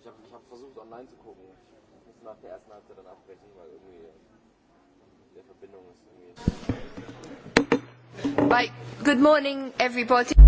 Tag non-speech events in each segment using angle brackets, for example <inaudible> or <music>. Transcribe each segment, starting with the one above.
Ich habe ich hab versucht, online zu gucken. Ich muss nach der ersten Halbzeit dann abbrechen, weil irgendwie der Verbindung ist irgendwie. Bye. Good morning, everybody.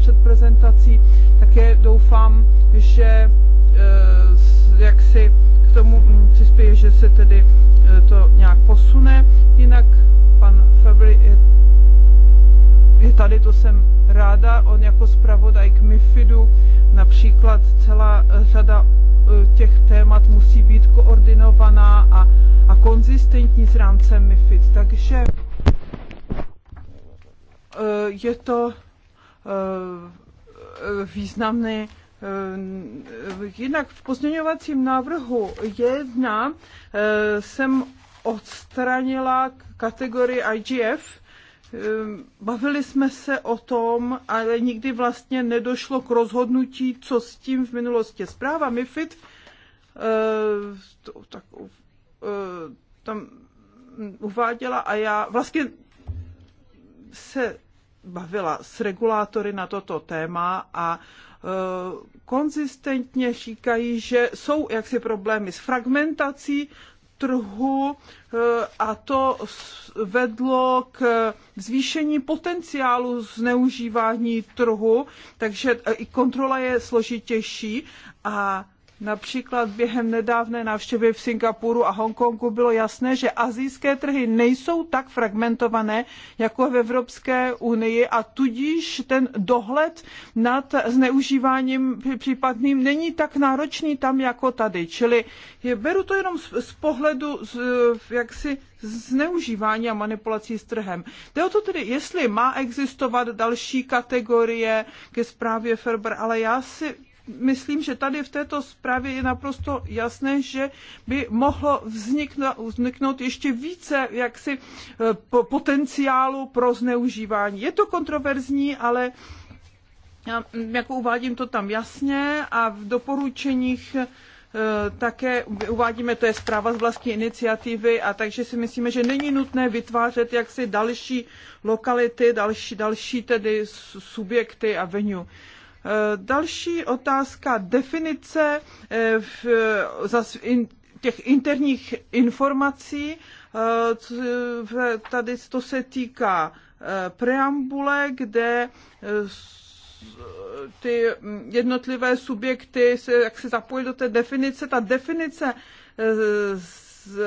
před prezentací. Také doufám, že e, jak si k tomu mm, přispěje, že se tedy e, to nějak posune. Jinak pan Fabry je, je tady, to jsem ráda. On jako zpravodaj k MIFIDu například celá řada e, těch témat musí být koordinovaná a, a konzistentní s rámcem MIFID. Takže je to Eh, významný. Eh, Jinak v pozměňovacím návrhu jedna eh, jsem odstranila kategorii IGF, Bavili jsme se o tom, ale nikdy vlastně nedošlo k rozhodnutí, co s tím v minulosti. Zpráva MIFID, tak, tam uváděla a já vlastně se bavila s regulátory na toto téma a e, konzistentně říkají, že jsou jaksi problémy s fragmentací trhu e, a to vedlo k zvýšení potenciálu zneužívání trhu, takže e, i kontrola je složitější a Například během nedávné návštěvy v Singapuru a Hongkongu bylo jasné, že asijské trhy nejsou tak fragmentované jako v Evropské unii a tudíž ten dohled nad zneužíváním případným není tak náročný tam jako tady. Čili je, beru to jenom z, z pohledu z, jaksi zneužívání a manipulací s trhem. Jde o to tedy, jestli má existovat další kategorie ke zprávě Ferber, ale já si myslím, že tady v této zprávě je naprosto jasné, že by mohlo vzniknout, vzniknout ještě více jaksi eh, potenciálu pro zneužívání. Je to kontroverzní, ale já mm, jako uvádím to tam jasně a v doporučeních eh, také uvádíme, to je zpráva z vlastní iniciativy a takže si myslíme, že není nutné vytvářet jaksi další lokality, další, další tedy subjekty a venue. Eh, další otázka definice eh, v, eh, těch interních informací. Tady to se týká preambule, kde ty mm, jednotlivé subjekty se, jak se zapojí do té definice. Ta definice z,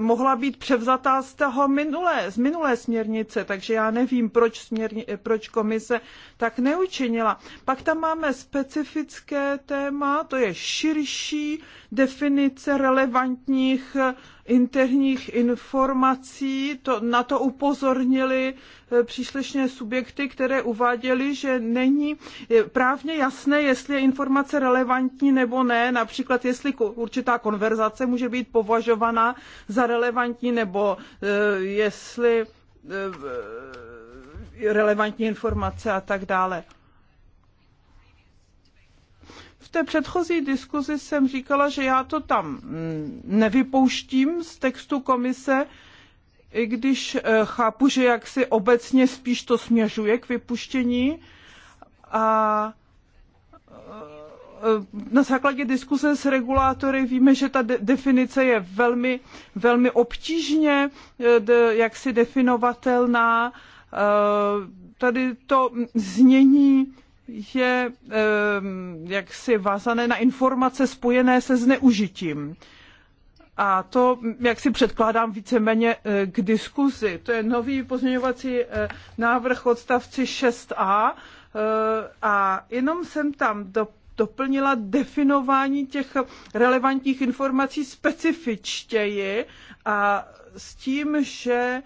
mohla být převzatá z toho minulé, z minulé směrnice, takže já nevím, proč, směrni, proč komise tak neučinila. Pak tam máme specifické téma, to je širší definice relevantních interních informací. To, na to upozornili e, příslušné subjekty, které uváděly, že není právně jasné, jestli je informace relevantní nebo ne, například jestli určitá konverzace může být považovaná za relevantní nebo e, jestli e, relevantní informace a tak dále v té předchozí diskuzi jsem říkala, že já to tam mm, nevypouštím z textu komise, i když eh, chápu, že jaksi obecně spíš to směřuje k vypuštění. A eh, na základě diskuse s regulátory víme, že ta de- definice je velmi, velmi obtížně eh, de- jaksi definovatelná. Tady to znění je jaksi vázané na informace spojené se zneužitím. A to, jak si předkládám víceméně eh, k diskuzi, to je nový pozměňovací eh, návrh odstavci 6a eh, a jenom jsem tam do doplnila definování těch relevantních informací specifičtěji a s tím, že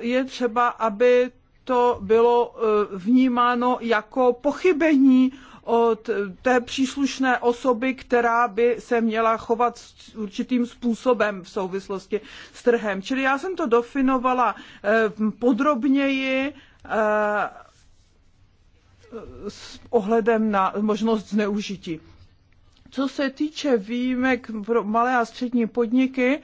je třeba, aby to bylo eh, vnímáno jako pochybení od eh, té příslušné osoby, která by se měla chovat určitým způsobem v souvislosti s trhem. Čili já jsem to definovala eh, podrobněji s ohledem na možnost zneužití. Co se týče výjimek pro malé a střední podniky,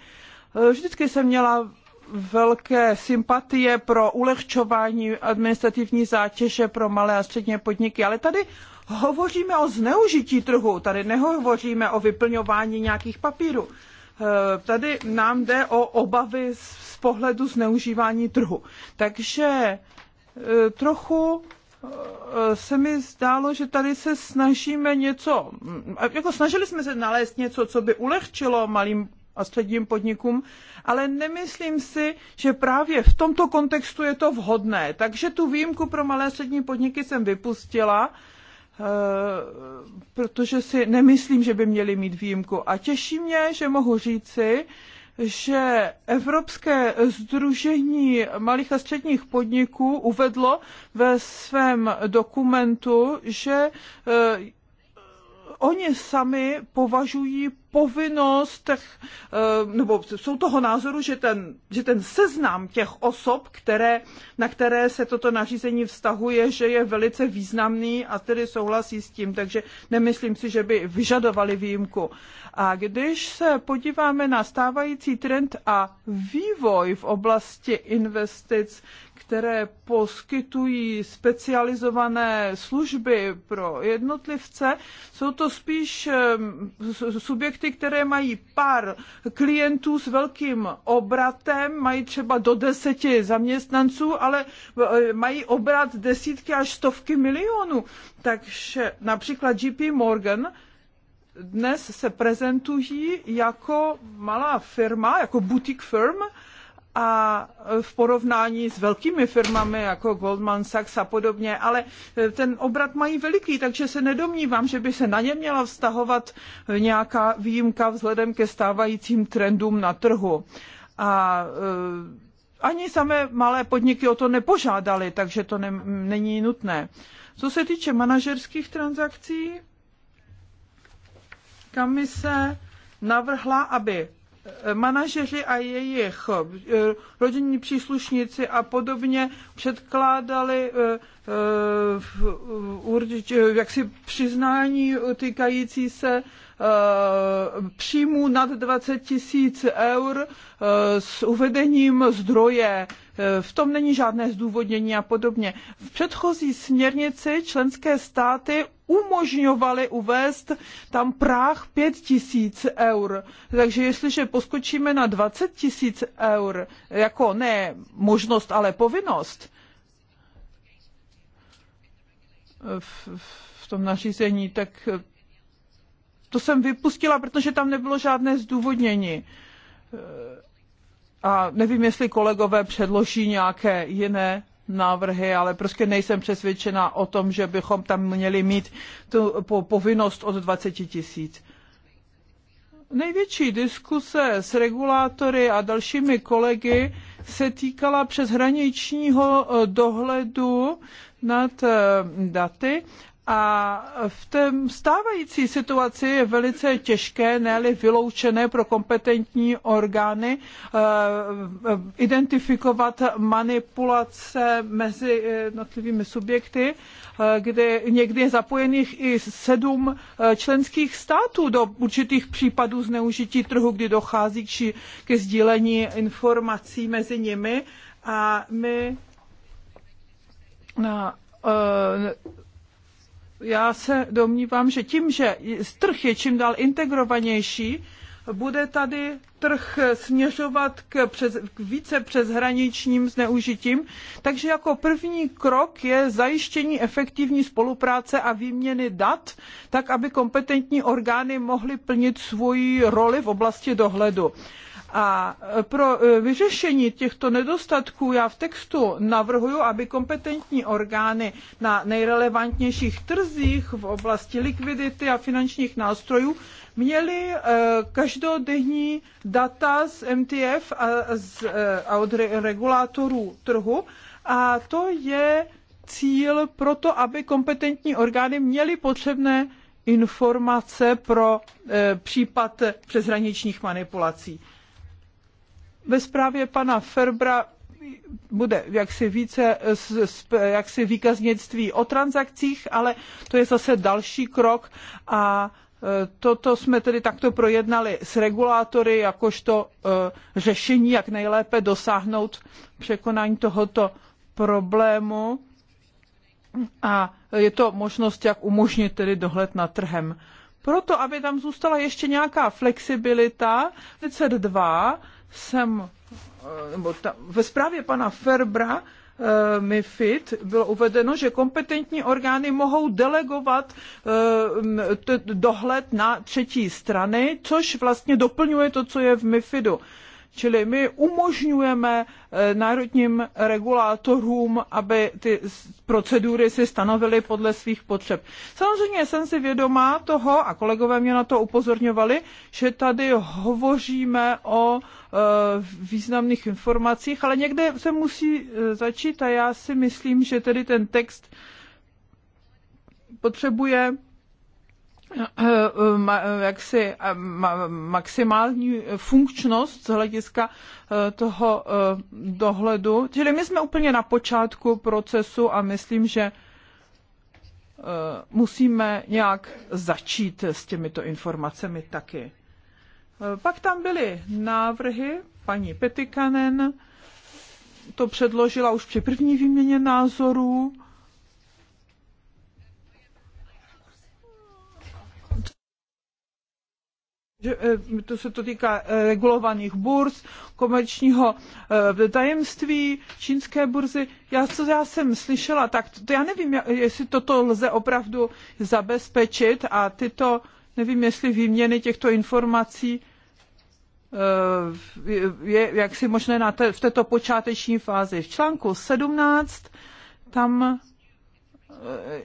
vždycky jsem měla velké sympatie pro ulehčování administrativní zátěže pro malé a střední podniky, ale tady hovoříme o zneužití trhu, tady nehovoříme o vyplňování nějakých papírů. Eh, tady nám jde o obavy z pohledu zneužívání trhu. Takže eh, trochu eh, se mi zdálo, že tady se snažíme něco, hm, jako snažili jsme se nalézt něco, co by ulehčilo malým a středním podnikům, ale nemyslím si, že právě v tomto kontextu je to vhodné. Takže tu výjimku pro malé a střední podniky jsem vypustila, eh, protože si nemyslím, že by měli mít výjimku. A těší mě, že mohu říci, že Evropské združení malých a středních podniků uvedlo ve svém dokumentu, že eh, oni sami považují povinnost, eh, nebo jsou toho názoru, že ten, že ten seznam těch osob, které, na které se toto nařízení vztahuje, že je velice významný a tedy souhlasí s tím, takže nemyslím si, že by vyžadovali výjimku. A když se podíváme na stávající trend a vývoj v oblasti investic, které poskytují specializované služby pro jednotlivce, jsou to spíš eh, subjekty, subjekty, které mají pár klientů s velkým obratem, mají třeba do deseti zaměstnanců, ale eh, mají obrat desítky až stovky milionů. Takže například JP Morgan dnes se prezentují jako malá firma, jako boutique firm, a v porovnání s velkými firmami jako Goldman Sachs a podobně, ale e, ten obrat mají veliký, takže se nedomnívám, že by se na ně měla vztahovat nějaká výjimka vzhledem ke stávajícím trendům na trhu. A e, ani samé malé podniky o to nepožádali, takže to ne, není nutné. Co se týče manažerských transakcí, se navrhla, aby Eh, manažeři a jejich eh, rodinní příslušníci a podobně předkládali eh, jaksi přiznání týkající se příjmů nad 20 tisíc eur s uvedením zdroje. V tom není žádné zdůvodnění a podobně. V předchozí směrnici členské státy umožňovaly uvést tam práh 5 tisíc eur. Takže jestliže poskočíme na 20 tisíc eur, jako ne možnost, ale povinnost, v, v tom nařízení, tak to jsem vypustila, protože tam nebylo žádné zdůvodnění. A nevím, jestli kolegové předloží nějaké jiné návrhy, ale prostě nejsem přesvědčena o tom, že bychom tam měli mít tu povinnost od 20 tisíc. Největší diskuse s regulátory a dalšími kolegy se týkala přeshraničního eh, dohledu nad eh, daty a v té stávající situaci je velice těžké, ne-li vyloučené pro kompetentní orgány, eh, identifikovat manipulace mezi eh, jednotlivými subjekty, eh, kde někdy je zapojených i sedm členských států do určitých případů zneužití trhu, kdy dochází ke sdílení informací mezi nimi. A my na, já se domnívám, že tím, že trh je čím dál integrovanější, bude tady trh směřovat k, přes, k více přeshraničním zneužitím. Takže jako první krok je zajištění efektivní spolupráce a výměny dat, tak aby kompetentní orgány mohly plnit svoji roli v oblasti dohledu. A pro e, vyřešení těchto nedostatků já v textu navrhuji, aby kompetentní orgány na nejrelevantnějších trzích v oblasti likvidity a finančních nástrojů měli e, každodenní data z MTF a, z, e, a od regulátorů trhu a to je cíl pro to, aby kompetentní orgány měly potřebné informace pro případ přeshraničních manipulací. Ve zprávě pana Ferbra bude jaksi více jaksi výkaznictví o transakcích, ale to je zase další krok a e, Toto jsme tedy takto projednali s regulátory, jakožto e, řešení, jak nejlépe dosáhnout překonání tohoto problému. A je to možnost, jak umožnit tedy dohled nad trhem. Proto, aby tam zůstala ještě nějaká flexibilita, 32 jsem, eh, nebo ta, ve zprávě pana Ferbra eh, MIFID bylo uvedeno, že kompetentní orgány mohou delegovat eh, dohled na třetí strany, což vlastně doplňuje to, co je v MIFIDu. Čili my umožňujeme národním regulátorům, aby ty procedury si stanovily podle svých potřeb. Samozřejmě jsem si vědomá toho, a kolegové mě na to upozorňovali, že tady hovoříme o Eh, významných informacích, ale někde se musí eh, začít a já si myslím, že tedy ten text potřebuje eh, jaksi maximální funkčnost z hlediska toho dohledu. Čili my jsme úplně na počátku procesu a myslím, že musíme nějak začít s těmito informacemi taky. Pak tam byly návrhy paní Petikanen, to předložila už při první výměně názorů. Že, eh, to se to týká eh, regulovaných burz, komerčního eh, tajemství, čínské burzy. Já, co já jsem slyšela, tak to, já nevím, jestli toto lze opravdu zabezpečit a tyto Nevím, jestli výměny těchto informací eh, je jaksi možné na te, v této počáteční fázi. V článku 17 tam eh,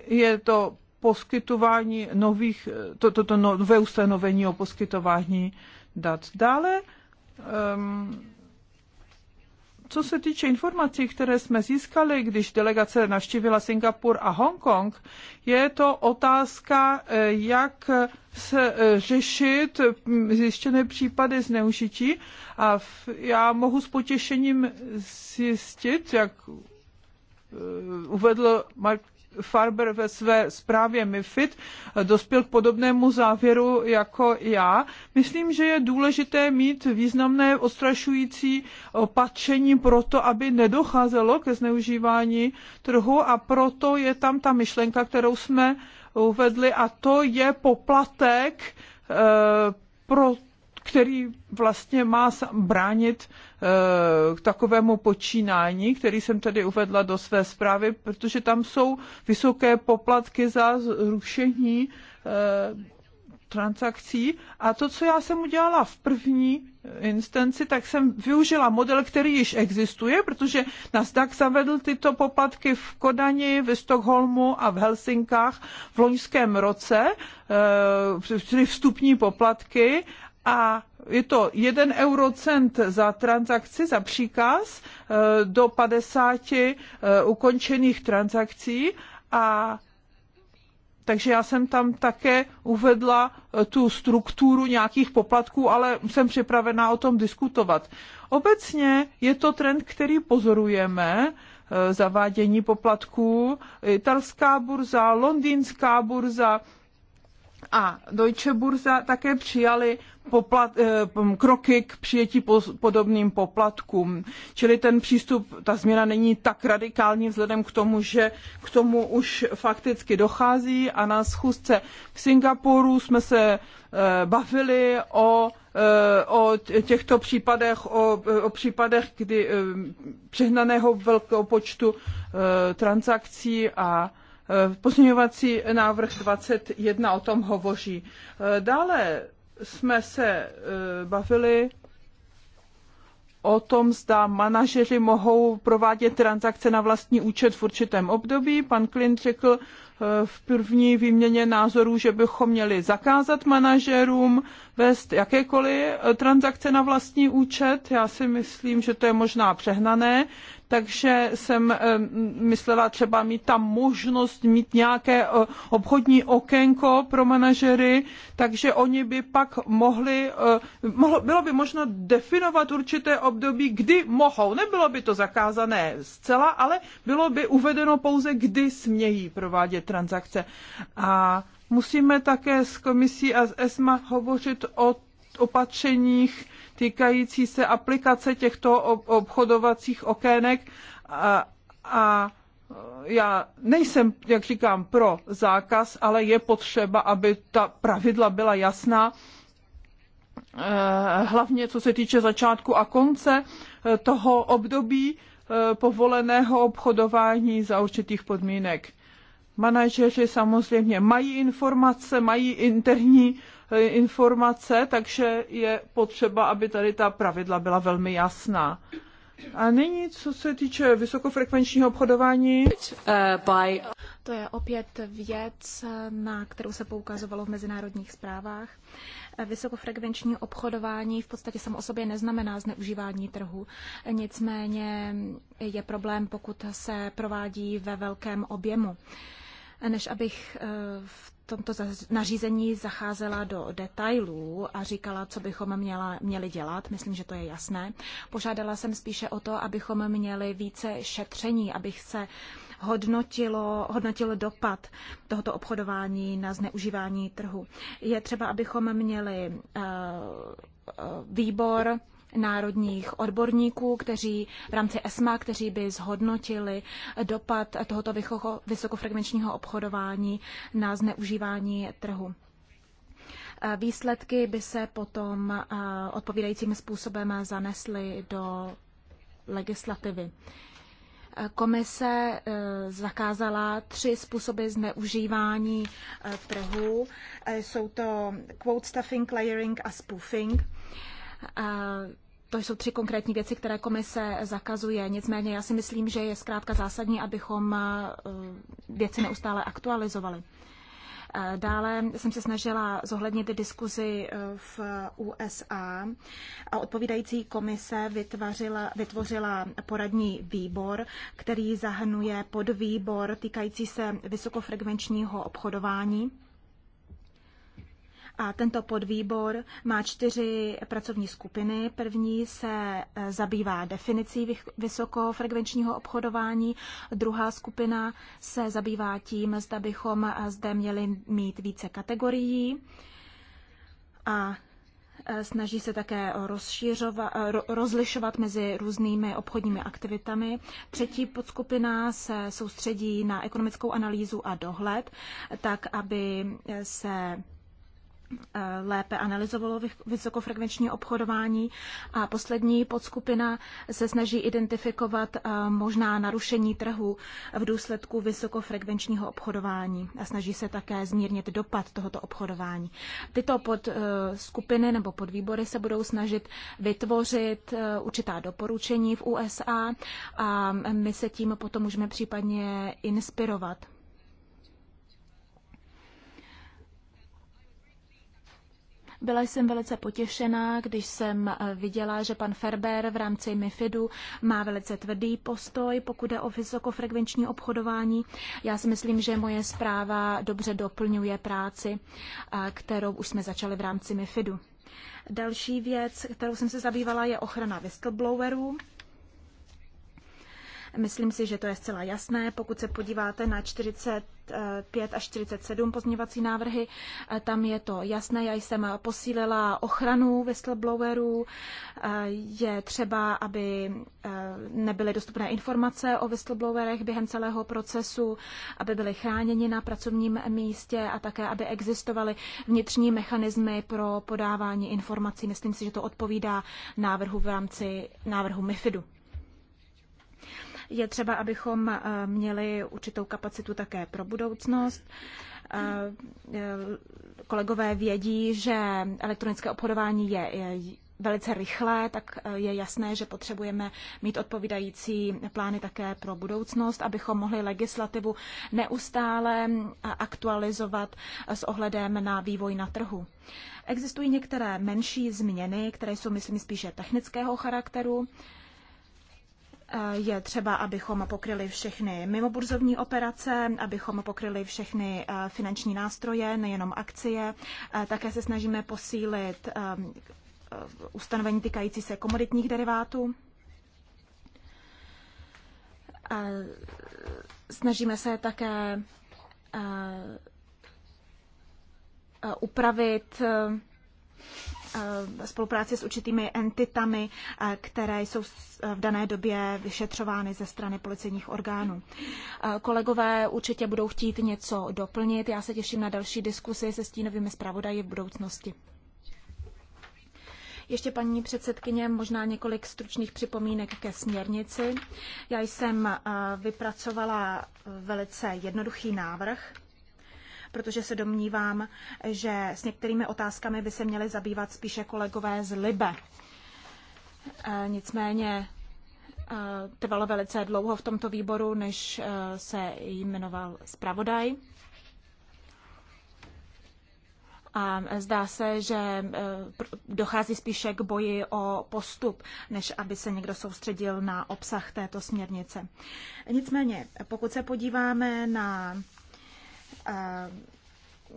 je to poskytování nových, eh, toto to, no, to nové ustanovení o poskytování dat. Dále um, co se týče informací, které jsme získali, když delegace navštívila Singapur a Hongkong, je to otázka, eh, jak se eh, řešit mm, zjištěné případy zneužití. A já mohu s potěšením zjistit, jak eh, uvedl Mark Farber ve své zprávě MIFID dospěl k podobnému závěru jako já. Myslím, že je důležité mít významné ostrašující opatření pro to, aby nedocházelo ke zneužívání trhu a proto je tam ta myšlenka, kterou jsme uvedli a to je poplatek eh, pro který vlastně má bránit Eh, k takovému počínání, který jsem tady uvedla do své zprávy, protože tam jsou vysoké poplatky za zrušení eh, transakcí. A to, co já jsem udělala v první instanci, tak jsem využila model, který již existuje, protože Nasdaq zavedl tyto poplatky v Kodani, v Stockholmu a v Helsinkách v loňském roce, tedy eh, vstupní poplatky a je to 1 eurocent za transakci, za příkaz e, do 50 e, ukončených transakcí a takže já jsem tam také uvedla e, tu strukturu nějakých poplatků, ale jsem připravená o tom diskutovat. Obecně je to trend, který pozorujeme, zavádění poplatků. Italská burza, londýnská burza, a Deutsche Börse také přijali poplat, eh, kroky k přijetí podobným poplatkům. Čili ten přístup, ta změna není tak radikální vzhledem k tomu, že k tomu už fakticky dochází a na schůzce v Singapuru jsme se eh, bavili o, eh, o těchto případech, o, o případech kdy přehnaného velkého počtu transakcí a Eh, pozměňovací návrh 21 o tom hovoří. Eh, dále jsme se eh, bavili o tom, zda manažeři mohou provádět transakce na vlastní účet v určitém období. Pan Klint řekl v první výměně názorů, že bychom měli zakázat manažerům vést jakékoliv transakce na vlastní účet. Já si myslím, že to je možná přehnané, takže jsem eh, myslela třeba mít tam možnost mít nějaké eh, obchodní okénko pro manažery, takže oni by pak mohli, eh, mohlo, bylo by možno definovat určité období, kdy mohou. Nebylo by to zakázané zcela, ale bylo by uvedeno pouze, kdy smějí provádět transakce. A musíme také s komisí a s ESMA hovořit o opatřeních, týkající se aplikace těchto obchodovacích okének a, a já nejsem, jak říkám, pro zákaz, ale je potřeba, aby ta pravidla byla jasná, eh, hlavně co se týče začátku a konce eh, toho období eh, povoleného obchodování za určitých podmínek. Manažeři samozřejmě mají informace, mají interní E, informace, takže je potřeba, aby tady ta pravidla byla velmi jasná. A nyní, co se týče vysokofrekvenčního obchodování. To je opět věc, na kterou se poukazovalo v mezinárodních zprávách. Vysokofrekvenční obchodování v podstatě samo o sobě neznamená zneužívání trhu. Nicméně je problém, pokud se provádí ve velkém objemu. Než abych e, v tomto nařízení zacházela do detailů a říkala, co bychom měla, měli dělat. Myslím, že to je jasné. Požádala jsem spíše o to, abychom měli více šetření, abych se hodnotilo, hodnotilo dopad tohoto obchodování na zneužívání trhu. Je třeba, abychom měli uh, výbor národních odborníků, kteří v rámci ESMA, kteří by zhodnotili dopad tohoto vysokofrekvenčního obchodování na zneužívání trhu. E, výsledky by se potom e, odpovídajícím způsobem zanesly do legislativy. E, komise zakázala tři způsoby zneužívání trhu. Jsou to quote stuffing, layering a spoofing. To jsou tři konkrétní věci, které komise zakazuje. Nicméně já si myslím, že je zkrátka zásadní, abychom eh, věci neustále aktualizovali. Eh, dále jsem se snažila zohlednit diskuzi eh, v USA a odpovídající komise vytvořila, vytvořila poradní výbor, který zahrnuje podvýbor týkající se vysokofrekvenčního obchodování a tento podvýbor má čtyři pracovní skupiny. První se e, zabývá definicí vysokofrekvenčního obchodování, druhá skupina se zabývá tím, zda bychom e, zde měli mít více kategorií. A e, snaží se také rozlišovat mezi různými obchodními aktivitami. Třetí podskupina se soustředí na ekonomickou analýzu a dohled, tak aby se Eh, lépe analyzovalo vysokofrekvenční obchodování. A poslední podskupina se snaží identifikovat eh, možná narušení trhu v důsledku vysokofrekvenčního obchodování a snaží se také zmírnit dopad tohoto obchodování. Tyto podskupiny eh, nebo podvýbory se budou snažit vytvořit určitá doporučení v USA a my se tím potom můžeme případně inspirovat. Byla jsem velice potěšená, když jsem eh, viděla, že pan Ferber v rámci MIFIDu má velice tvrdý postoj, pokud je o vysokofrekvenční obchodování. Já si myslím, že moje zpráva dobře doplňuje práci, eh, kterou už jsme začali v rámci MIFIDu. Další věc, kterou jsem se zabývala, je ochrana whistleblowerů. Myslím si, že to je zcela jasné. Pokud se podíváte na 45 až 47 pozměvací návrhy, eh, tam je to jasné. Já jsem posílila ochranu whistleblowerů. Eh, je třeba, aby eh, nebyly dostupné informace o whistleblowerech během celého procesu, aby byly chráněni na pracovním místě a také, aby existovaly vnitřní mechanismy pro podávání informací. Myslím si, že to odpovídá návrhu v rámci návrhu MIFIDu. Je třeba, abychom eh, měli určitou kapacitu také pro budoucnost. Eh, eh, kolegové vědí, že elektronické obchodování je velice rychlé, tak je jasné, že potřebujeme mít odpovídající plány také pro budoucnost, abychom mohli legislativu neustále aktualizovat s ohledem na vývoj na trhu. Existují některé menší změny, které jsou, myslím, spíše technického charakteru je třeba, abychom pokryli všechny mimoburzovní operace, abychom pokryli všechny eh, finanční nástroje, nejenom akcie. Eh, také se snažíme posílit eh, ustanovení týkající se komoditních derivátů. Snažíme se také upravit Eh, spolupráci s určitými entitami, eh, které jsou eh, v dané době vyšetřovány ze strany policejních orgánů. Kolegové určitě budou chtít něco doplnit. Já se těším na další diskusy se stínovými zpravodaji v budoucnosti. Ještě paní předsedkyně, možná několik stručných připomínek ke směrnici. Já jsem vypracovala velice jednoduchý návrh protože se domnívám, že s některými otázkami by se měly zabývat spíše kolegové z Libe. Eh, nicméně eh, trvalo velice dlouho v tomto výboru, než eh, se jmenoval zpravodaj. A zdá se, že dochází spíše k boji o postup, než aby se někdo soustředil na obsah této směrnice. Nicméně, pokud se podíváme na Eh,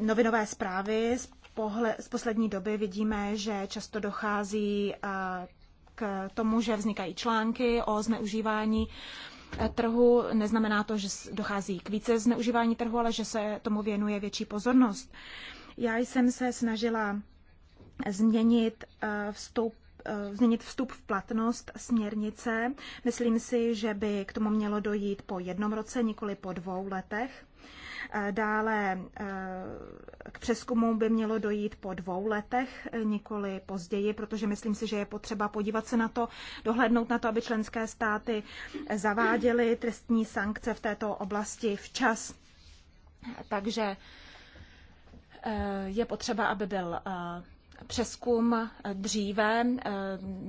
novinové zprávy z, pohle, z poslední doby vidíme, že často dochází eh, k tomu, že vznikají články o zneužívání eh, trhu. Neznamená to, že dochází k více zneužívání trhu, ale že se tomu věnuje větší pozornost. Já jsem se snažila změnit vstup změnit vstup v platnost směrnice. Myslím si, že by k tomu mělo dojít po jednom roce, nikoli po dvou letech. Eh, dále eh, k přeskumu by mělo dojít po dvou letech, eh, nikoli později, protože myslím si, že je potřeba podívat se na to, dohlednout na to, aby členské státy zaváděly trestní sankce v této oblasti včas. Takže je potřeba, aby byl přeskum dříve.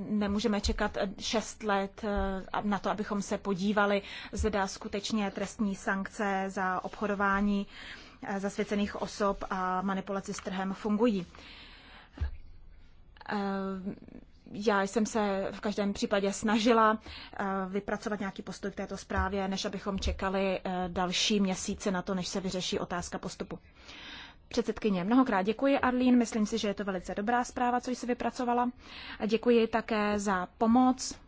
Nemůžeme čekat šest let eh, na to, abychom se podívali, zda skutečně trestní sankce za obchodování eh, zasvěcených osob a manipulaci s trhem fungují. Eh, já jsem se v každém případě snažila vypracovat nějaký postup této zprávě, než abychom čekali další měsíce na to, než se vyřeší otázka postupu. Předsedkyně, mnohokrát děkuji, Arlín. Myslím si, že je to velice dobrá zpráva, co jsi vypracovala. A děkuji také za pomoc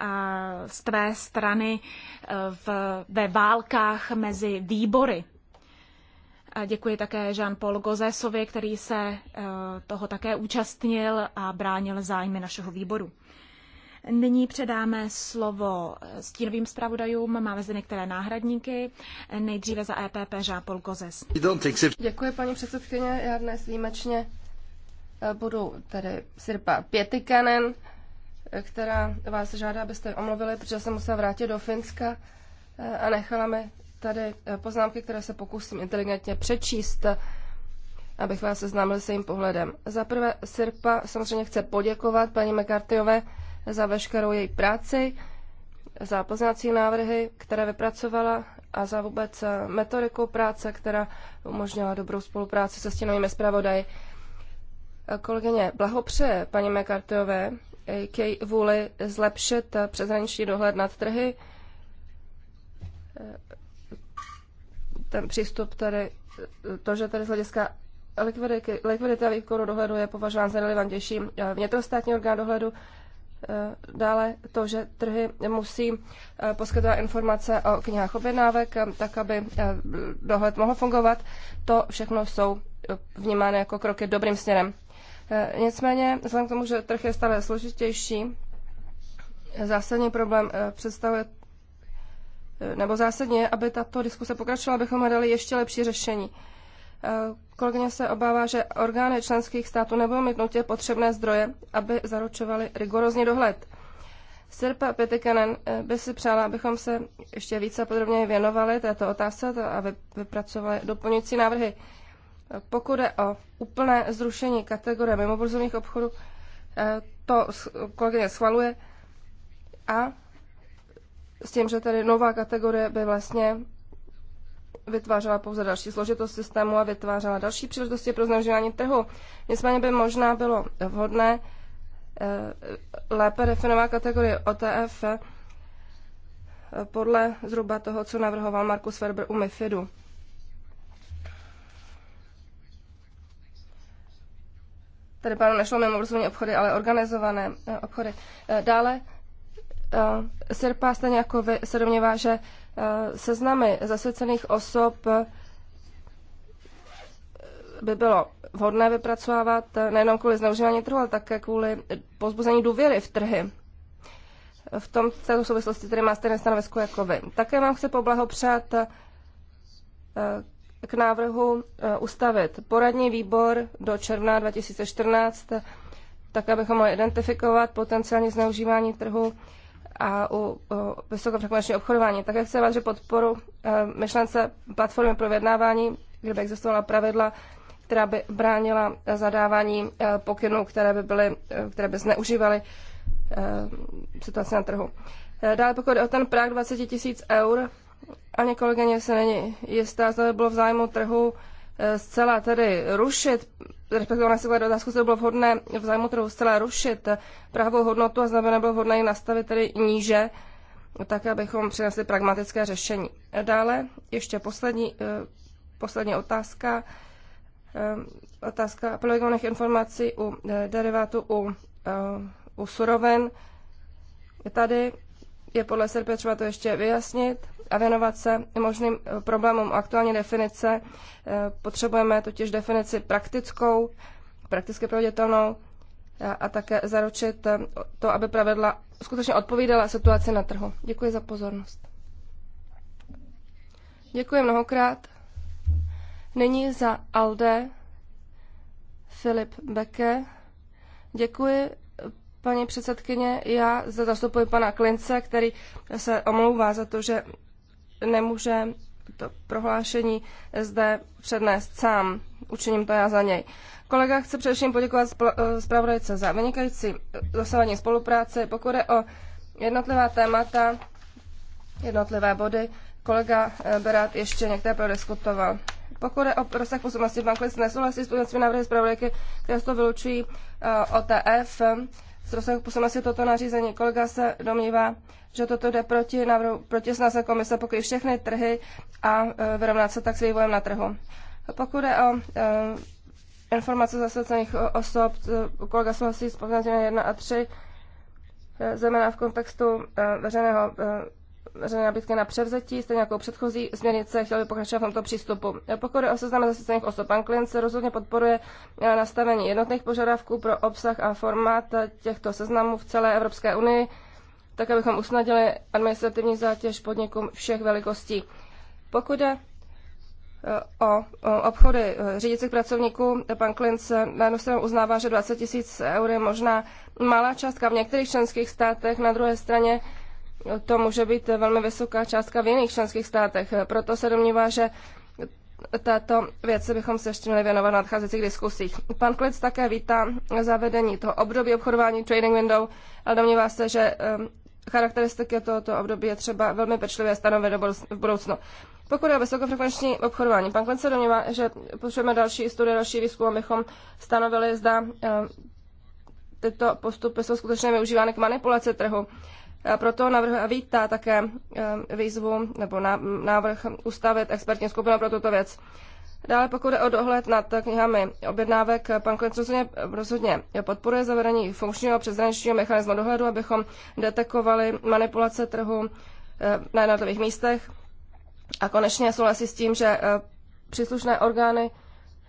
a z tvé strany eh, v, ve válkách mezi výbory. A děkuji také Jean-Paul Gozesovi, který se eh, toho také účastnil a bránil zájmy našeho výboru. Nyní předáme slovo stínovým zpravodajům. Máme zde některé náhradníky. Nejdříve za EPP Žápol Kozes. Děkuji, paní předsedkyně. Já dnes výjimečně eh, budu tady Sirpa Pětikanen, eh, která vás žádá, abyste omluvili, protože jsem musela vrátit do Finska eh, a nechala mi tady poznámky, které se pokusím inteligentně přečíst, abych vás seznámil s jejím pohledem. Za prvé, Sirpa samozřejmě chce poděkovat paní McCarthyové za veškerou její práci, za poznací návrhy, které vypracovala a za vůbec eh, metodiku práce, která umožnila dobrou spolupráci se stěnovými zpravodaji. Eh, kolegyně, blahopřeje paní McCarthyové eh, k její vůli zlepšit přeshraniční dohled nad trhy. Ten přístup tedy, to, že tedy z hlediska likvidity, likvidity a výkonu dohledu je považován za relevantnější vnitrostátní orgán dohledu, Eh, dále to, že trhy musí eh, poskytovat informace o knihách objednávek, eh, tak aby dohled mohl fungovat. To všechno jsou vnímány jako kroky dobrým směrem. Nicméně, vzhledem k tomu, že trh je stále složitější, zásadní problém představuje nebo zásadně, aby tato diskuse pokračovala, abychom hledali ještě lepší řešení. Eh, kolegyně se obává, že orgány členských států nebudou mít nutně potřebné zdroje, aby zaručovaly rigorózní dohled. Sirpa Petikanen eh, by si přála, abychom se ještě více podrobně věnovali této otázce a vypracovali doplňující návrhy. Eh, pokud je o úplné zrušení kategorie mimoburzovních obchodů, to kolegyně schvaluje a s tím, že tady nová kategorie by vlastně vytvářela pouze další složitost systému a vytvářela další příležitosti pro zneužívání trhu. Nicméně by možná bylo vhodné eh, lépe definovat kategorii OTF eh, podle zhruba toho, co navrhoval Markus Ferber u MIFIDu. Tady pánu nešlo mimo obchody, ale organizované eh, obchody. Dále Sirpa stejně jako vy se domnívá, že Eh, seznamy zasvěcených osob eh, by bylo vhodné vypracovávat eh, nejenom kvůli zneužívání trhu, ale také kvůli pozbuzení důvěry v trhy. V tom v této souvislosti tedy má stejné stanovisko jako vy. Také vám chci poblahopřát k návrhu ustavit poradní výbor do června 2014, tak abychom mohli identifikovat potenciální zneužívání trhu a u, u vysokofrekvenčního obchodování. Také chci vás, že podporu eh, myšlence platformy pro vyjednávání, kde by existovala pravidla, která by bránila zadávání eh, pokynů, které by, byly, eh, které by zneužívaly situaci na trhu. Dále pokud o ten práh 20 tisíc eur, ani kolegyně se není jistá, zda by bylo v zájmu trhu zcela tedy rušit respektive ona si otázku, co bylo vhodné v zájmu trhu zcela rušit právou hodnotu a znamená bylo vhodné ji nastavit tedy níže, tak abychom přinesli pragmatické řešení. Dále ještě poslední, eh, poslední otázka. Eh, otázka aplikovaných informací u eh, derivátu u, u suroven. Tady je podle SRP třeba to ještě vyjasnit a věnovat se možným eh, problémům aktuální definice. Eh, potřebujeme totiž definici praktickou, prakticky proveditelnou a, a také zaručit eh, to, aby pravidla skutečně odpovídala situaci na trhu. Děkuji za pozornost. Děkuji mnohokrát. Nyní za ALDE Filip Beke. Děkuji paní předsedkyně. Já zde zastupuji pana Klince, který se omlouvá za to, že nemůže to prohlášení zde přednést sám. Učiním to já za něj. Kolega chce především poděkovat eh, zpravodajce za vynikající eh, dosavadní spolupráce. Pokud je o jednotlivá témata, jednotlivé body, kolega eh, Berát ještě některé prodiskutoval. Pokud je o rozsah působnosti, pan Klic nesouhlasí s pozměňovacími návrhy zpravodajky, které to vylučují OTF z rozsahu působnosti toto nařízení. Kolega se domnívá, že toto jde proti, návrhu, proti snaze komise pokryt všechny trhy a e, vyrovnat se tak s vývojem na trhu. Pokud je o e, informace zasvěcených osob, e, kolega souhlasí s 1 a 3, e, zejména v kontextu e, veřejného e, veřejné nabídky na převzetí, stejně jako předchozí směrnice, chtěl by pokračovat v tomto přístupu. Pokud je o seznam zasvěcených osob, pan klient se rozhodně podporuje eh, nastavení jednotných požadavků pro obsah a formát eh, těchto seznamů v celé Evropské unii, tak abychom usnadili administrativní zátěž podnikům všech velikostí. Pokud je eh, o obchody řídících pracovníků. Pan Klinc na jednu stranu uznává, že 20 tisíc eur je možná malá částka v některých členských státech, na druhé straně to může být velmi vysoká částka v jiných členských státech. Proto se domnívá, že této věci bychom se ještě měli věnovat na nadcházejících diskusích. Pan Klec také vítá zavedení toho období obchodování trading window, ale domnívá se, že ehm, charakteristiky tohoto období je třeba velmi pečlivě stanovit v budoucnu. Pokud je vysokofrekvenční obchodování, pan Klec se domnívá, že potřebujeme další studie, další výzkum, abychom stanovili, zda ehm, tyto postupy jsou skutečně využívány k manipulaci trhu proto navrhuje a vítá také eh, výzvu nebo návrh ustavit expertní skupinu pro tuto věc. Dále pokud jde o dohled nad knihami objednávek, pan Klenc rozhodně, rozhodně podporuje zavedení funkčního přeshraničního mechanismu dohledu, abychom detekovali manipulace trhu eh, na jednotlivých místech. A konečně souhlasí s tím, že eh, příslušné orgány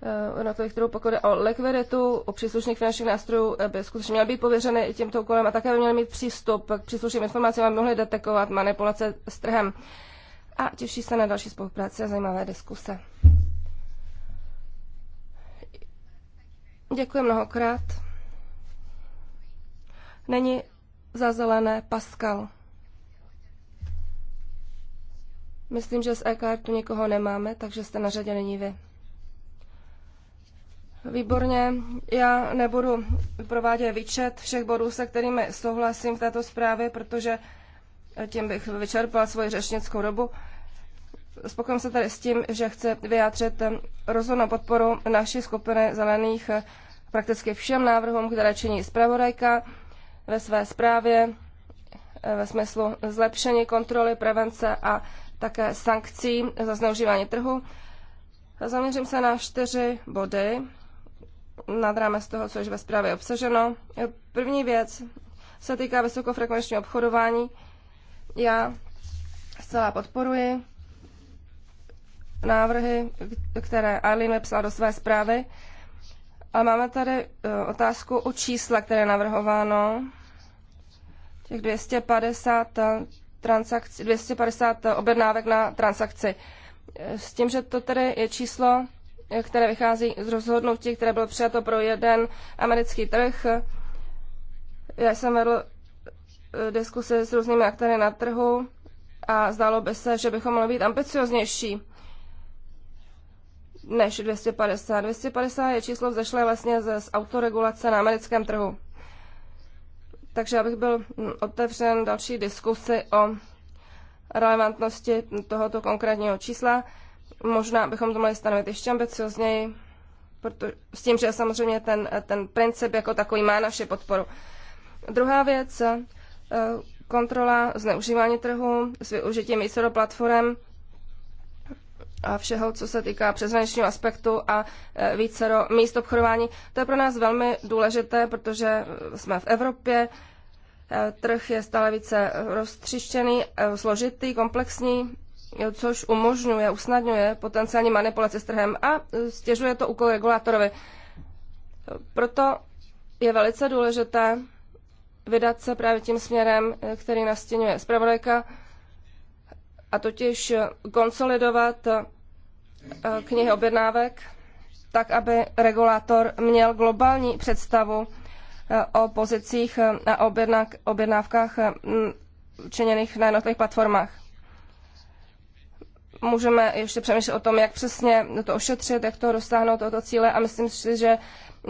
Eh, na to, kterou pokud o likviditu, o příslušných finančních nástrojů eh, by skutečně měly být pověřeny tímto úkolem a také by měly mít přístup k příslušným informacím a mohly detekovat manipulace s trhem. A těší se na další spolupráci a zajímavé diskuse. Děkuji mnohokrát. Není za zelené Pascal. Myslím, že z e tu nikoho nemáme, takže jste na řadě není vy. Výborně, já nebudu provádět výčet všech bodů, se kterými souhlasím v této zprávě, protože tím bych vyčerpal svoji řečnickou dobu. Spokojím se tady s tím, že chci vyjádřit rozhodnou podporu naší skupiny zelených prakticky všem návrhům, které činí zpravodajka ve své zprávě ve smyslu zlepšení kontroly, prevence a také sankcí za zneužívání trhu. Zaměřím se na čtyři body, nad rámec toho, co je ve zprávě obsaženo. První věc se týká vysokofrekvenčního obchodování. Já zcela podporuji návrhy, které Arlene vypsala do své zprávy. A máme tady e, otázku o čísla, které je navrhováno. Těch 250, transakcí, 250 objednávek na transakci. E, s tím, že to tedy je číslo, které vychází z rozhodnutí, které bylo přijato pro jeden americký trh. Já jsem vedl eh, diskuse s různými aktéry na trhu a zdálo by se, že bychom mohli být ambicioznější než 250. 250 je číslo vzešlé vlastně z, autoregulace na americkém trhu. Takže abych byl hm, otevřen další diskusy o relevantnosti tohoto konkrétního čísla. Možná bychom to mohli stanovit ještě ambiciozněji, proto, s tím, že samozřejmě ten, ten princip jako takový má naši podporu. Druhá věc, eh, kontrola zneužívání trhu s využitím do platform a všeho, co se týká přeshraničního aspektu a do eh, míst obchodování. To je pro nás velmi důležité, protože eh, jsme v Evropě, trh je stále více roztřištěný, složitý, komplexní což umožňuje, usnadňuje potenciální manipulaci s trhem a stěžuje to úkol regulátorovi. Proto je velice důležité vydat se právě tím směrem, který nastěňuje zpravodajka, a totiž konsolidovat eh, knihy objednávek, tak aby regulátor měl globální představu eh, o pozicích eh, a objednávkách činěných na jednotlivých platformách můžeme ještě přemýšlet o tom, jak přesně to ošetřit, jak to dosáhnout tohoto cíle a myslím si, že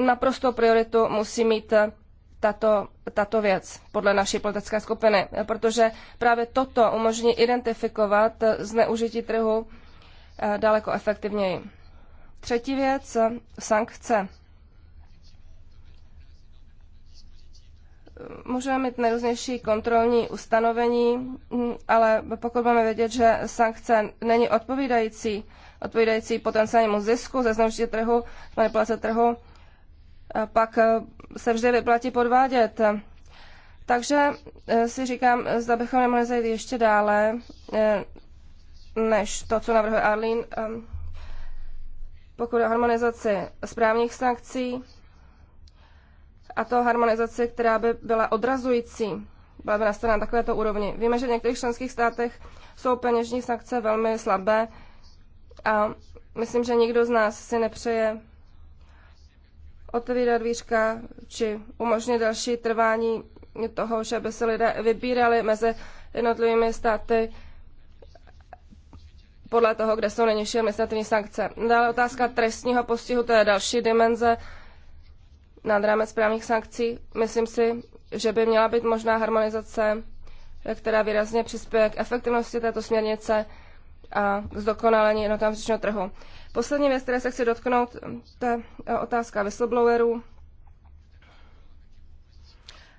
naprosto prioritu musí mít eh, tato, tato věc podle naší politické skupiny, protože právě toto umožní identifikovat eh, zneužití trhu eh, daleko efektivněji. Třetí věc, sankce. Můžeme mít nejrůznější kontrolní ustanovení, mm, ale pokud máme vědět, že sankce není odpovídající, odpovídající potenciálnímu zisku ze zneužití trhu, manipulace trhu, eh, pak eh, se vždy vyplatí podvádět. Takže eh, si říkám, zda bychom nemohli zajít ještě dále, než to, co navrhuje Arlene, pokud o harmonizaci správních sankcí, a to harmonizaci, která by byla odrazující, byla by nastavena na takovéto úrovni. Víme, že v některých členských státech jsou peněžní sankce velmi slabé a myslím, že nikdo z nás si nepřeje otevírat výška či umožnit další trvání toho, že by se lidé vybírali mezi jednotlivými státy podle toho, kde jsou nejnižší administrativní sankce. Dále otázka trestního postihu, to je další dimenze nad rámec právních sankcí. Myslím si, že by měla být možná harmonizace, která výrazně přispěje k efektivnosti této směrnice a k zdokonalení jednotného trhu. Poslední věc, které se chci dotknout, to je e, otázka whistleblowerů.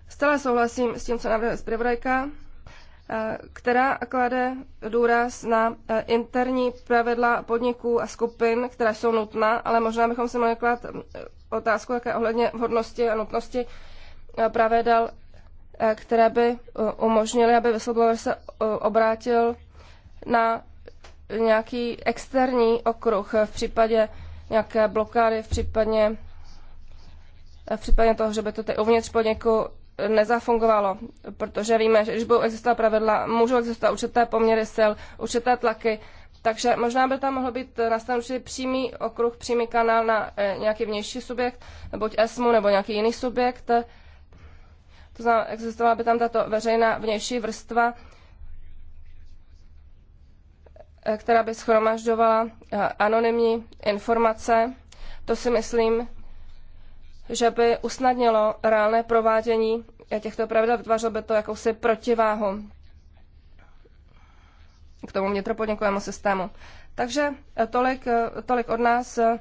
Stále souhlasím s tím, co navrhuje zpravodajka. Eh, která klade důraz na eh, interní pravidla podniků a skupin, která jsou nutná, ale možná bychom si mohli klát mm, eh, otázku také ohledně vhodnosti a nutnosti pravidel, které by umožnily, aby whistleblower se obrátil na nějaký externí okruh v případě nějaké blokády, v případě v případě toho, že by to ty uvnitř podniku nezafungovalo, protože víme, že když budou existovat pravidla, můžou existovat určité poměry sil, určité tlaky, takže možná by tam mohl být nastaven přímý okruh, přímý kanál na eh, nějaký vnější subjekt, buď ESMU nebo nějaký jiný subjekt. To znamená, existovala by tam tato veřejná vnější vrstva, eh, která by schromažďovala eh, anonymní informace. To si myslím, že by usnadnilo reálné provádění těchto pravidel, vytvářelo by to jakousi protiváhu k tomu vnitropodnikovému systému. Takže eh, tolik, eh, tolik od nás. Eh,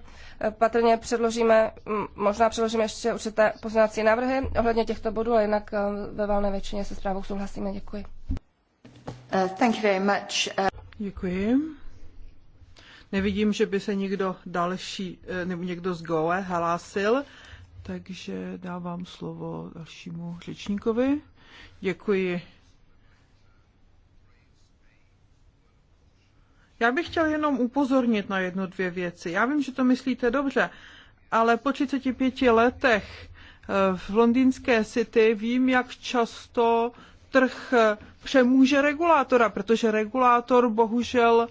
patrně předložíme, možná předložíme ještě určité pozměňovací návrhy ohledně těchto bodů, ale jinak ve valné většině se zprávou souhlasíme. Děkuji. Uh, thank you very much. Uh... Děkuji. Nevidím, že by se někdo další, nebo někdo z GOE hlásil takže dávám slovo dalšímu řečníkovi. Děkuji. Já bych chtěl jenom upozornit na jednu, dvě věci. Já vím, že to myslíte dobře, ale po 35 letech eh, v londýnské City vím, jak často trh eh, přemůže regulátora, protože regulátor bohužel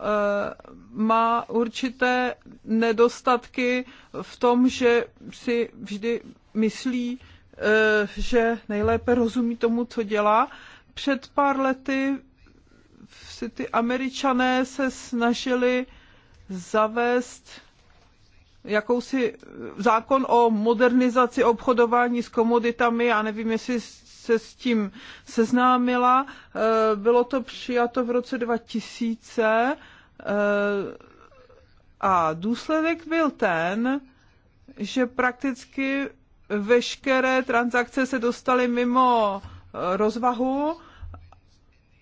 Eh, má určité nedostatky v tom, že si vždy myslí, eh, že nejlépe rozumí tomu, co dělá. Před pár lety si ty američané se snažili zavést jakousi zákon o modernizaci obchodování s komoditami, já nevím, jestli se s tím seznámila. Eh, bylo to přijato v roce 2000 Eh, a důsledek byl ten, že prakticky veškeré transakce se dostaly mimo eh, rozvahu,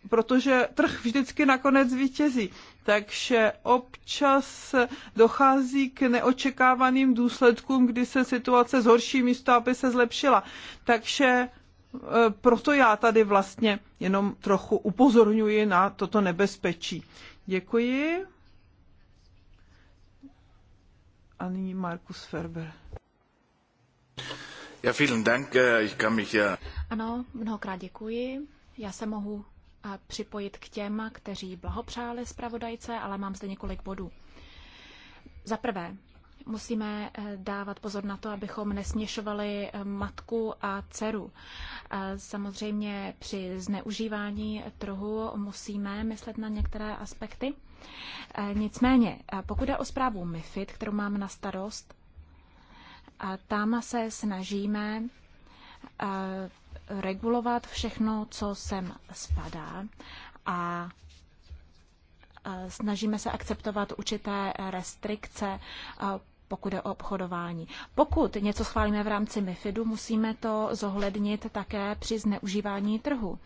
protože trh vždycky nakonec vítězí. Takže občas dochází k neočekávaným důsledkům, kdy se situace zhorší místo, aby se zlepšila. Takže eh, proto já tady vlastně jenom trochu upozorňuji na toto nebezpečí. Děkuji. A nyní Markus Ferber. Ja, vielen Dank. Ich kann mich ja... Ano, mnohokrát děkuji. Já se mohu připojit k těm, kteří blahopřáli zpravodajce, ale mám zde několik bodů. Za prvé, musíme eh, dávat pozor na to, abychom nesměšovali eh, matku a dceru. Eh, samozřejmě při zneužívání trhu musíme myslet na některé aspekty. Nicméně, pokud je o zprávu MIFID, kterou mám na starost, tam se snažíme regulovat všechno, co sem spadá a snažíme se akceptovat určité restrikce, pokud je o obchodování. Pokud něco schválíme v rámci MIFIDu, musíme to zohlednit také při zneužívání trhu.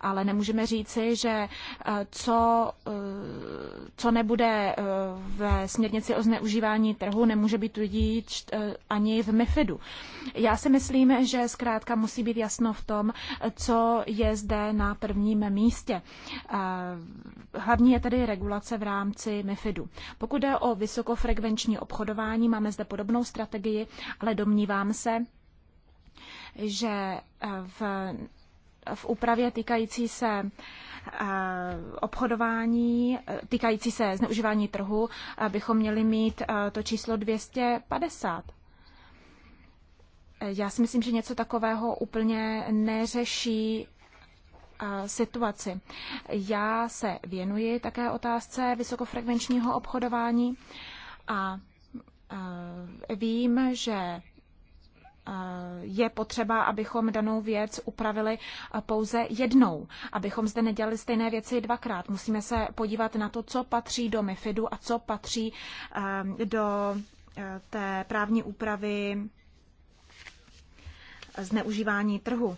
Ale nemůžeme říci, že eh, co, eh, co nebude eh, ve směrnici o zneužívání trhu, nemůže být tudíž ani v MIFIDu. Já si myslím, že zkrátka musí být jasno v tom, co je zde na prvním místě. Hlavní je tedy regulace v rámci MIFIDu. Pokud je o vysokofrekvenční obchodování, máme zde podobnou strategii, ale domnívám se, že eh, v, v úpravě týkající se eh, obchodování, eh, týkající se zneužívání trhu, bychom měli mít to číslo 250. Já si myslím, že něco takového úplně neřeší situaci. Já se věnuji také otázce vysokofrekvenčního obchodování a Eh, vím, že eh, je potřeba, abychom danou věc upravili eh, pouze jednou, abychom zde nedělali stejné věci dvakrát. Musíme se podívat na to, co patří do MIFIDu a co patří do té právní úpravy zneužívání trhu.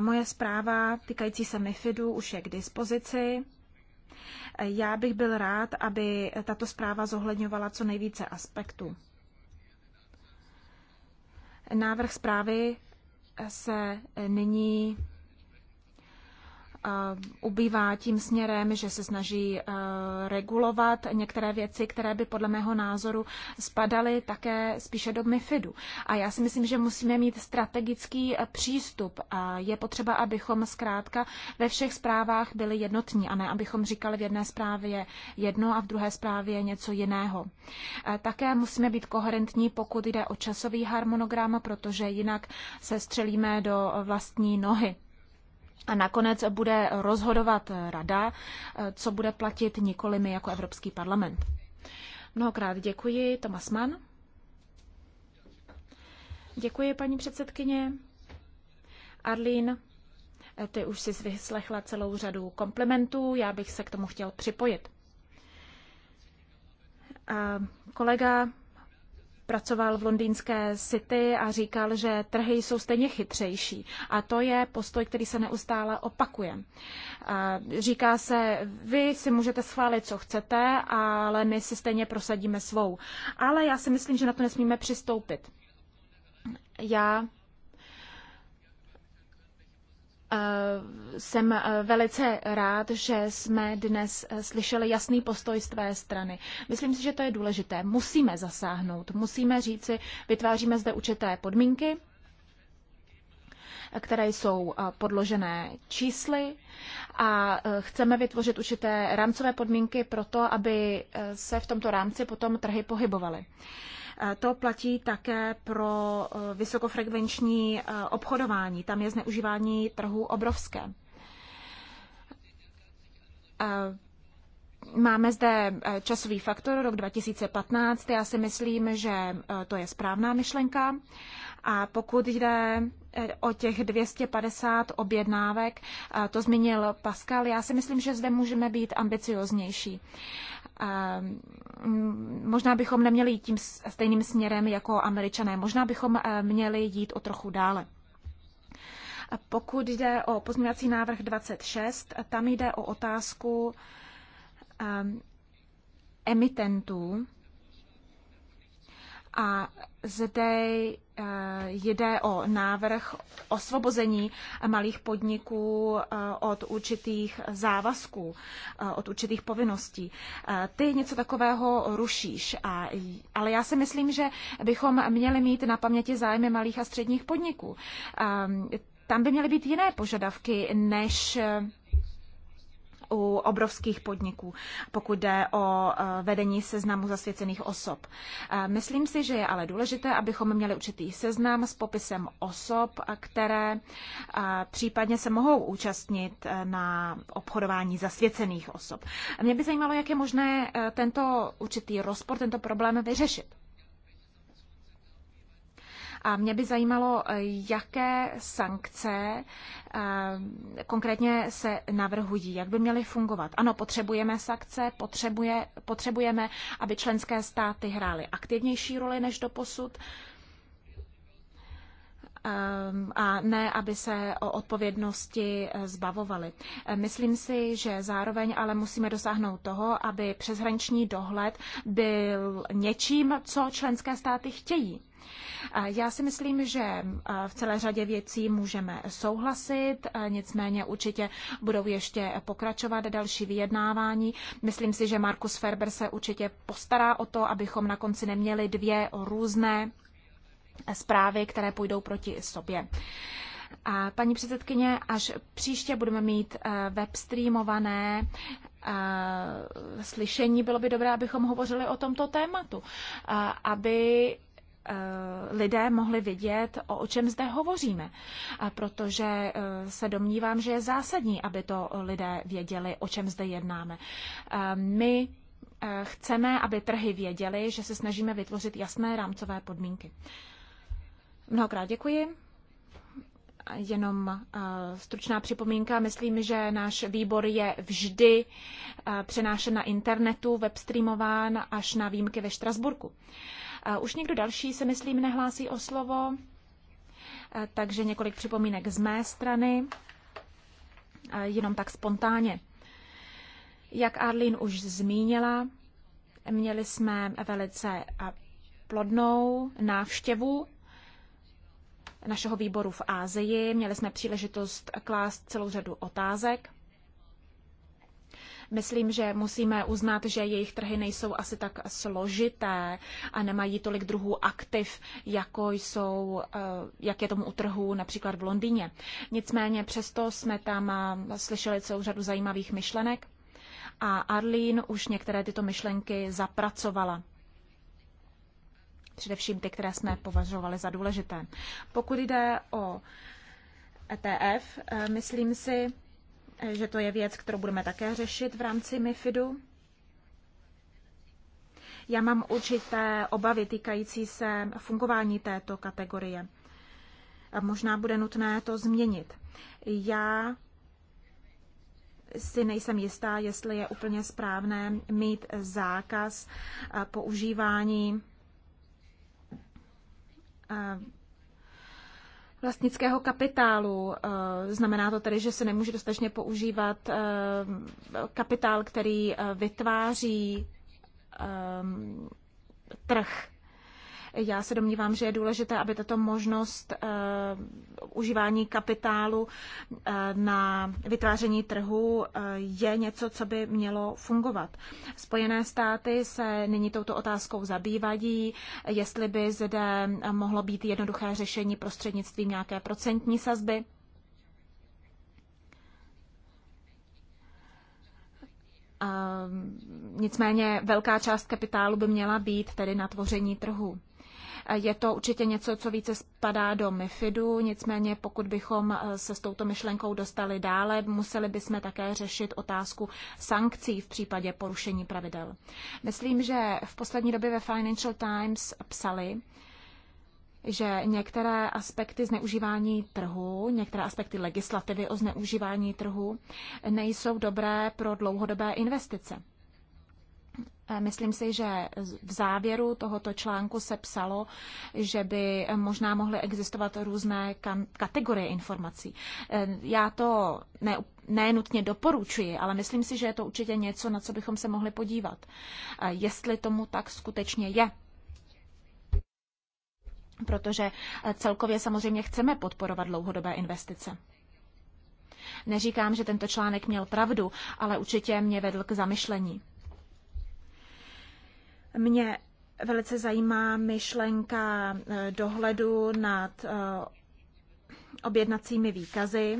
Moje zpráva týkající se MIFIDu už je k dispozici. Já bych byl rád, aby tato zpráva zohledňovala co nejvíce aspektů. Návrh zprávy se nyní ubývá tím směrem, že se snaží eh, regulovat některé věci, které by podle mého názoru spadaly také spíše do MIFIDu. A já si myslím, že musíme mít strategický eh, přístup. A je potřeba, abychom zkrátka ve všech zprávách byli jednotní a ne abychom říkali v jedné zprávě jedno a v druhé zprávě něco jiného. Eh, také musíme být koherentní, pokud jde o časový harmonogram, protože jinak se střelíme do vlastní nohy. A nakonec bude rozhodovat rada, co bude platit nikoli my jako Evropský parlament. Mnohokrát děkuji. Tomas Mann. Děkuji, paní předsedkyně. Arlín, ty už jsi vyslechla celou řadu komplimentů, já bych se k tomu chtěl připojit. A kolega Pracoval v londýnské City a říkal, že trhy jsou stejně chytřejší. A to je postoj, který se neustále opakuje. Říká se, vy si můžete schválit, co chcete, ale my si stejně prosadíme svou. Ale já si myslím, že na to nesmíme přistoupit. Já Eh, jsem eh, velice rád, že jsme dnes eh, slyšeli jasný postoj z tvé strany. Myslím si, že to je důležité. Musíme zasáhnout, musíme říci, vytváříme zde určité podmínky, které jsou podložené čísly a chceme vytvořit určité rámcové podmínky pro to, aby se v tomto rámci potom trhy pohybovaly. Eh, to platí také pro eh, vysokofrekvenční eh, obchodování. Tam je zneužívání trhu obrovské. Máme zde časový faktor rok 2015. Já si myslím, že to je správná myšlenka. A pokud jde o těch 250 objednávek, to zmínil Pascal, já si myslím, že zde můžeme být ambicioznější. Mm, možná bychom neměli jít tím stejným směrem jako američané. Možná bychom eh, měli jít o trochu dále. Pokud jde o pozměňovací návrh 26, tam jde o otázku ehm, emitentů a zde eh, jde o návrh osvobození malých podniků eh, od určitých závazků, eh, od určitých povinností. Ty něco takového rušíš, a, ale já si myslím, že bychom měli mít na paměti zájmy malých a středních podniků. Ehm, tam by měly být jiné požadavky než u obrovských podniků, pokud jde o eh, vedení seznamu zasvěcených osob. Eh, myslím si, že je ale důležité, abychom měli určitý seznam s popisem osob, které eh, případně se mohou účastnit na obchodování zasvěcených osob. Mě by zajímalo, jak je možné tento určitý rozpor, tento problém vyřešit. A mě by zajímalo, jaké sankce eh, konkrétně se navrhují, jak by měly fungovat. Ano, potřebujeme sankce, potřebuje, potřebujeme, aby členské státy hrály aktivnější roli než do posud ehm, a ne, aby se o odpovědnosti eh, zbavovali. Eh, myslím si, že zároveň ale musíme dosáhnout toho, aby přeshraniční dohled byl něčím, co členské státy chtějí. Já si myslím, že v celé řadě věcí můžeme souhlasit, nicméně určitě budou ještě pokračovat další vyjednávání. Myslím si, že Markus Ferber se určitě postará o to, abychom na konci neměli dvě různé zprávy, které půjdou proti sobě. A paní předsedkyně, až příště budeme mít webstreamované slyšení, bylo by dobré, abychom hovořili o tomto tématu, aby Eh, lidé mohli vidět, o čem zde hovoříme, protože eh, se domnívám, že je zásadní, aby to lidé věděli, o čem zde jednáme. Eh, my chceme, aby trhy věděly, že se snažíme vytvořit jasné rámcové podmínky. Mnohokrát děkuji jenom eh, stručná připomínka. Myslím, že náš výbor je vždy eh, přenášen na internetu, webstreamován až na výjimky ve Štrasburku. Eh, už někdo další se, myslím, nehlásí o slovo, takže několik připomínek z mé strany, jenom tak spontánně. Jak Arlín už zmínila, měli jsme velice plodnou návštěvu našeho výboru v Ázii. Měli jsme příležitost klást celou řadu otázek. Myslím, že musíme uznat, že jejich trhy nejsou asi tak složité a nemají tolik druhů aktiv, jako, jsou, eh, jak je tomu u trhu například v Londýně. Nicméně přesto jsme tam eh, slyšeli celou řadu zajímavých myšlenek a Arlene už některé tyto myšlenky zapracovala především ty, které jsme považovali za důležité. Pokud jde o ETF, eh, myslím si, eh, že to je věc, kterou budeme také řešit v rámci MIFIDu. Já mám určité obavy týkající se fungování této kategorie. Možná bude nutné to změnit. Já si nejsem jistá, jestli je úplně správné mít zákaz eh, používání vlastnického kapitálu. E, znamená to tedy, že se nemůže dostatečně používat e, kapitál, který e, vytváří trh. Já se domnívám, že je důležité, aby tato možnost eh, užívání kapitálu eh, na vytváření trhu eh, je něco, co by mělo fungovat. Spojené státy se nyní touto otázkou zabývají, jestli by zde mohlo být jednoduché řešení prostřednictvím nějaké procentní sazby. Nicméně velká část kapitálu by měla být tedy na tvoření trhu. Je to určitě něco, co více spadá do MIFIDu, nicméně pokud bychom eh, se s touto myšlenkou dostali dále, museli bychom také řešit otázku sankcí v případě porušení pravidel. Myslím, že v poslední době ve Financial Times psali, že některé aspekty zneužívání trhu, některé aspekty legislativy o zneužívání trhu nejsou dobré pro dlouhodobé investice. Myslím si, že v závěru tohoto článku se psalo, že by možná mohly existovat různé kategorie informací. E, já to ne, nenutně nutně doporučuji, ale myslím si, že je to určitě něco, na co bychom se mohli podívat. E, jestli tomu tak skutečně je protože e, celkově samozřejmě chceme podporovat dlouhodobé investice. Neříkám, že tento článek měl pravdu, ale určitě mě vedl k zamyšlení. Mě velice zajímá myšlenka eh, dohledu nad eh, objednacími výkazy,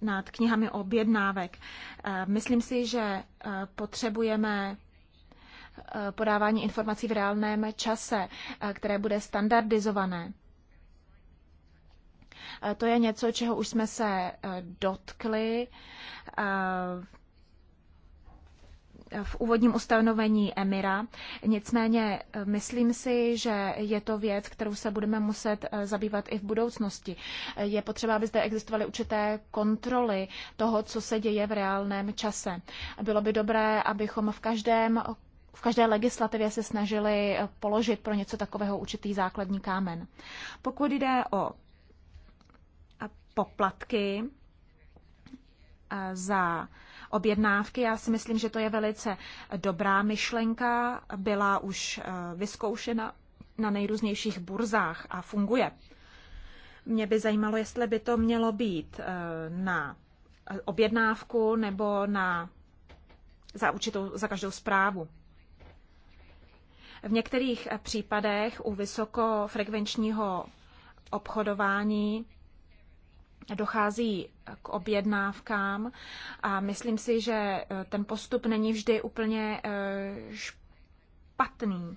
nad knihami objednávek. Eh, myslím si, že potřebujeme podávání informací v reálném čase, které bude standardizované. To je něco, čeho už jsme se dotkli v úvodním ustanovení Emira. Nicméně eh, myslím si, že je to věc, kterou se budeme muset eh, zabývat i v budoucnosti. Eh, je potřeba, aby zde existovaly určité kontroly toho, co se děje v reálném čase. Bylo by dobré, abychom v každém v každé legislativě se snažili položit pro něco takového určitý základní kámen. Pokud jde o poplatky za objednávky. Já si myslím, že to je velice dobrá myšlenka, byla už eh, vyzkoušena na nejrůznějších burzách a funguje. Mě by zajímalo, jestli by to mělo být eh, na objednávku nebo na, za, určitou, za každou zprávu. V některých případech u vysokofrekvenčního obchodování dochází k objednávkám a myslím si, že eh, ten postup není vždy úplně eh, špatný.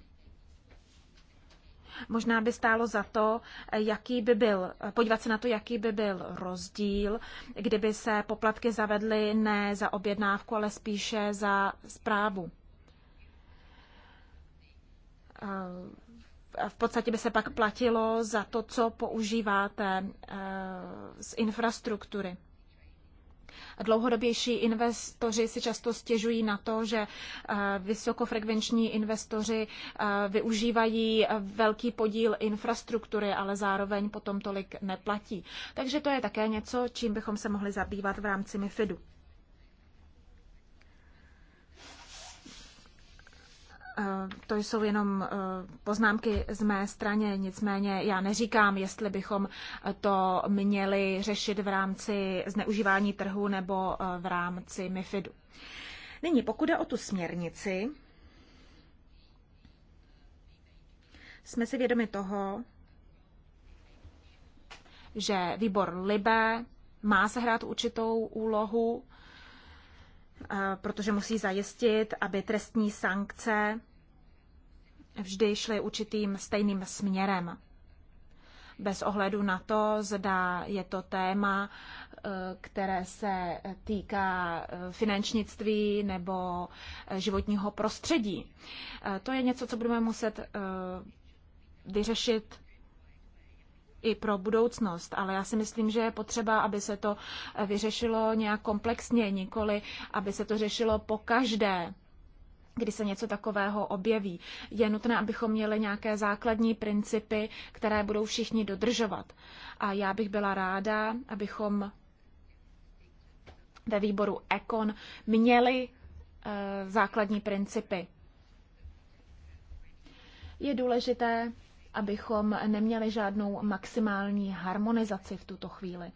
Možná by stálo za to, eh, jaký by byl, podívat se na to, jaký by byl rozdíl, kdyby se poplatky zavedly ne za objednávku, ale spíše za zprávu v podstatě by se pak platilo za to, co používáte eh, z infrastruktury. Dlouhodobější investoři si často stěžují na to, že eh, vysokofrekvenční investoři eh, využívají velký podíl infrastruktury, ale zároveň potom tolik neplatí. Takže to je také něco, čím bychom se mohli zabývat v rámci MIFIDu. Eh, to jsou jenom eh, poznámky z mé straně, nicméně já neříkám, jestli bychom eh, to měli řešit v rámci zneužívání trhu nebo v rámci MIFIDu. Nyní, pokud jde o tu směrnici, jsme si vědomi toho, že výbor Libe má sehrát určitou úlohu, protože musí zajistit, aby trestní sankce vždy šly určitým stejným směrem. Bez ohledu na to, zda je to téma, eh, které se týká eh, finančnictví nebo eh, životního prostředí. To je něco, co budeme muset vyřešit i pro budoucnost, ale já si myslím, že je potřeba, aby se to vyřešilo nějak komplexně, nikoli aby se to řešilo po každé kdy se něco takového objeví. Je nutné, abychom měli nějaké základní principy, které budou všichni dodržovat. A já bych byla ráda, abychom ve výboru Ekon měli e, základní principy. Je důležité, abychom neměli žádnou maximální harmonizaci v tuto chvíli.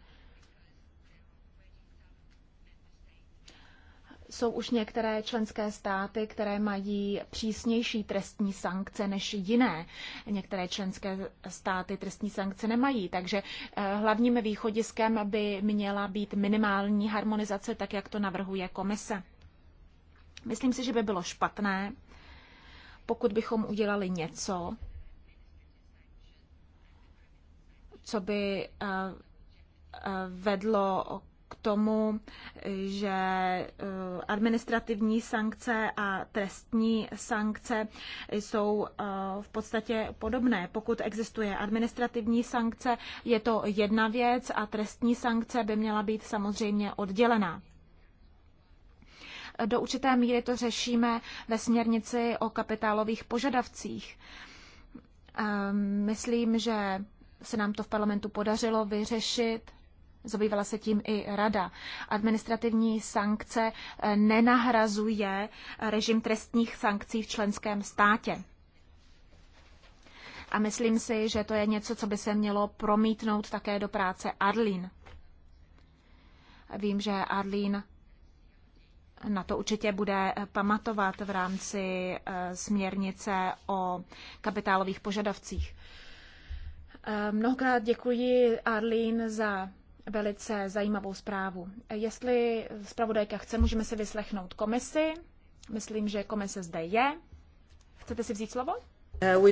jsou už některé členské státy, které mají přísnější trestní sankce než jiné. Některé členské státy trestní sankce nemají, takže eh, hlavním východiskem by měla být minimální harmonizace, tak jak to navrhuje komise. Myslím si, že by bylo špatné, pokud bychom udělali něco, co by eh, eh, vedlo tomu, že eh, administrativní sankce a trestní sankce jsou eh, v podstatě podobné. Pokud existuje administrativní sankce, je to jedna věc a trestní sankce by měla být samozřejmě oddělená. Do určité míry to řešíme ve směrnici o kapitálových požadavcích. Eh, myslím, že se nám to v parlamentu podařilo vyřešit Zabývala se tím i rada. Administrativní sankce eh, nenahrazuje režim trestních sankcí v členském státě. A myslím si, že to je něco, co by se mělo promítnout také do práce Arlín. Vím, že Arlín na to určitě bude pamatovat v rámci eh, směrnice o kapitálových požadavcích. Eh, mnohokrát děkuji Arlín za velice zajímavou zprávu. Jestli zpravodajka chce, můžeme si vyslechnout komisi. Myslím, že komise zde je. Chcete si vzít slovo? Uh,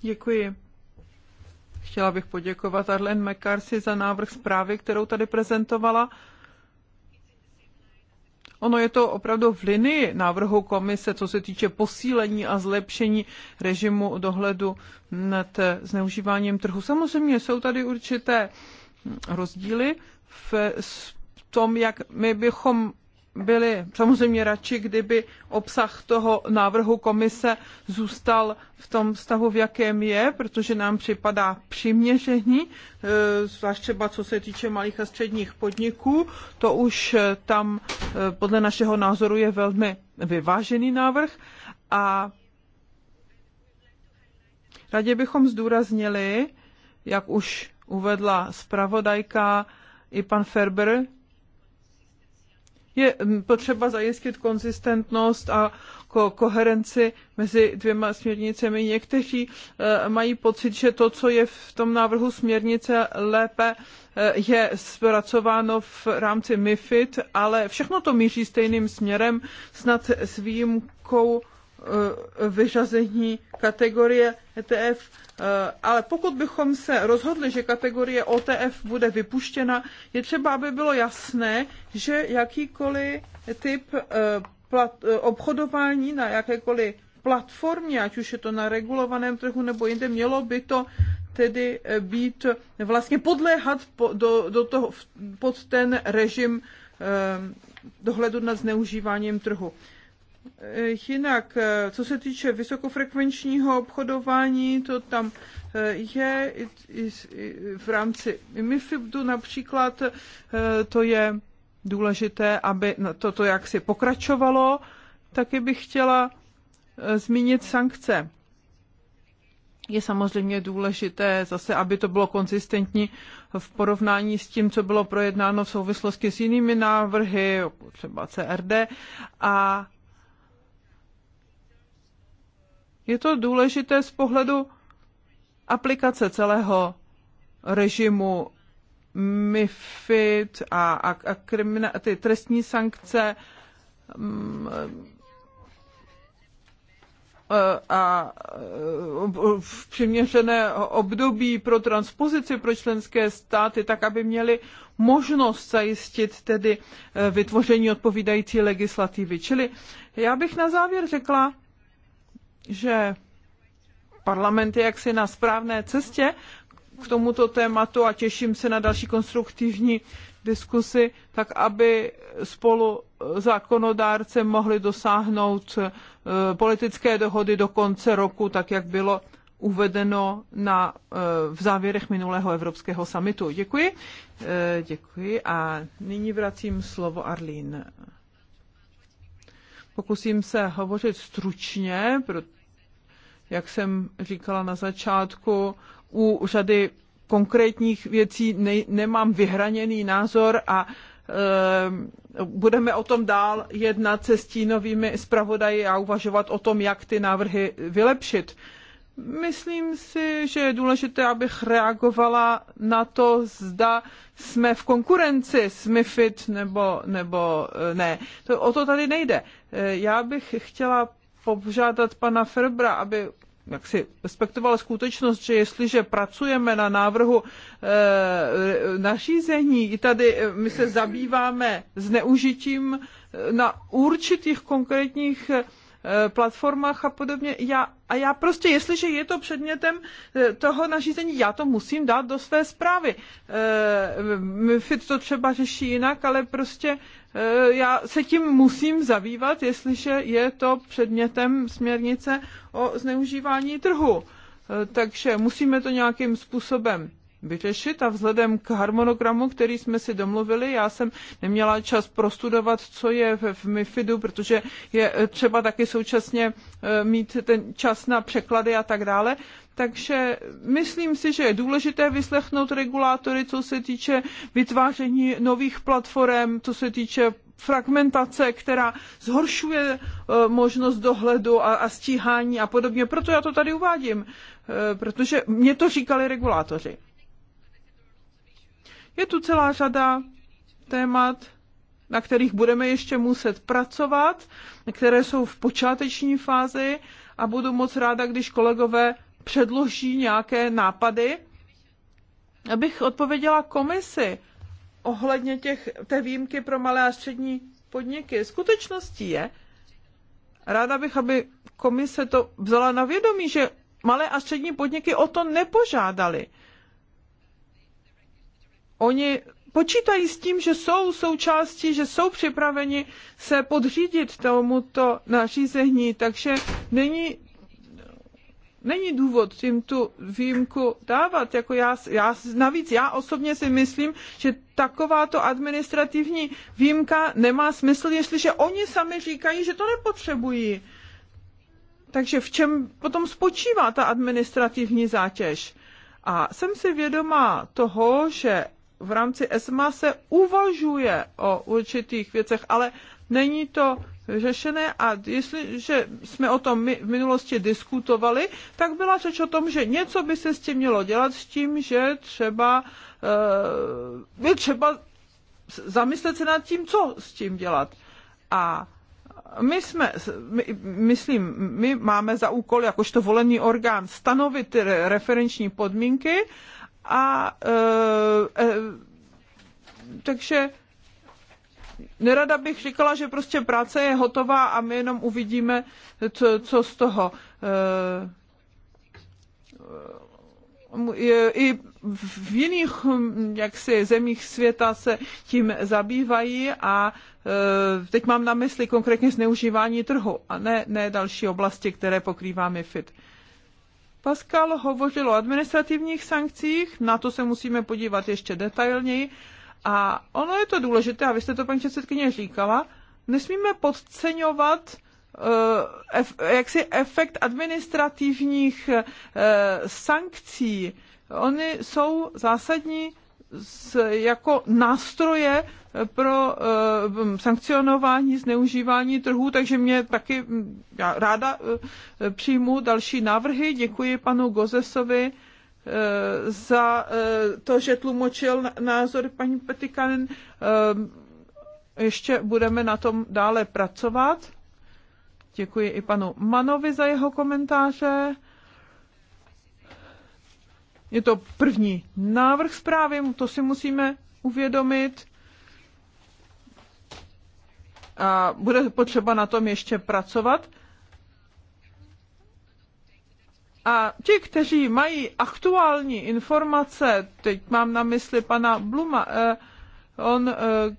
Děkuji. Chtěla bych poděkovat Arlene McCarthy za návrh zprávy, kterou tady prezentovala. Ono je to opravdu v linii návrhu komise, co se týče posílení a zlepšení režimu dohledu nad zneužíváním trhu. Samozřejmě jsou tady určité rozdíly v tom, jak my bychom byli samozřejmě radši, kdyby obsah toho návrhu komise zůstal v tom stavu, v jakém je, protože nám připadá přiměření, e, zvlášť třeba co se týče malých a středních podniků. To už e, tam e, podle našeho názoru je velmi vyvážený návrh a Radě bychom zdůraznili, jak už uvedla zpravodajka i pan Ferber, je potřeba zajistit konzistentnost a ko- koherenci mezi dvěma směrnicemi. Někteří e, mají pocit, že to, co je v tom návrhu směrnice lépe, e, je zpracováno v rámci MIFID, ale všechno to míří stejným směrem, snad s výjimkou Eh, vyřazení kategorie ETF, eh, ale pokud bychom se rozhodli, že kategorie OTF bude vypuštěna, je třeba, aby bylo jasné, že jakýkoliv typ eh, obchodování na jakékoliv platformě, ať už je to na regulovaném trhu nebo jinde, mělo by to tedy být vlastně podléhat do, do toho, pod ten režim dohledu nad zneužíváním trhu. Eh, jinak, eh, co se týče vysokofrekvenčního obchodování, to tam eh, je v rámci MIFIBDu například, to je důležité, aby toto jaksi pokračovalo, taky bych chtěla zmínit sankce. Je samozřejmě důležité zase, aby to bylo konzistentní v porovnání s tím, co bylo projednáno v souvislosti s jinými návrhy, jako třeba CRD, a Je to důležité z pohledu aplikace celého režimu MIFID a, a, a krimina, ty trestní sankce mm, a v přiměřené období pro transpozici pro členské státy, tak aby měli možnost zajistit tedy vytvoření odpovídající legislativy. Čili já bych na závěr řekla, že parlament je jaksi na správné cestě k tomuto tématu a těším se na další konstruktivní diskusy, tak aby spolu zákonodárce mohli dosáhnout eh, politické dohody do konce roku, tak jak bylo uvedeno na, eh, v závěrech minulého Evropského samitu. Děkuji. Eh, děkuji a nyní vracím slovo Arlín. Pokusím se hovořit stručně, protože jak jsem říkala na začátku, u řady konkrétních věcí ne, nemám vyhraněný názor a e, budeme o tom dál jednat se stínovými zpravodaji a uvažovat o tom, jak ty návrhy vylepšit. Myslím si, že je důležité, abych reagovala na to, zda jsme v konkurenci s MIFID nebo, nebo eh, ne. To, o to tady nejde. Eh, já bych chtěla požádat pana Ferbra, aby jak si respektoval skutečnost, že jestliže pracujeme na návrhu e, nařízení, i tady eh, my se zabýváme zneužitím eh, na určitých konkrétních platformách a podobně. Já, a já prostě, jestliže je to předmětem toho nařízení, já to musím dát do své zprávy. MIFID to třeba řeší jinak, ale prostě Eh, já se tím musím zabývat, jestliže je to předmětem směrnice o zneužívání trhu. Eh, takže musíme to nějakým způsobem vyřešit a vzhledem k harmonogramu, který jsme si domluvili, já jsem neměla čas prostudovat, co je v, v MIFIDu, protože je eh, třeba taky současně eh, mít ten čas na překlady a tak dále. Takže myslím si, že je důležité vyslechnout regulátory, co se týče vytváření nových platform, co se týče fragmentace, která zhoršuje eh, možnost dohledu a, a stíhání a podobně. Proto já to tady uvádím, protože mě to říkali regulátoři. Je tu celá řada témat, na kterých budeme ještě muset pracovat, které jsou v počáteční fázi a budu moc ráda, když kolegové předloží nějaké nápady, abych odpověděla komisi ohledně těch, té výjimky pro malé a střední podniky. Skutečností je, ráda bych, aby komise to vzala na vědomí, že malé a střední podniky o to nepožádali oni počítají s tím, že jsou součástí, že jsou připraveni se podřídit tomuto nařízení, takže není není důvod jim tu výjimku dávat. Jako já, já, navíc já osobně si myslím, že takováto administrativní výjimka nemá smysl, jestliže oni sami říkají, že to nepotřebují. Takže v čem potom spočívá ta administrativní zátěž? A jsem si vědomá toho, že v rámci ESMA se uvažuje o určitých věcech, ale není to řešené a jestliže jsme o tom my v minulosti diskutovali, tak byla řeč o tom, že něco by se s tím mělo dělat s tím, že třeba eh, je třeba zamyslet se nad tím, co s tím dělat. A my jsme, my, myslím, my máme za úkol, jakožto volený orgán, stanovit ty referenční podmínky a e, e, takže nerada bych říkala, že prostě práce je hotová a my jenom uvidíme, co, co z toho. E, e i v jiných hm, jaksi, zemích světa se tím zabývají a e, teď mám na mysli konkrétně zneužívání trhu a ne, ne další oblasti, které pokrývá MIFID. Pascal hovořil o administrativních sankcích, na to se musíme podívat ještě detailněji. A ono je to důležité, a vy jste to, paní předsedkyně, říkala, nesmíme podceňovat eh, jaksi efekt administrativních eh, sankcí. Ony jsou zásadní s, jako nástroje pro uh, sankcionování zneužívání trhů, takže mě taky já ráda uh, přijmu další návrhy. Děkuji panu Gozesovi uh, za uh, to, že tlumočil názor paní Petikanin. Uh, ještě budeme na tom dále pracovat. Děkuji i panu Manovi za jeho komentáře. Je to první návrh zprávy, to si musíme uvědomit. A bude potřeba na tom ještě pracovat. A ti, kteří mají aktuální informace, teď mám na mysli pana Bluma, eh, on eh,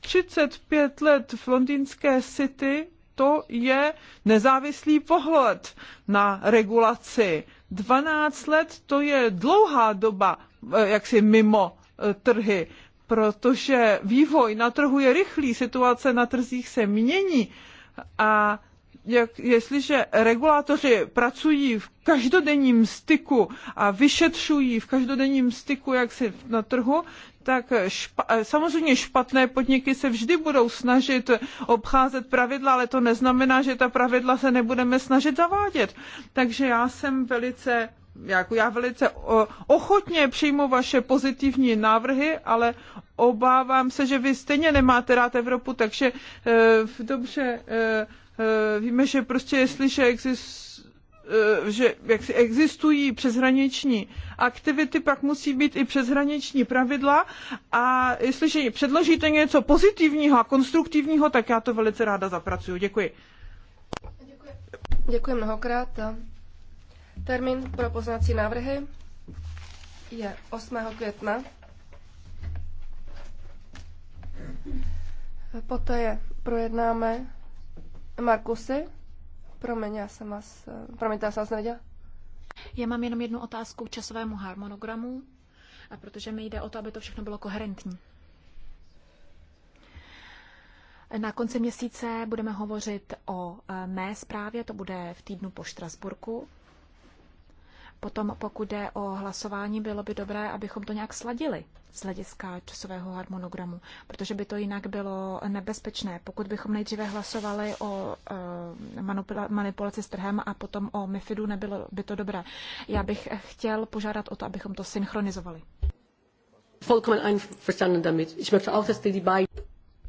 35 let v londýnské City to je nezávislý pohled na regulaci. 12 let to je dlouhá doba, eh, jaksi mimo eh, trhy, protože vývoj na trhu je rychlý, situace na trzích se mění a jak, jestliže regulátoři pracují v každodenním styku a vyšetřují v každodenním styku, jak se na trhu, tak špa, eh, samozřejmě špatné podniky se vždy budou snažit obcházet pravidla, ale to neznamená, že ta pravidla se nebudeme snažit zavádět. Takže já jsem velice jako já velice ochotně přijmu vaše pozitivní návrhy, ale obávám se, že vy stejně nemáte rád Evropu, takže eh, dobře, eh, Eh, víme, že prostě jestliže existuje že eh, jak si existují přeshraniční aktivity, pak musí být i přeshraniční pravidla a jestliže předložíte něco pozitivního a konstruktivního, tak já to velice ráda zapracuju. Děkuji. Děkuji, Děkuji mnohokrát. Termín pro poznací návrhy je 8. května. Poté je projednáme Markusy, promiň, já jsem vás, eh, Promiň, já jsem vás Já mám jenom jednu otázku k časovému harmonogramu, a protože mi jde o to, aby to všechno bylo koherentní. Na konci měsíce budeme hovořit o eh, mé zprávě, to bude v týdnu po Štrasburku. Potom, pokud jde o hlasování, bylo by dobré, abychom to nějak sladili z hlediska časového harmonogramu, protože by to jinak bylo nebezpečné. Pokud bychom nejdříve hlasovali o eh, manipulaci s trhem a potom o MIFIDu, nebylo by to dobré. Já bych chtěl požádat o to, abychom to synchronizovali.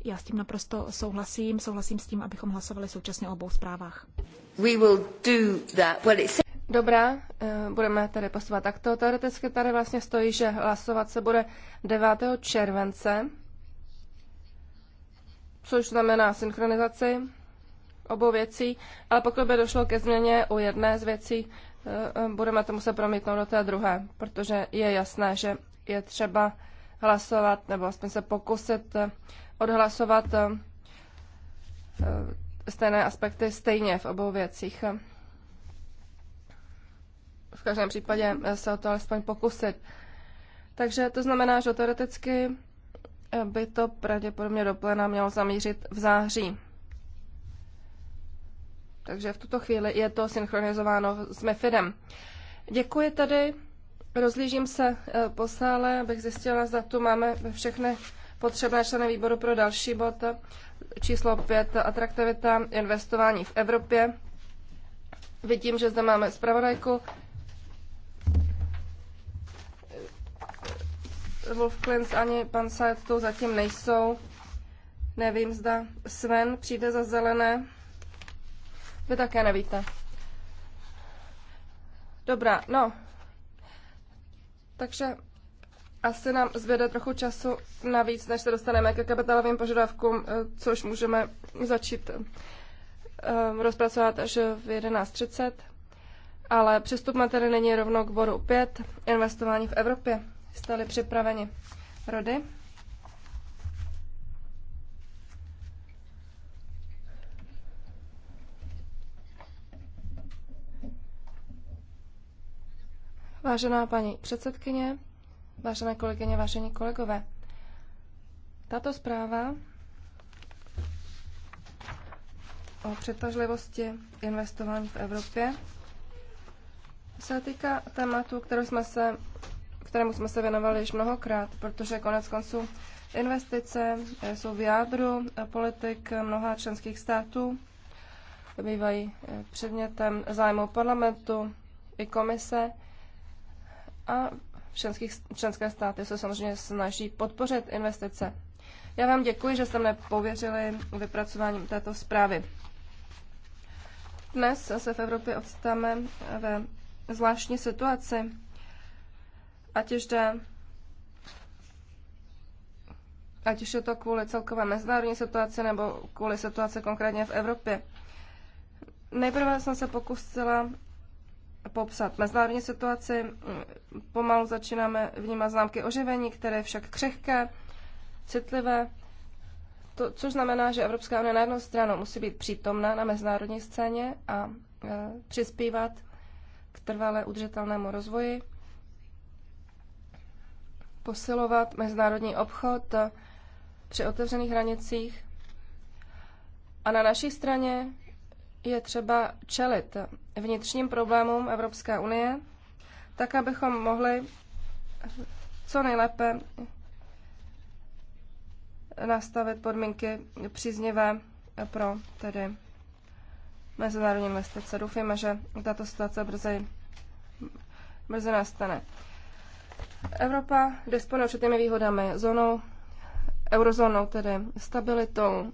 Já s tím naprosto souhlasím. Souhlasím s tím, abychom hlasovali současně o obou zprávách. We will do that. Well, it's... Dobrá, eh, budeme tedy postupovat takto. Teoreticky tady vlastně stojí, že hlasovat se bude 9. července, což znamená synchronizaci obou věcí, ale pokud by došlo ke změně u jedné z věcí, eh, eh, budeme to muset promítnout do té druhé, protože je jasné, že je třeba hlasovat, nebo aspoň se pokusit odhlasovat stejné aspekty stejně v obou věcích v každém případě se o to alespoň pokusit. Takže to znamená, že teoreticky eh, by to pravděpodobně do plena mělo zamířit v září. Takže v tuto chvíli je to synchronizováno s MEFIDem. Děkuji tady. Rozlížím se eh, po sále, abych zjistila, zda tu máme všechny potřebné členy výboru pro další bod. Číslo 5. Atraktivita investování v Evropě. Vidím, že zde máme zpravodajku Wolf Klins ani pan Sajet tu zatím nejsou. Nevím, zda Sven přijde za zelené. Vy také nevíte. Dobrá, no. Takže asi nám zbyde trochu času navíc, než se dostaneme ke kapitálovým požadavkům, eh, což můžeme začít eh, rozpracovat až v 11.30. Ale přistupme tedy není rovnou k bodu 5, investování v Evropě. Jste-li připraveni? Rody? Vážená paní předsedkyně, vážené kolegyně, vážení kolegové, tato zpráva o přitažlivosti investování v Evropě se týká tématu, kterou jsme se kterému jsme se věnovali již mnohokrát, protože konec konců investice jsou v jádru politik mnoha členských států, bývají eh, předmětem zájmu parlamentu i komise a členských, členské státy se samozřejmě snaží podpořit investice. Já vám děkuji, že jste mne pověřili vypracováním této zprávy. Dnes se v Evropě odstáme ve zvláštní situaci ať už jde ať už je to kvůli celkové mezinárodní situaci nebo kvůli situaci konkrétně v Evropě. Nejprve jsem se pokusila popsat mezinárodní situaci. Pomalu začínáme vnímat známky oživení, které je však křehké, citlivé, to, což znamená, že Evropská unie na jednu stranu musí být přítomná na mezinárodní scéně a e, přispívat k trvalé udržitelnému rozvoji posilovat mezinárodní obchod eh, při otevřených hranicích. A na naší straně je třeba čelit vnitřním problémům Evropské unie, tak abychom mohli co nejlépe nastavit podmínky příznivé pro tedy mezinárodní investice. Doufíme, že tato situace brzy, brzy nastane. Evropa disponuje určitými výhodami zónou, eurozónou, tedy stabilitou,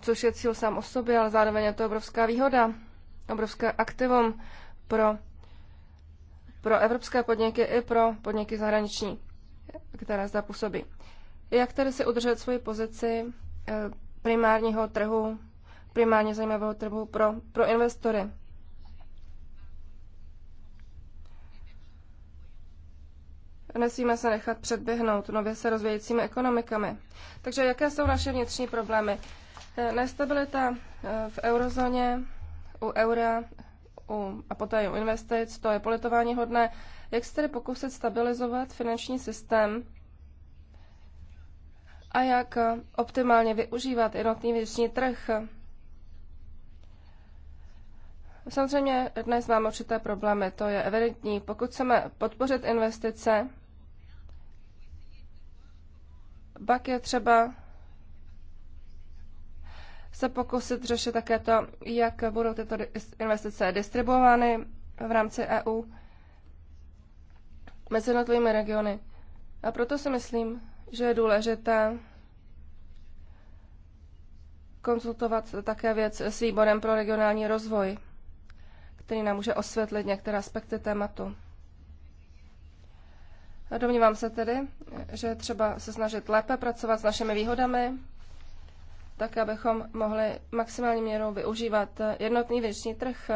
což je cíl sám o sobě, ale zároveň je to obrovská výhoda, obrovské aktivum pro, pro evropské podniky i pro podniky zahraniční, které zde působí. Jak tedy si udržet svoji pozici eh, primárního trhu, primárně zajímavého trhu pro, pro investory, nesmíme se nechat předběhnout nově se rozvějícími ekonomikami. Takže jaké jsou naše vnitřní problémy? Eh, nestabilita eh, v eurozóně, u eura u, a poté u investic, to je politování hodné. Jak se tedy pokusit stabilizovat finanční systém a jak eh, optimálně využívat jednotný vnitřní trh? Samozřejmě dnes máme určité problémy, to je evidentní. Pokud chceme podpořit investice, pak je třeba se pokusit řešit také to, jak budou tyto investice distribuovány v rámci EU mezi jednotlivými regiony. A proto si myslím, že je důležité konzultovat také věc s výborem pro regionální rozvoj, který nám může osvětlit některé aspekty tématu. Domnívám se tedy, že třeba se snažit lépe pracovat s našimi výhodami, tak abychom mohli maximální měrou využívat jednotný vnitřní trh,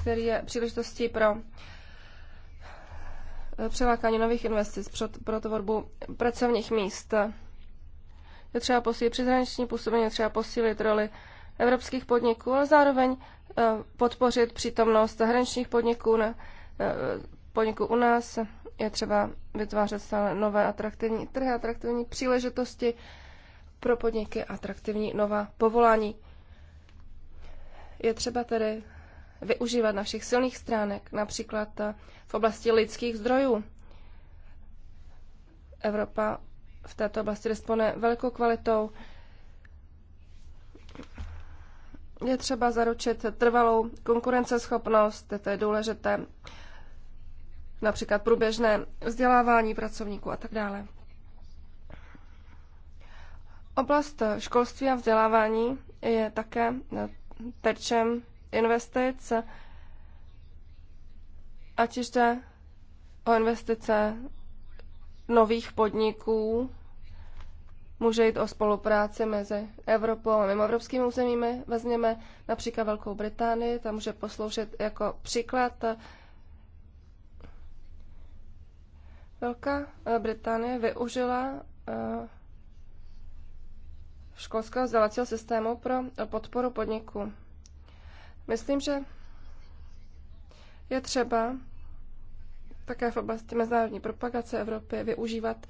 který je příležitostí pro přilákání nových investic pro tvorbu pracovních míst. Je třeba posílit přizraniční působení, je třeba posílit roli evropských podniků, ale zároveň eh, podpořit přítomnost zahraničních podniků, na, eh, podniků u nás. Je třeba vytvářet stále nové atraktivní trhy, atraktivní příležitosti pro podniky, atraktivní nová povolání. Je třeba tedy využívat našich silných stránek, například eh, v oblasti lidských zdrojů. Evropa v této oblasti disponuje velkou kvalitou je třeba zaručit trvalou konkurenceschopnost, to je důležité, například průběžné vzdělávání pracovníků a tak dále. Oblast školství a vzdělávání je také terčem investic, ať jde o investice nových podniků, Může jít o spolupráci mezi Evropou a mimoevropskými územími. Vezměme například Velkou Británii, Tam může posloužit jako příklad. Velká eh, Británie využila eh, školského vzdělacího systému pro podporu podniků. Myslím, že je třeba také v oblasti mezinárodní propagace Evropy využívat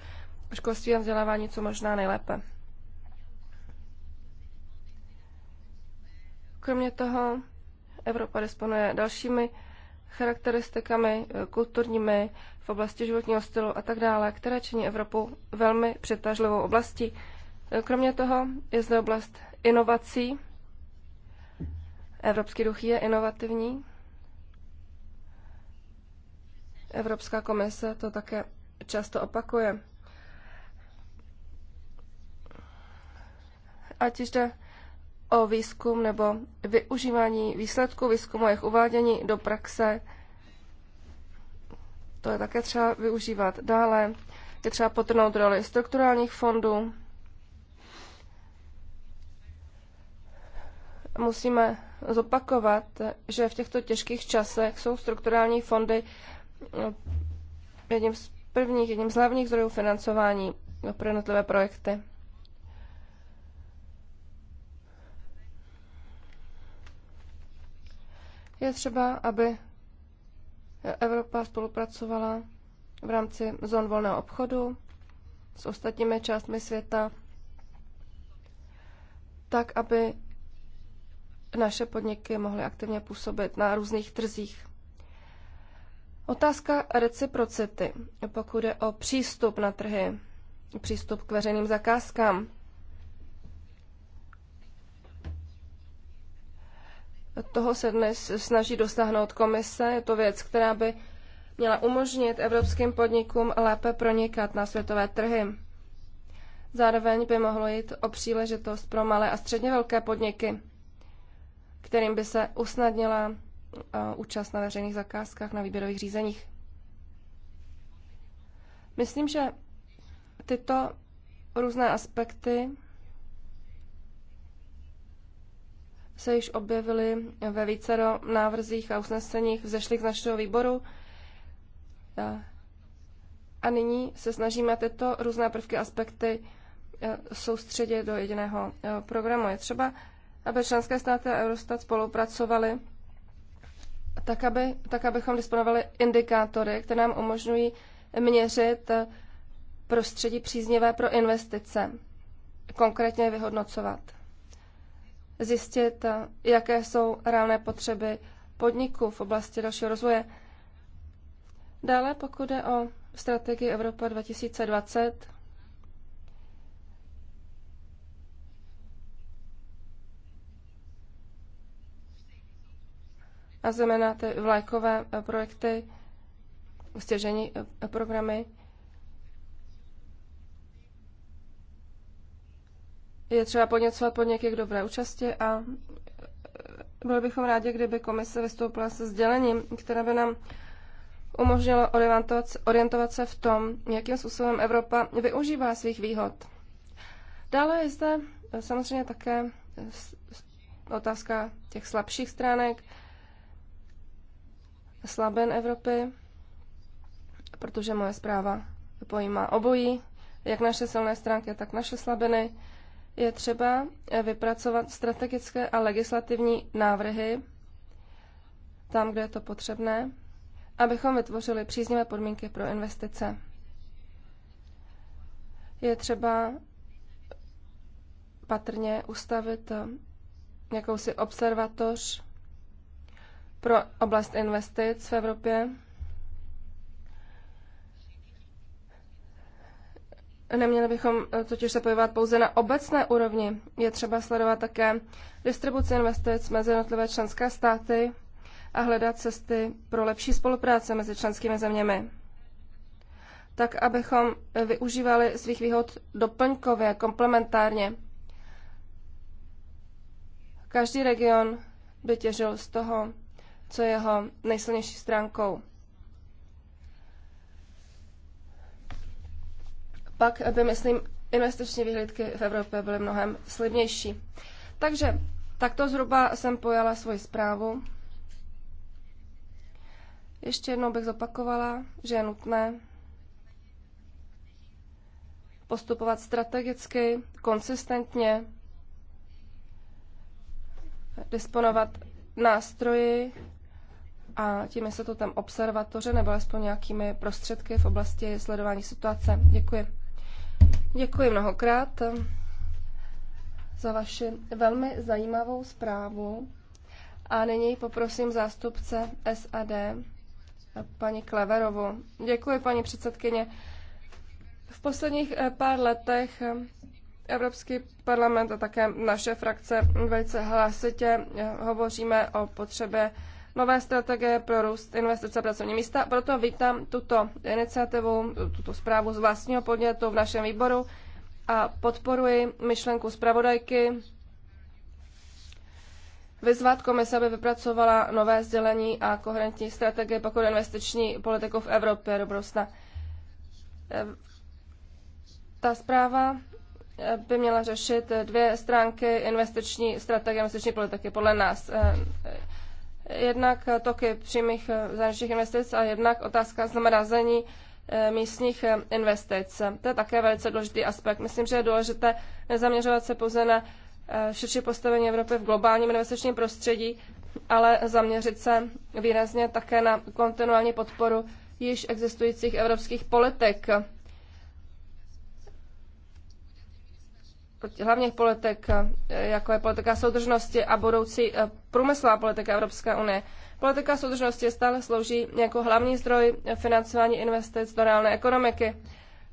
školství a vzdělávání co možná nejlépe. Kromě toho Evropa disponuje dalšími charakteristikami kulturními v oblasti životního stylu a tak dále, které činí Evropu velmi přitažlivou oblastí. Kromě toho je zde oblast inovací. Evropský duch je inovativní. Evropská komise to také často opakuje. ať jde o výzkum nebo využívání výsledků výzkumu, jejich uvádění do praxe. To je také třeba využívat dále. Je třeba potrnout roli strukturálních fondů. Musíme zopakovat, že v těchto těžkých časech jsou strukturální fondy no, jedním z prvních, jedním z hlavních zdrojů financování pro jednotlivé projekty. Je třeba, aby Evropa spolupracovala v rámci zón volného obchodu s ostatními částmi světa, tak, aby naše podniky mohly aktivně působit na různých trzích. Otázka reciprocity, pokud je o přístup na trhy, přístup k veřejným zakázkám. Toho se dnes snaží dosáhnout komise. Je to věc, která by měla umožnit evropským podnikům lépe pronikat na světové trhy. Zároveň by mohlo jít o příležitost pro malé a středně velké podniky, kterým by se usnadnila uh, účast na veřejných zakázkách, na výběrových řízeních. Myslím, že tyto různé aspekty se již objevily ve vícero návrzích a usneseních vzešlých z našeho výboru. A nyní se snažíme tyto různé prvky, aspekty e, soustředit do jediného e, programu. Je třeba, aby členské státy a Eurostat spolupracovaly tak, aby, tak abychom disponovali indikátory, které nám umožňují měřit e, prostředí příznivé pro investice, konkrétně vyhodnocovat zjistit, eh, jaké jsou reálné potřeby podniků v oblasti dalšího rozvoje. Dále, pokud jde o strategii Evropa 2020, a zejména ty vlajkové eh, projekty, stěžení eh, programy, je třeba podněcovat podniky k dobré účasti a e, byli bychom rádi, kdyby komise vystoupila se sdělením, které by nám umožnilo orientovat se v tom, jakým způsobem Evropa využívá svých výhod. Dále je zde e, samozřejmě také otázka těch slabších stránek, slaben Evropy, protože moje zpráva pojímá obojí, jak naše silné stránky, tak naše slabiny je třeba eh, vypracovat strategické a legislativní návrhy tam, kde je to potřebné, abychom vytvořili příznivé podmínky pro investice. Je třeba patrně ustavit eh, jakousi observatoř pro oblast investic v Evropě, Neměli bychom eh, totiž se pohybovat pouze na obecné úrovni. Je třeba sledovat také distribuci investic mezi jednotlivé členské státy a hledat cesty pro lepší spolupráce mezi členskými zeměmi. Tak, abychom eh, využívali svých výhod doplňkově, komplementárně. Každý region by těžil z toho, co je jeho nejsilnější stránkou. pak by, eh, myslím, investiční vyhlídky v Evropě byly mnohem slibnější. Takže takto zhruba jsem pojala svoji zprávu. Ještě jednou bych zopakovala, že je nutné postupovat strategicky, konsistentně, disponovat nástroji a tím se to tam observatoře nebo alespoň nějakými prostředky v oblasti sledování situace. Děkuji. Děkuji mnohokrát za vaši velmi zajímavou zprávu. A nyní poprosím zástupce SAD, paní Kleverovu. Děkuji, paní předsedkyně. V posledních eh, pár letech eh, Evropský parlament a také naše frakce velice hlasitě eh, hovoříme o potřebě nové strategie pro růst investice a pracovní místa. Proto vítám tuto iniciativu, tuto zprávu z vlastního podnětu v našem výboru a podporuji myšlenku zpravodajky vyzvat komise, aby vypracovala nové sdělení a koherentní strategie pokud investiční politiku v Evropě do budoucna. Eh, ta zpráva eh, by měla řešit dvě stránky investiční strategie, investiční politiky podle nás. Eh, jednak toky přímých zahraničních investic a jednak otázka zmrazení eh, místních eh, investic. To je také velice důležitý aspekt. Myslím, že je důležité nezaměřovat se pouze na eh, širší postavení Evropy v globálním investičním prostředí, ale zaměřit se výrazně také na kontinuální podporu již existujících evropských politik hlavních politik, eh, jako je politika soudržnosti a budoucí eh, průmyslová politika Evropské unie. Politika soudržnosti stále slouží jako hlavní zdroj financování investic do reálné ekonomiky.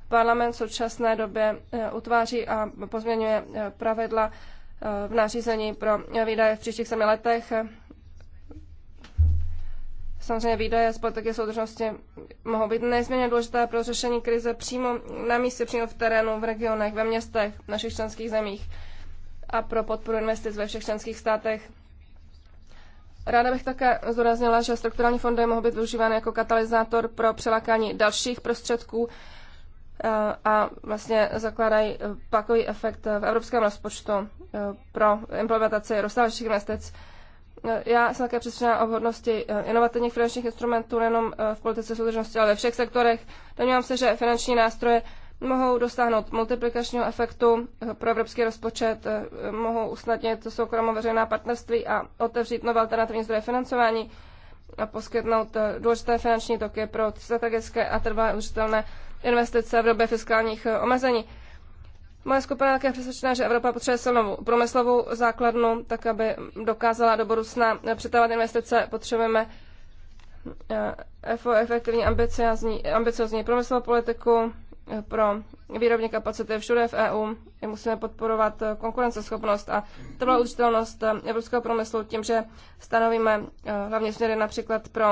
Parlament v současné době eh, utváří a pozměňuje pravidla v nařízení pro výdaje v příštích sedmi letech Samozřejmě výdaje z politiky soudržnosti mohou být nezměně důležité pro řešení krize přímo na místě, přímo v terénu, v regionech, ve městech, v našich členských zemích a pro podporu investic ve všech členských státech. Ráda bych také zdůraznila, že strukturální fondy mohou být využívány jako katalyzátor pro přelákání dalších prostředků eh, a vlastně zakládají eh, pakový efekt v evropském rozpočtu eh, pro implementaci rozsáhlejších investic já jsem také přesvědčena o vhodnosti eh, inovativních finančních instrumentů nejenom eh, v politice soudržnosti, ale ve všech sektorech. Domnívám se, že finanční nástroje mohou dosáhnout multiplikačního efektu eh, pro evropský rozpočet, mohou usnadnit soukromo veřejná partnerství a otevřít nové alternativní zdroje financování a poskytnout důležité finanční toky pro strategické a trvalé udržitelné investice v době fiskálních omezení. Moje skupina je také přesvědčená, že Evropa potřebuje silnou průmyslovou základnu, tak aby dokázala do budoucna přetávat investice. Potřebujeme eh, efektivní ambiciozní, ambiciozní průmyslovou politiku eh, pro výrobní kapacity všude v EU. Musíme podporovat eh, konkurenceschopnost a trvalou udržitelnost evropského průmyslu tím, že stanovíme hlavně směry například pro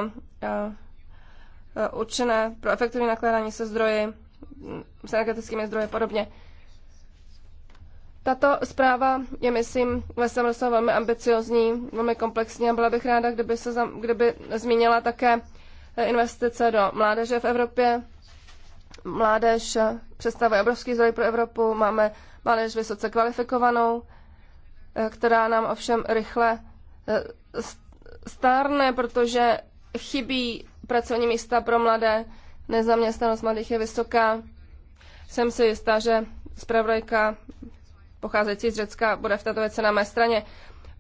určené pro efektivní nakládání se zdroji, mm, s energetickými zdroji podobně. Tato zpráva je, myslím, ve svém rozsahu velmi ambiciozní, velmi komplexní a byla bych ráda, kdyby, se, kdyby zmínila také eh, investice do mládeže v Evropě. Mládež eh, představuje obrovský zdroj pro Evropu, máme mládež vysoce kvalifikovanou, eh, která nám ovšem rychle stárne, protože chybí pracovní místa pro mladé, nezaměstnanost mladých je vysoká. Jsem si jistá, že zpravodajka pocházející z Řecka bude v této věci na mé straně.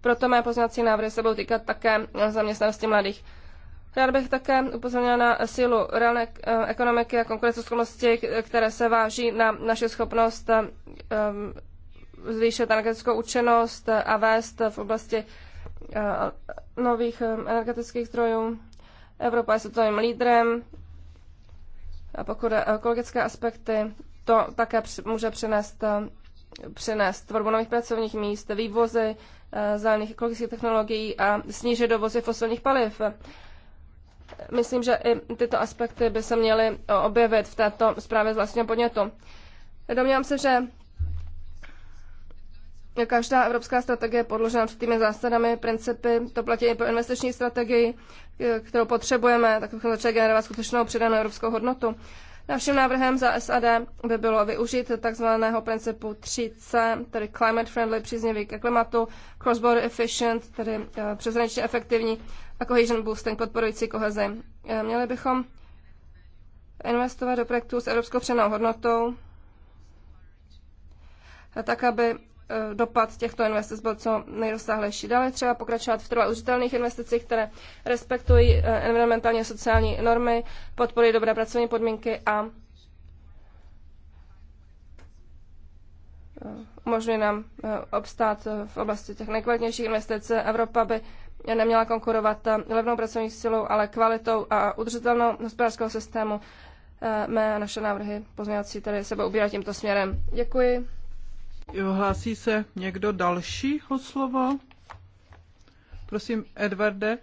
Proto mé poznací návrhy se budou týkat také zaměstnanosti mladých. Rád bych také upozornil na sílu reálné eh, ekonomiky a konkurenceschopnosti, které se váží na naši schopnost eh, eh, zvýšit energetickou účinnost a vést v oblasti nových energetických zdrojů. Evropa je světovým lídrem a pokud ekologické aspekty, to také může přinést přenést tvorbu nových pracovních míst, vývozy eh, zelených ekologických technologií a snížit dovozy fosilních paliv. Myslím, že i tyto aspekty by se měly eh, objevit v této zprávě z vlastního podnětu. Domnívám se, že Každá evropská strategie je podložena určitými zásadami, principy, to platí i pro investiční strategii, eh, kterou potřebujeme, tak bychom začali generovat skutečnou přidanou evropskou hodnotu. Naším návrhem za SAD by bylo využít takzvaného principu 3C, tedy climate friendly, příznivý ke klimatu, cross-border efficient, tedy eh, přeshraničně efektivní a cohesion boosting, podporující kohezi. Eh, měli bychom investovat do projektů s evropskou přenou hodnotou, eh, tak aby Eh, dopad těchto investic byl co nejrozsáhlejší. Dále třeba pokračovat v trvale užitelných investicích, které respektují eh, environmentálně sociální normy, podporují dobré pracovní podmínky a eh, umožňují nám obstát v oblasti těch nejkvalitnějších investic. Evropa by neměla konkurovat levnou pracovní silou, ale kvalitou a udržitelnou hospodářského systému. Mé a naše návrhy pozměňovací tady sebe ubírat tímto směrem. Děkuji. Hlásí se někdo další o slovo? Prosím, Edvarde.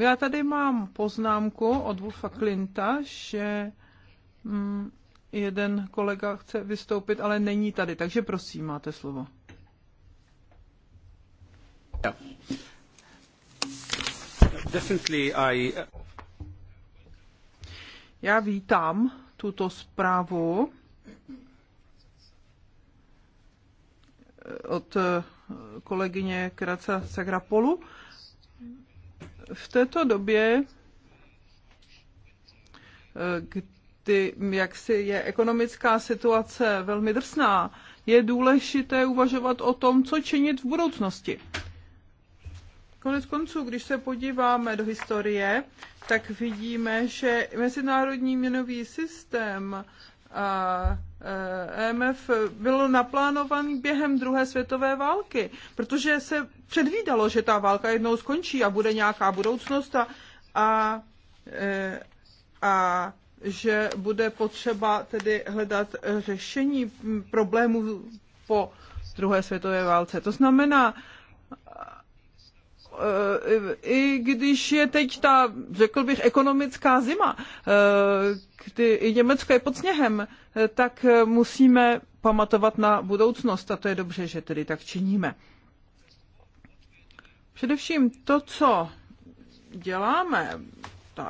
Já tady mám poznámku od Wolfa Klinta, že mm, jeden kolega chce vystoupit, ale není tady, takže prosím, máte slovo. Yeah. Definitely I... Uh, Já vítám tuto zprávu od eh, kolegyně Kraca Sagrapolu. V této době, eh, kdy si je ekonomická situace velmi drsná, je důležité uvažovat o tom, co činit v budoucnosti. Konec konců, když se podíváme do historie, tak vidíme, že mezinárodní měnový systém a eh, EMF eh, byl naplánovaný během druhé světové války, protože se předvídalo, že ta válka jednou skončí a bude nějaká budoucnost a, a, eh, a že bude potřeba tedy hledat řešení problémů po druhé světové válce. To znamená, Eh, i když je teď ta, řekl bych, ekonomická zima, eh, kdy i Německo je pod sněhem, eh, tak musíme pamatovat na budoucnost a to je dobře, že tedy tak činíme. Především to, co děláme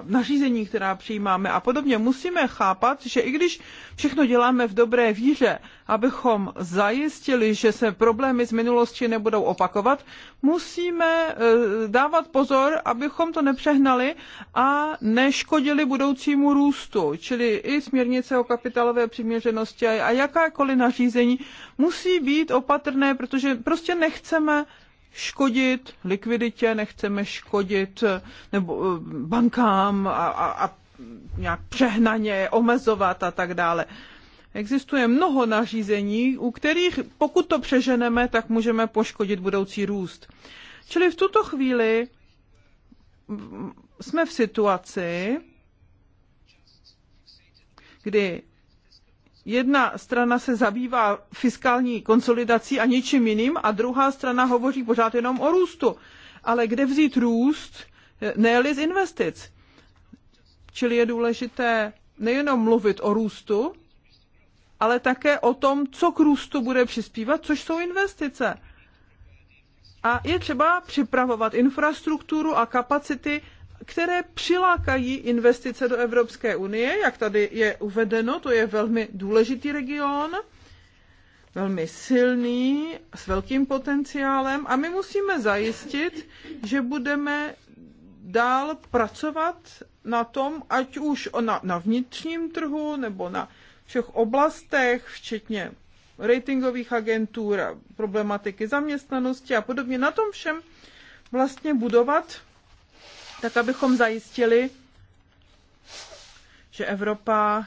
nařízení, která přijímáme a podobně, musíme chápat, že i když všechno děláme v dobré víře, abychom zajistili, že se problémy z minulosti nebudou opakovat, musíme eh, dávat pozor, abychom to nepřehnali a neškodili budoucímu růstu, čili i směrnice o kapitálové přiměřenosti a jakákoliv nařízení musí být opatrné, protože prostě nechceme škodit likviditě, nechceme škodit eh, nebo eh, bankám a, a, a nějak přehnaně omezovat a tak dále. Existuje mnoho nařízení, u kterých, pokud to přeženeme, tak můžeme poškodit budoucí růst. Čili v tuto chvíli jsme v situaci, kdy jedna strana se zabývá fiskální konsolidací a něčím jiným a druhá strana hovoří pořád jenom o růstu. Ale kde vzít růst, eh, ne z investic? Čili je důležité nejenom mluvit o růstu, ale také o tom, co k růstu bude přispívat, což jsou investice. A je třeba připravovat infrastrukturu a kapacity které přilákají investice do Evropské unie, jak tady je uvedeno, to je velmi důležitý region, velmi silný, s velkým potenciálem a my musíme zajistit, že budeme dál pracovat na tom, ať už na, na vnitřním trhu nebo na všech oblastech, včetně ratingových agentur a problematiky zaměstnanosti a podobně. Na tom všem vlastně budovat tak abychom zajistili, že Evropa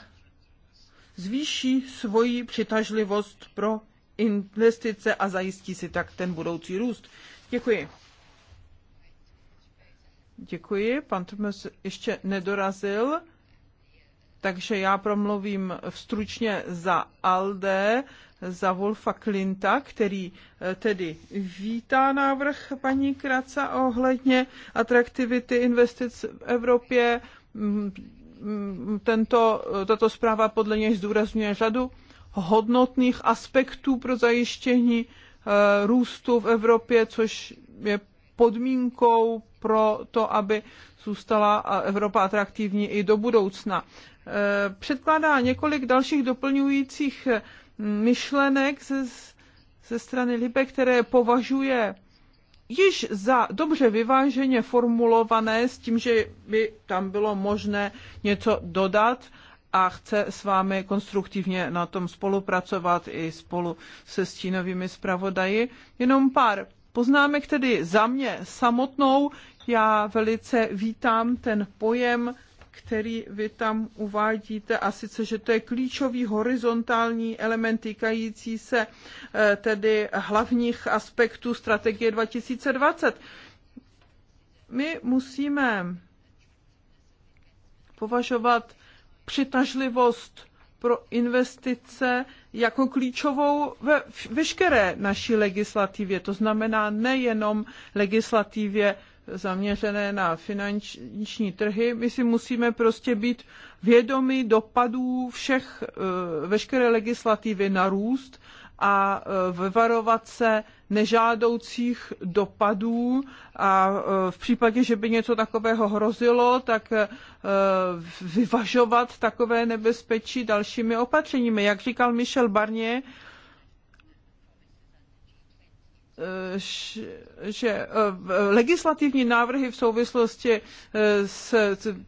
zvýší svoji přitažlivost pro investice a zajistí si tak ten budoucí růst. Děkuji. Děkuji. Pan Tomas ještě nedorazil takže já promluvím stručně za ALDE, za Wolfa Klinta, který eh, tedy vítá návrh paní Kraca ohledně atraktivity investic v Evropě. Mm, mm, tento, eh, tato zpráva podle něj zdůrazňuje řadu hodnotných aspektů pro zajištění eh, růstu v Evropě, což je podmínkou pro to, aby zůstala Evropa atraktivní i do budoucna. E, předkládá několik dalších doplňujících e, myšlenek ze, ze strany Libe, které považuje již za dobře vyváženě formulované s tím, že by tam bylo možné něco dodat a chce s vámi konstruktivně na tom spolupracovat i spolu se stínovými zpravodaji. Jenom pár poznámek, tedy za mě samotnou. Já velice vítám ten pojem, který vy tam uvádíte, a sice, že to je klíčový horizontální element týkající se eh, tedy hlavních aspektů strategie 2020. My musíme považovat přitažlivost pro investice jako klíčovou ve veškeré naší legislativě. To znamená nejenom legislativě zaměřené na finanční trhy. My si musíme prostě být vědomi dopadů všech, e, veškeré legislativy na růst a e, vyvarovat se nežádoucích dopadů a e, v případě, že by něco takového hrozilo, tak e, vyvažovat takové nebezpečí dalšími opatřeními. Jak říkal Michel Barnier, Eh, že eh, legislativní návrhy v souvislosti eh, s,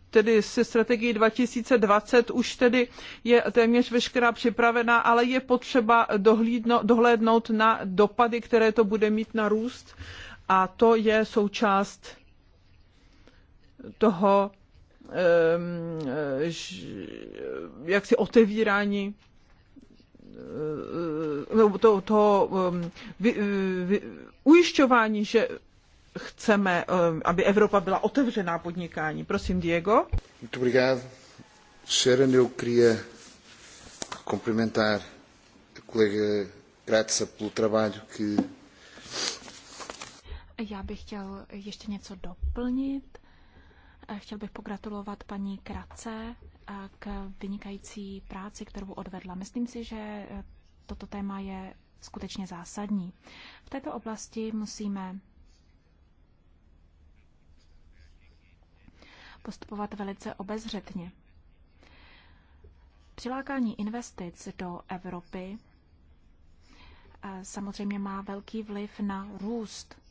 tedy se strategií 2020 už tedy je téměř veškerá připravená, ale je potřeba dohlídno, dohlédnout na dopady, které to bude mít na růst a to je součást toho ehm, jak otevírání Eh, to, to vy, eh, vy, ujišťování, že chceme, aby Evropa byla otevřená podnikání. Prosím, Diego. cumprimentar a colega Graça pelo trabalho que... Já bych chtěl ještě něco doplnit. Eh, chtěl bych pogratulovat paní Krace k vynikající práci, kterou odvedla. Myslím si, že eh, toto téma je skutečně zásadní. V této oblasti musíme postupovat velice obezřetně. Přilákání investic do Evropy eh, samozřejmě má velký vliv na růst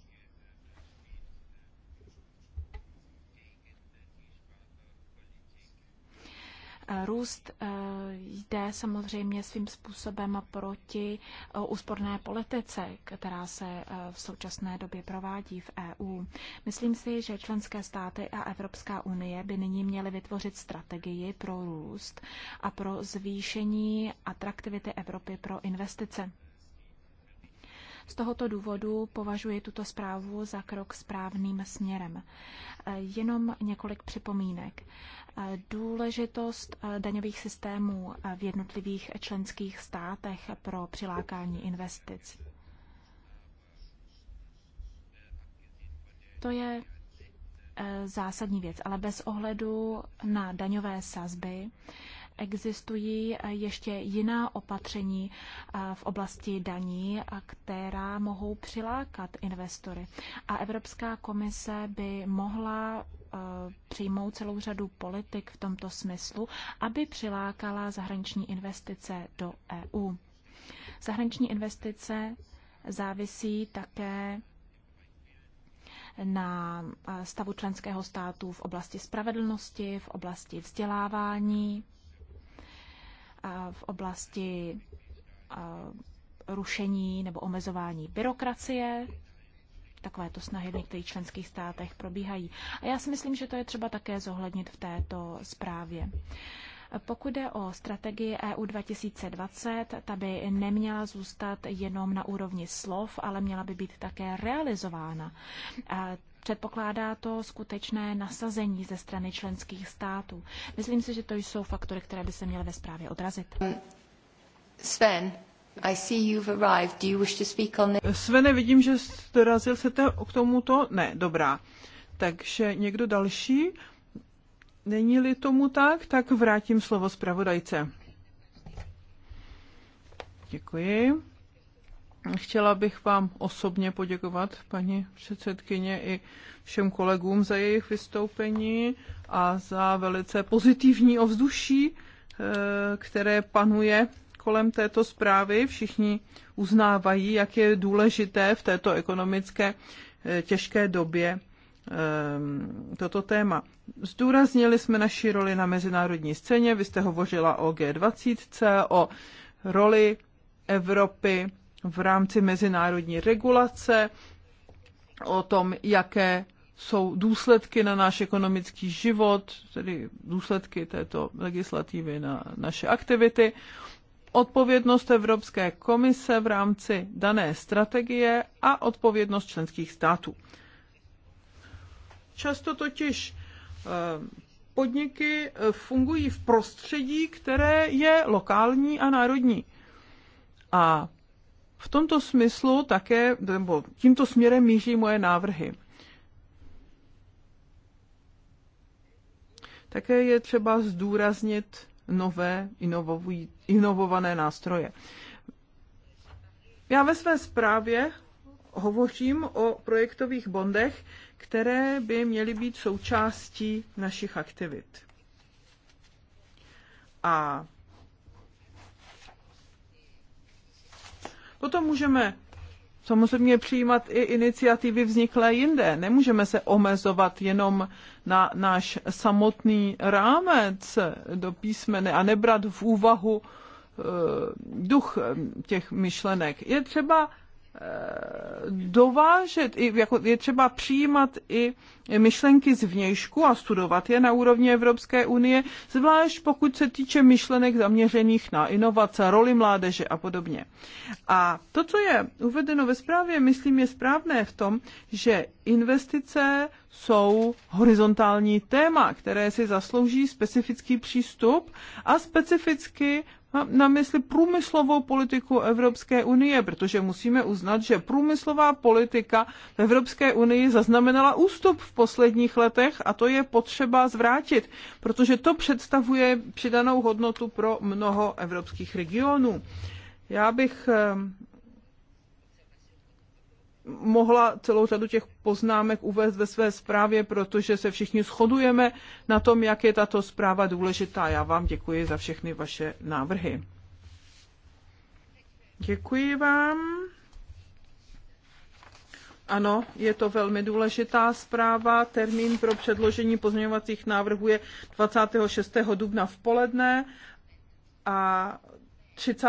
Růst eh, jde samozřejmě svým způsobem proti eh, úsporné politice, která se eh, v současné době provádí v EU. Myslím si, že členské státy a Evropská unie by nyní měly vytvořit strategii pro růst a pro zvýšení atraktivity Evropy pro investice. Z tohoto důvodu považuji tuto zprávu za krok správným směrem. E, jenom několik připomínek. E, důležitost e, daňových systémů v jednotlivých členských státech pro přilákání investic. To je zásadní věc, ale bez ohledu na daňové sazby existují eh, ještě jiná opatření eh, v oblasti daní, eh, která mohou přilákat investory. A Evropská komise by mohla přijmout celou řadu politik v tomto smyslu, aby přilákala zahraniční investice do EU. Zahraniční investice závisí také na stavu členského státu v oblasti spravedlnosti, v oblasti vzdělávání, v oblasti rušení nebo omezování byrokracie. Takovéto snahy v některých členských státech probíhají. A já si myslím, že to je třeba také zohlednit v této zprávě. Pokud jde o strategii EU 2020, ta by neměla zůstat jenom na úrovni slov, ale měla by být také realizována. Předpokládá to skutečné nasazení ze strany členských států. Myslím si, že to jsou faktory, které by se měly ve zprávě odrazit. Um, Sven, I see you've arrived. Do you wish to speak on the... Svene, vidím, že dorazil se te k tomuto. Ne, dobrá. Takže někdo další? Není-li tomu tak, tak vrátím slovo zpravodajce. Děkuji. Chtěla bych vám osobně poděkovat, paní předsedkyně, i všem kolegům za jejich vystoupení a za velice pozitivní ovzduší, eh, které panuje kolem této zprávy. Všichni uznávají, jak je důležité v této ekonomické eh, těžké době eh, toto téma. Zdůraznili jsme naši roli na mezinárodní scéně. Vy jste hovořila o G20, o roli Evropy v rámci mezinárodní regulace, o tom, jaké jsou důsledky na náš ekonomický život, tedy důsledky této legislativy na naše aktivity, odpovědnost Evropské komise v rámci dané strategie a odpovědnost členských států. Často totiž eh, podniky eh, fungují v prostředí, které je lokální a národní. A v tomto smyslu také, nebo tímto směrem míří moje návrhy. Také je třeba zdůraznit nové inovované nástroje. Já ve své zprávě hovořím o projektových bondech, které by měly být součástí našich aktivit. A Potom můžeme samozřejmě přijímat i iniciativy vzniklé jinde. Nemůžeme se omezovat jenom na náš samotný rámec do písmene a nebrat v úvahu eh, duch eh, těch myšlenek. Je třeba Eh, dovážet, jako je třeba přijímat i myšlenky z vnějšku a studovat je na úrovni Evropské unie, zvlášť pokud se týče myšlenek zaměřených na inovace, roli mládeže a podobně. A to, co je uvedeno ve zprávě, myslím, je správné v tom, že investice jsou horizontální téma, které si zaslouží specifický přístup a specificky na mysli průmyslovou politiku Evropské unie, protože musíme uznat, že průmyslová politika v Evropské unii zaznamenala ústup v posledních letech a to je potřeba zvrátit, protože to představuje přidanou hodnotu pro mnoho evropských regionů. Já bych eh, mohla celou řadu těch poznámek uvést ve své zprávě, protože se všichni shodujeme na tom, jak je tato zpráva důležitá. Já vám děkuji za všechny vaše návrhy. Děkuji vám. Ano, je to velmi důležitá zpráva. Termín pro předložení pozměňovacích návrhů je 26. dubna v poledne a 30.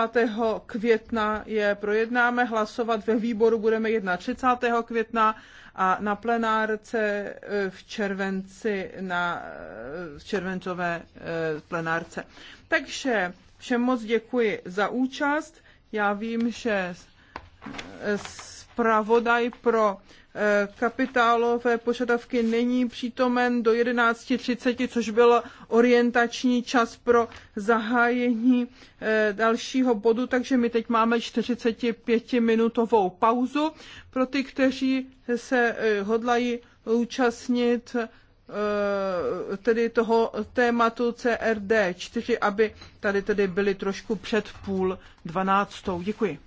května je projednáme, hlasovat ve výboru budeme 31. května a na plenárce eh, v červenci, na eh, v červencové eh, plenárce. Takže všem moc děkuji za účast. Já vím, že zpravodaj pro Eh, kapitálové požadavky není přítomen do 11.30, což byl orientační čas pro zahájení eh, dalšího bodu, takže my teď máme 45-minutovou pauzu. Pro ty, kteří se eh, hodlají účastnit tedy toho tématu CRD 4, aby tady tedy byli trošku před půl dvanáctou. Děkuji.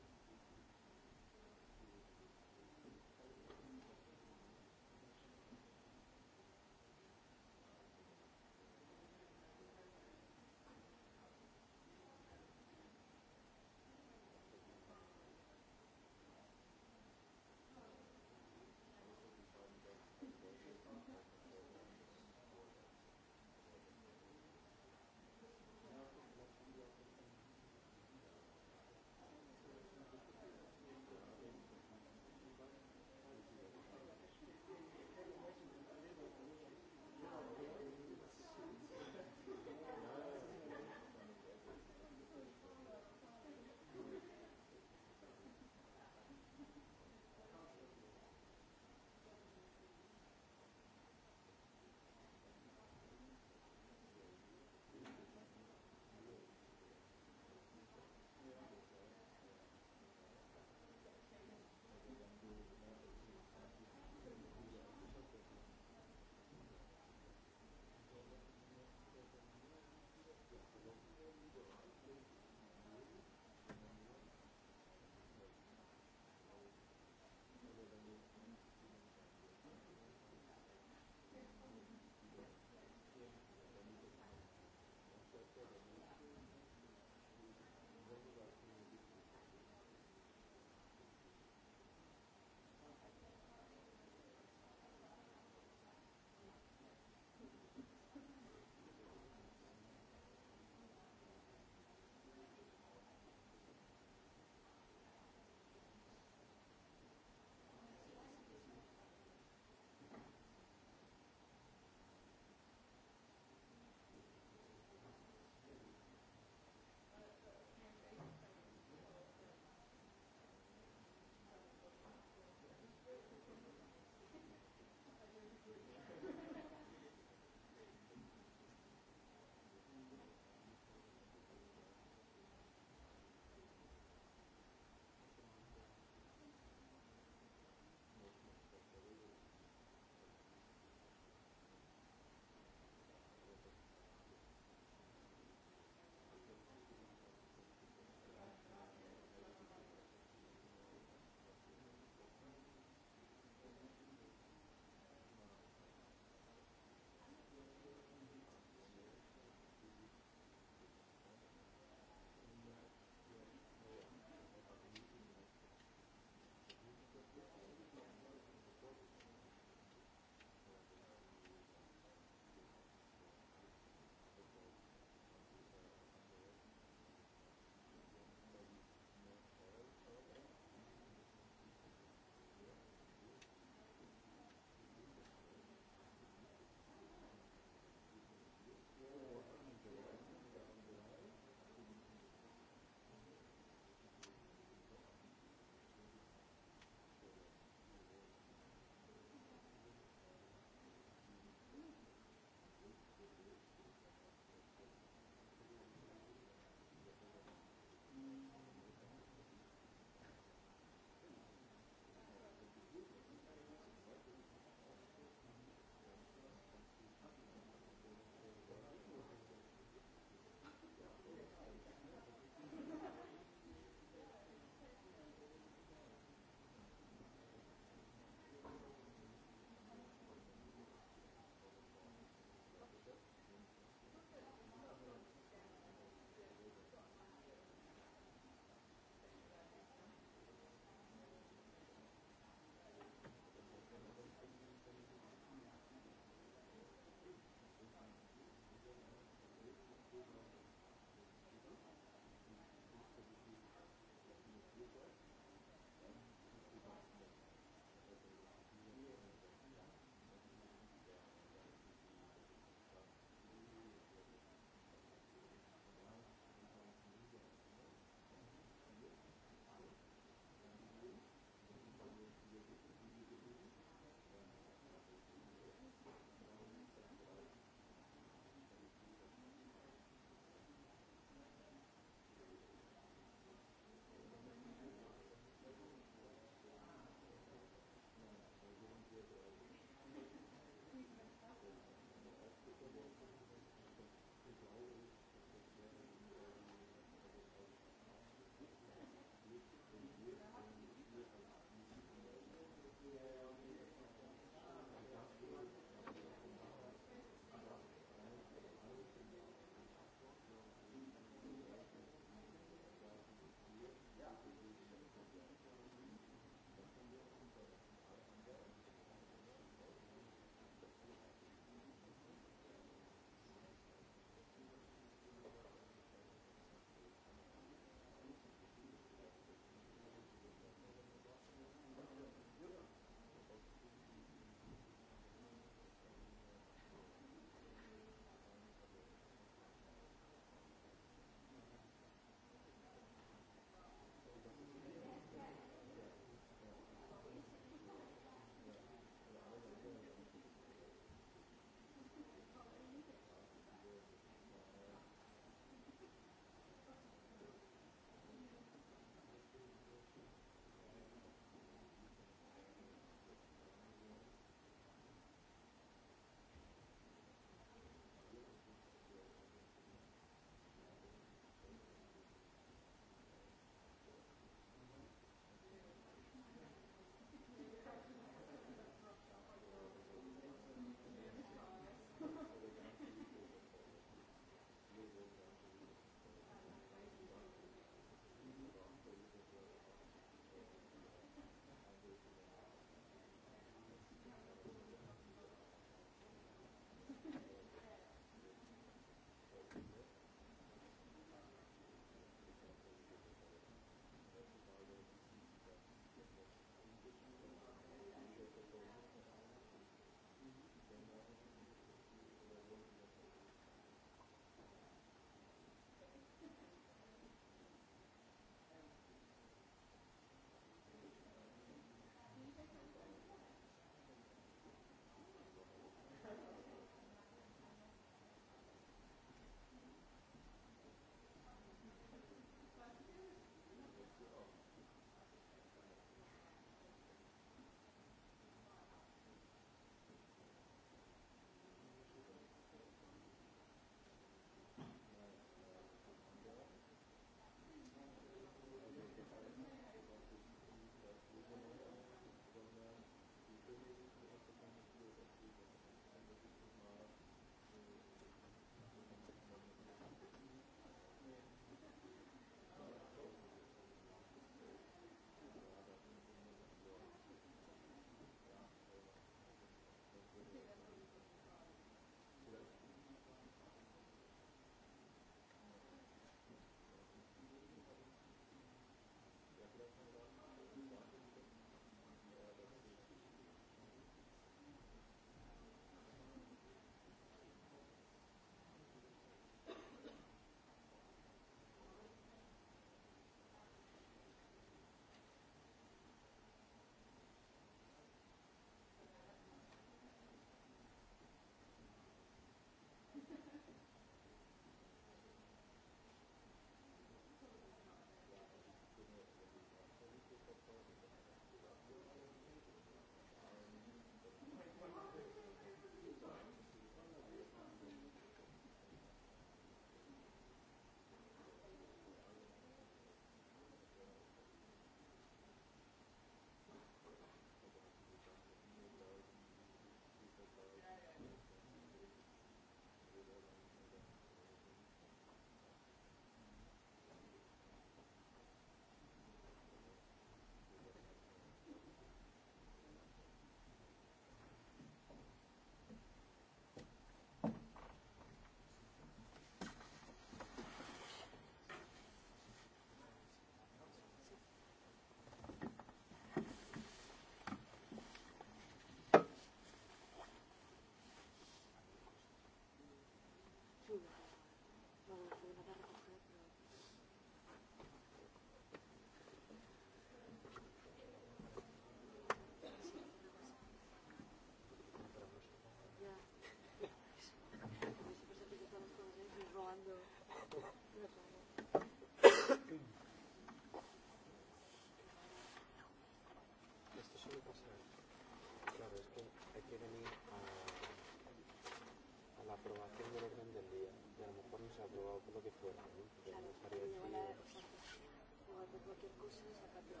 Porque el curso de zapatería.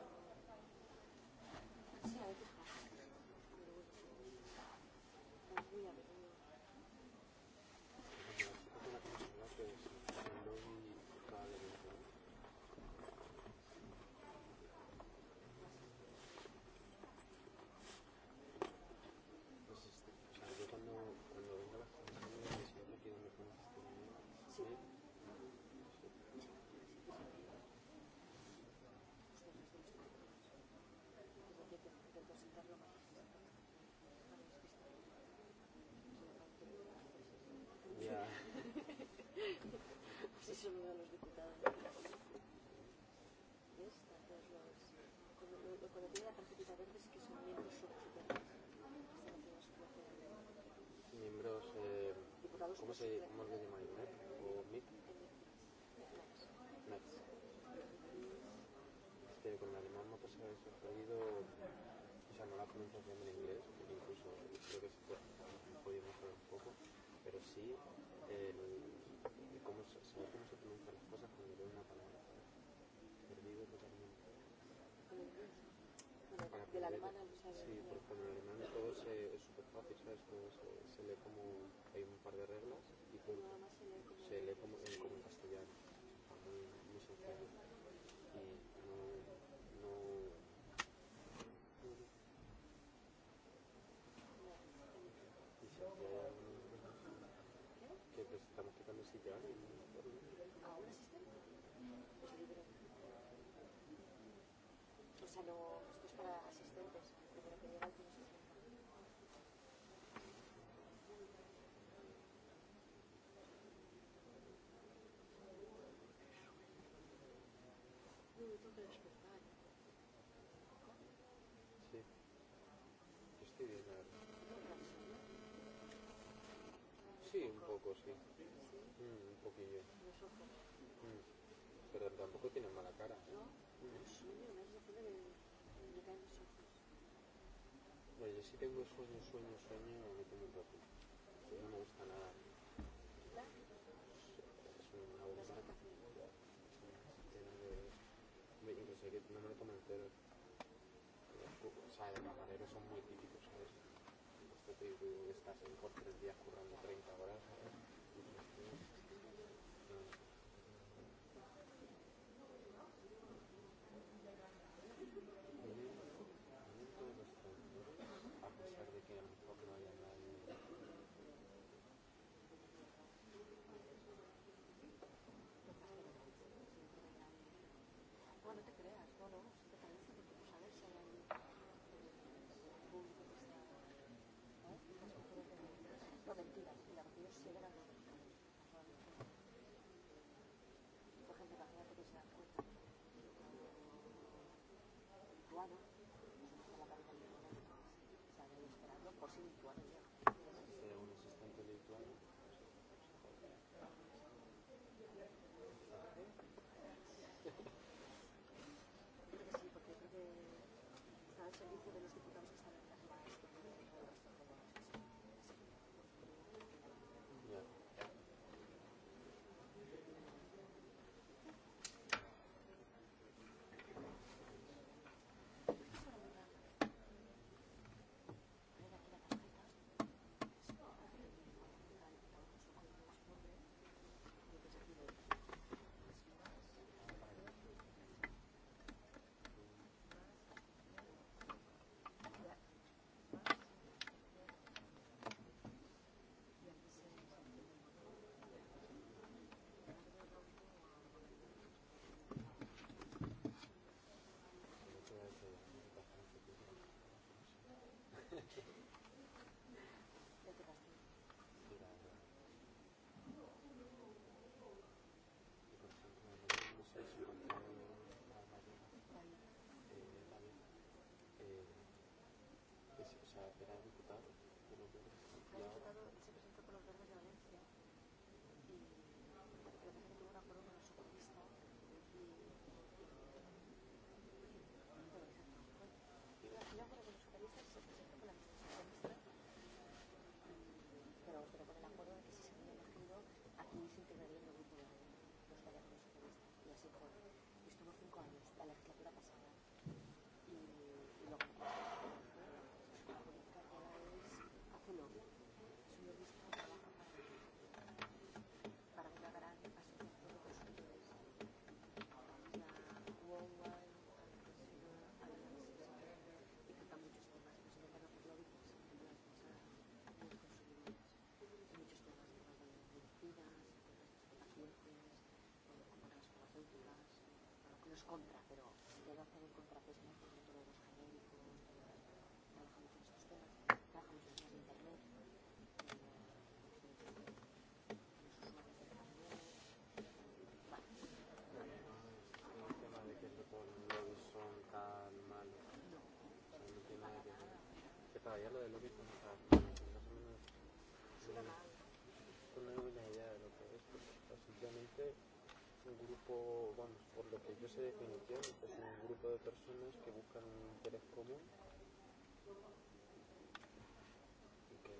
Sí, derivados. ¿Cómo se cómo le llama ahí? ¿MEP o MIP? MEP. Es que con el alemán me ha pasado eso. He oído, o sea, no la pronunciación en inglés, porque incluso creo que se puede, podía mejorar un poco, pero sí el, el cómo, saber cómo se pronuncian las cosas cuando leo una palabra. Perdido totalmente. Thank you para del alemán al Sí, porque con el alemán todo se, es súper fácil, ¿sabes? Como se, se lee como. Hay un par de reglas y punto. Nada más se lee como, se lee como, en, como en castellano. muy, muy sencillo. Y no. no y se hacía. Que pues estamos quitando el sitio ¿no? a alguien. ¿Ahora existe? Mm. O sea, no. dovuto che aspettare. Sì, ci stai rientrando. Sì, un poco, sì. Mm, un pochillo. Mm. Pero tampoco tiene mala cara. No, mm. sueño, me has dejado de, de caer los ojos. No, yo sí tengo sueño, sueño, sueño, me tengo un rato. No me gusta nada. Es una buena yo que sé, que no me lo tomo entero. O sea, de camarero son muy típicos, ¿sabes? Esto te digo estás en por tres días currando 30 horas, ¿sabes? Account ಅಂತ ಕರೀತಾರ consequences. los contra, pero debe hacer el contrapeso en el de los genéricos, trabajamos en sistemas, trabajamos en internet, El tema de que lobbies son tan malos, no que lo de lobbies no está más o menos. No tengo una idea de lo que es, pero Pues, un grupo, bueno, por lo que yo sé definición, es un grupo de personas que buscan un interés común y que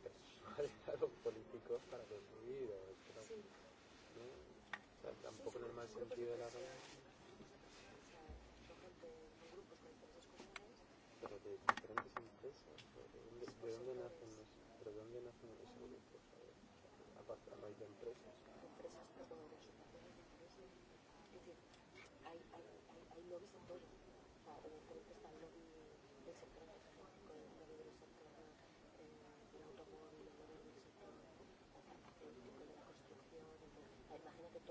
persuaden <laughs> a los políticos para construir o creo, no, sí. ¿no? o sea, tampoco sí, no sí, en el mal sentido de la palabra. Pero de diferentes empresas, ¿no? ¿de dónde, de dónde nacen esos grupos? A, a, raíz de empresas. todo el, el no solo que es una actividad de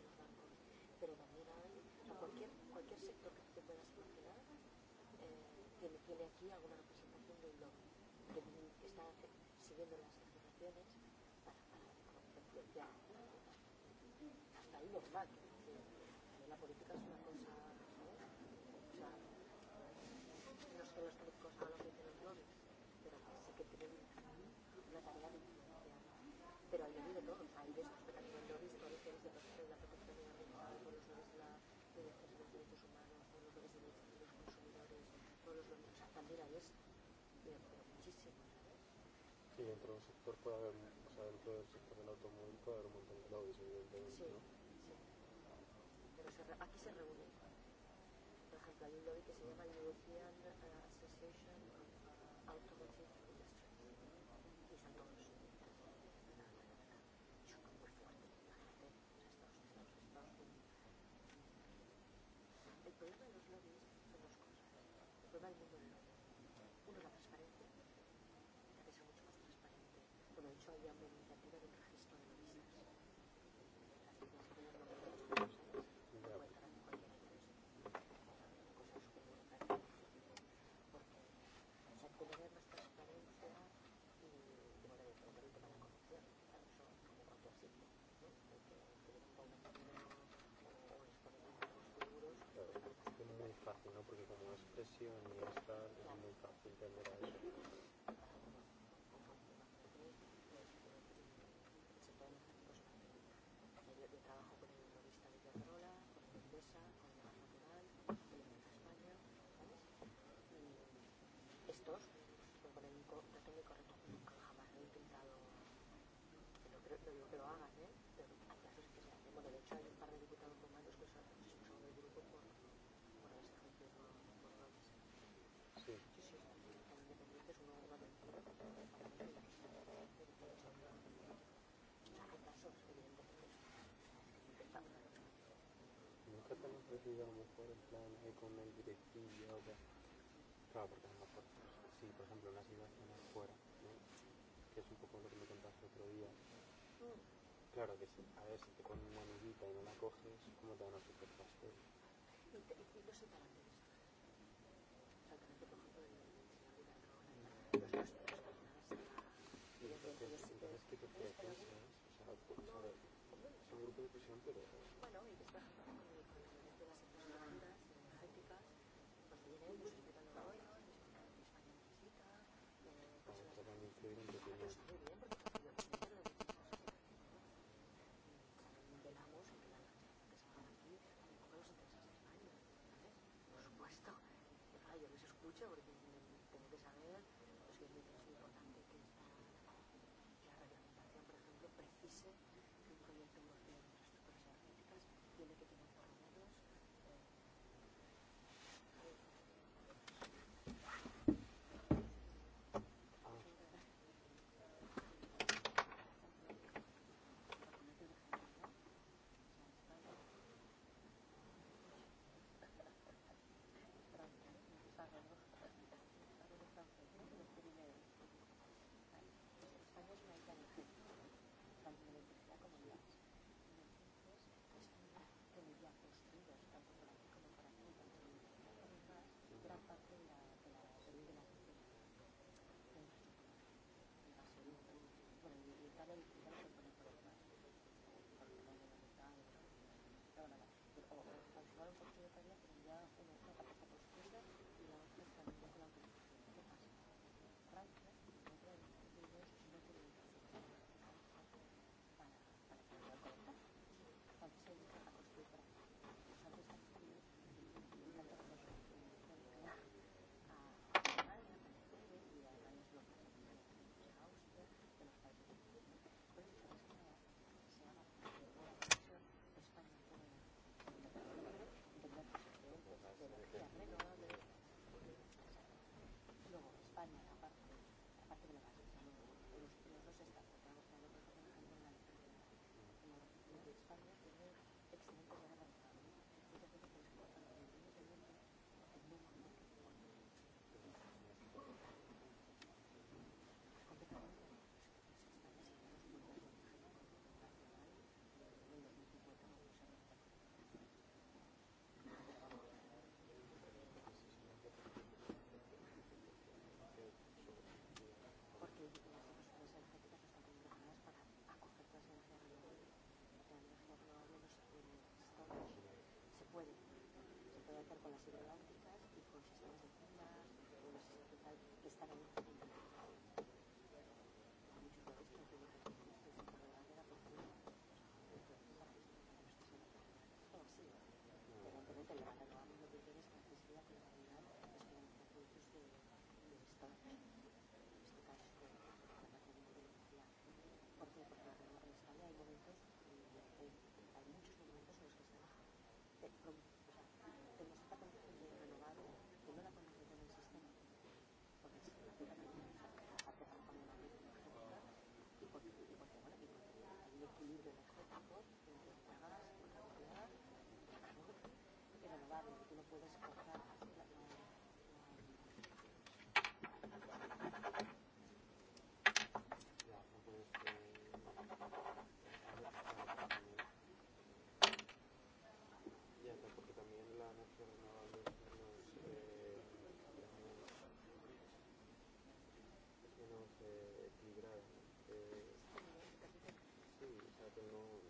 los bancos, pero también hay a cualquier, cualquier sector que te puedas imaginar eh, tiene, tiene aquí alguna representación de un lobby que está siguiendo las legislaciones para, para concienciar. Hasta ahí normal, que, que la política es una Sí, dentro del sector puede haber, o sea, dentro del sector del automóvil puede haber un montón de lobbies, evidentemente, sí, ¿no? Sí, pero se re, aquí se reúnen. Por ejemplo, hay un lobby que se llama hmm. European eh, Association of eh, Automotive Industry. Y están todos El problema de los lobbies son dos cosas. El problema del mundo del lobby. Uno, la persona. lo, lo hagas, ¿eh? pero las cosas que se hacen. Bueno, de hecho hay un par de diputados romanos que son expulsados del grupo por, por las agencias no, por roles. Sí. Sí, sí, tan independientes, uno va del pueblo, otro del parlamento y la que está O sea, hay casos, evidentemente, que estamos Nunca te han ofrecido a lo mejor en plan eh, con el directillo o Claro, porque a lo mejor, sí, por ejemplo, una situación afuera, ¿no? que es un poco lo que me contaste otro día, Claro que sí. A ver, si te ponen una amiguita y no la coges, ¿cómo te van a ofrecer pastel? te, y que no te Entonces, ¿qué te ofreces? O sea, son grupo de presión, pero... पूछा considerado trabajo intentabas recrear pero no vale, no no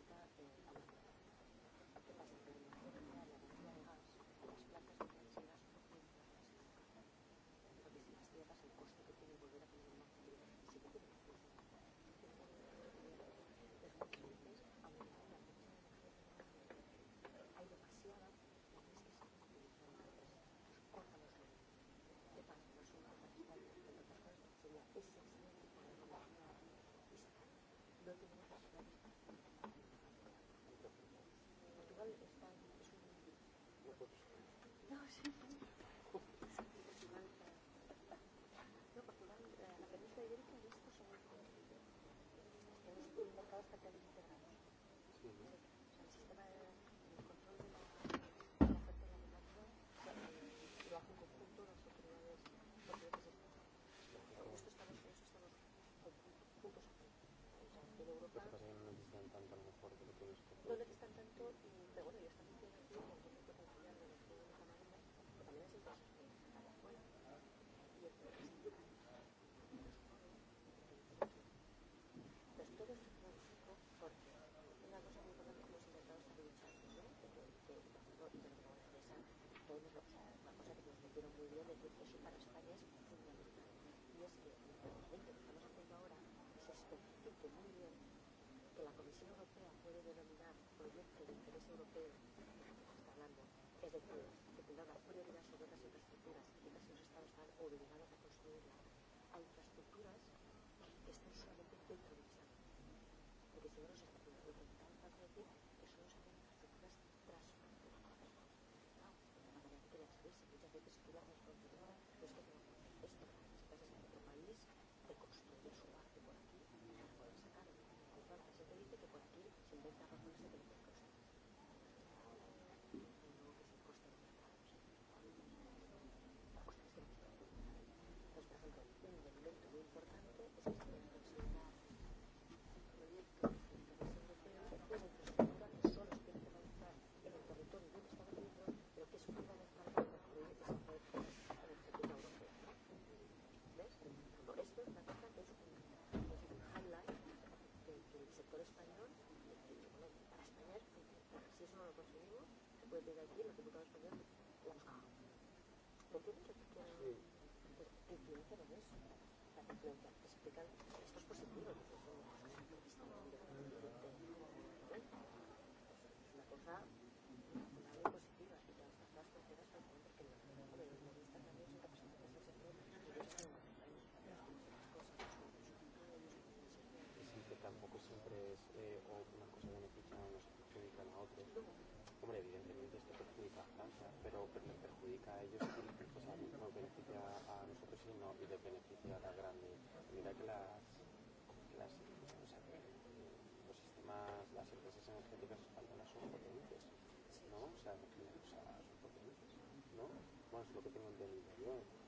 la razón que estamos haciendo ahora, sospecho que muy bien, que la Comisión Europea puede denominar proyecto de interés europeo, fíjate que está hablando, es decir, que tendrá una prioridad sobre otras infraestructuras y las los Estados están obligados a construirla, a infraestructuras que están solamente dentro del Estado. Porque si no los Estados, lo que está en Francia decir que solo se hacen infraestructuras transfronterizas. Claro, de la manera que las ves, muchas veces tú las transfronterizas, pero es que no, es 准备下班后晒个脸 وبلاجينا في البضاعة الفلانية وقع Completamente cualquiera sí. de violencia no es. La violencia explican, esto es positivo, dices, es una cosa que nos perjudica a ellos o sea, nos beneficia a nosotros y, no, y les beneficia a la grande. Mira que las, las o sea, que los sistemas, las empresas energéticas españolas son potentes, ¿no? O sea, o sea son potentes, ¿no? Bueno, es lo que tengo entendido yo.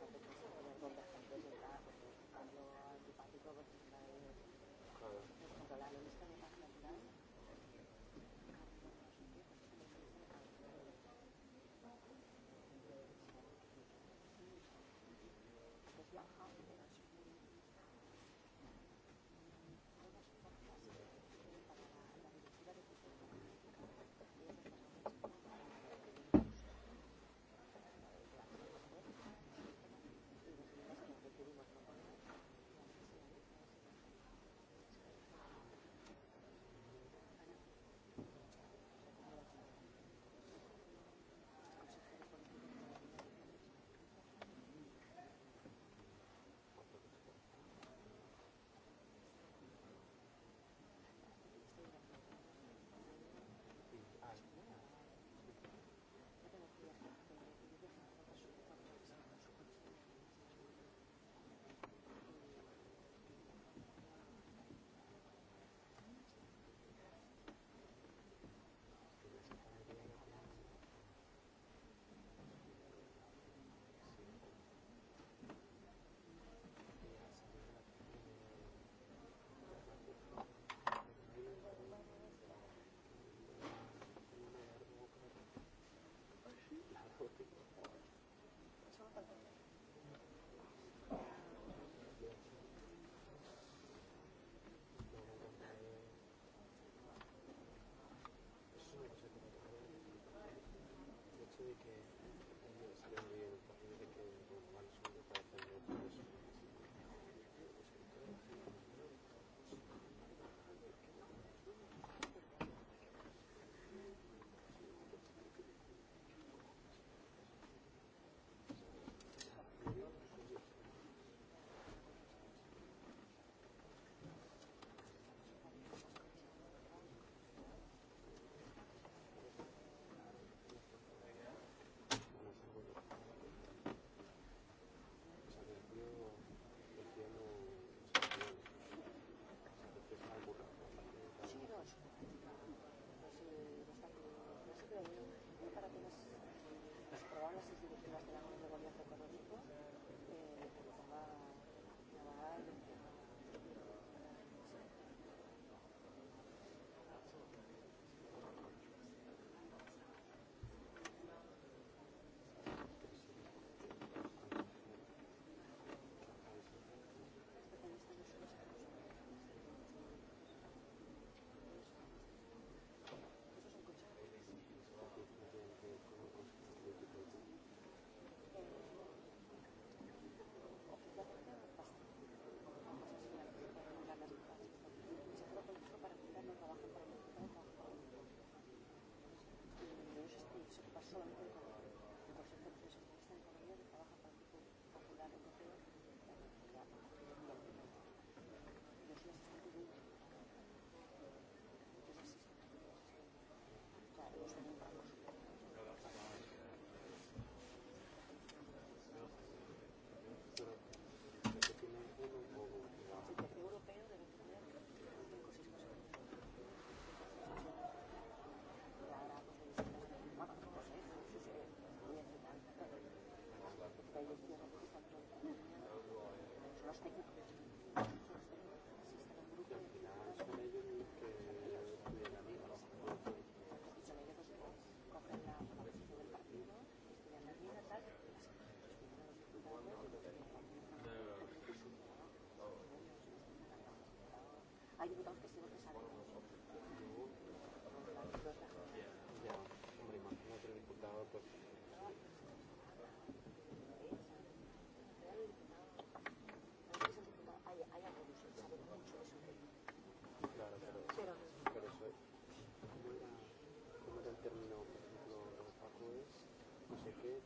bastante positiva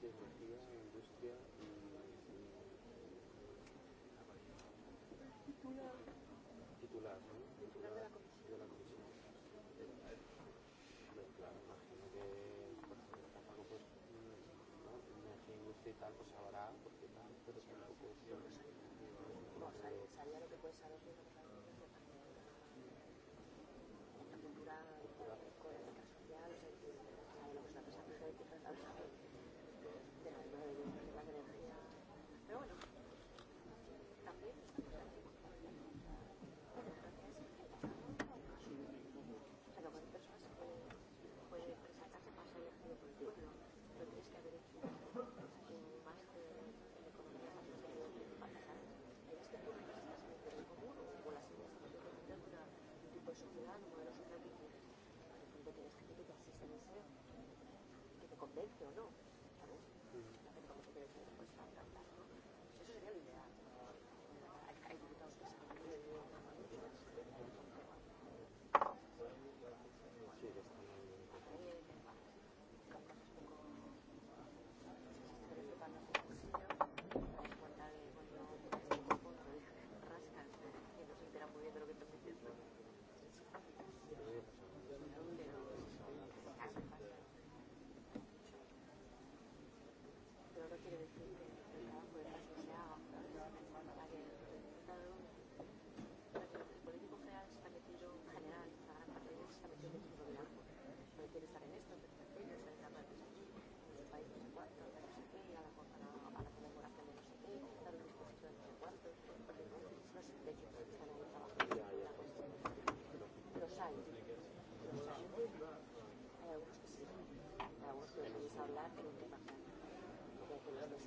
de energía, industria y, titular, titular, ¿no? titular de la comisión. De la comisión. Pero claro, imagino que por ejemplo, pues ¿no? energía, industria y tal, pues habrá, porque tal, pero tampoco es convence o no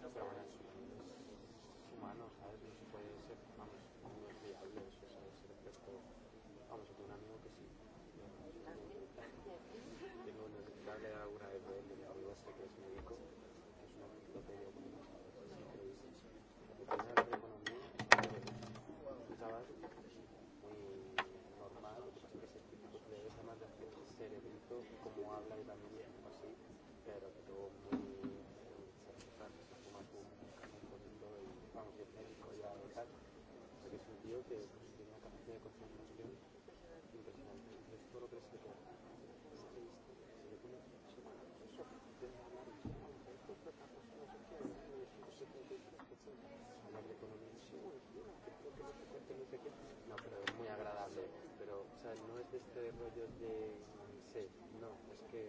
zbraně, co de, de una capacidad de concentración impresionante. Entonces, todo lo que se queda. Se le pone eso, de hablar de esto, de otra cosa, no sé qué, de 73%. Hablar de economía, sí, bueno, que creo que no sé cuánto, no sé qué. No, pero es muy agradable. Pero, o sea, no es de este rollo de, no sé, no, es que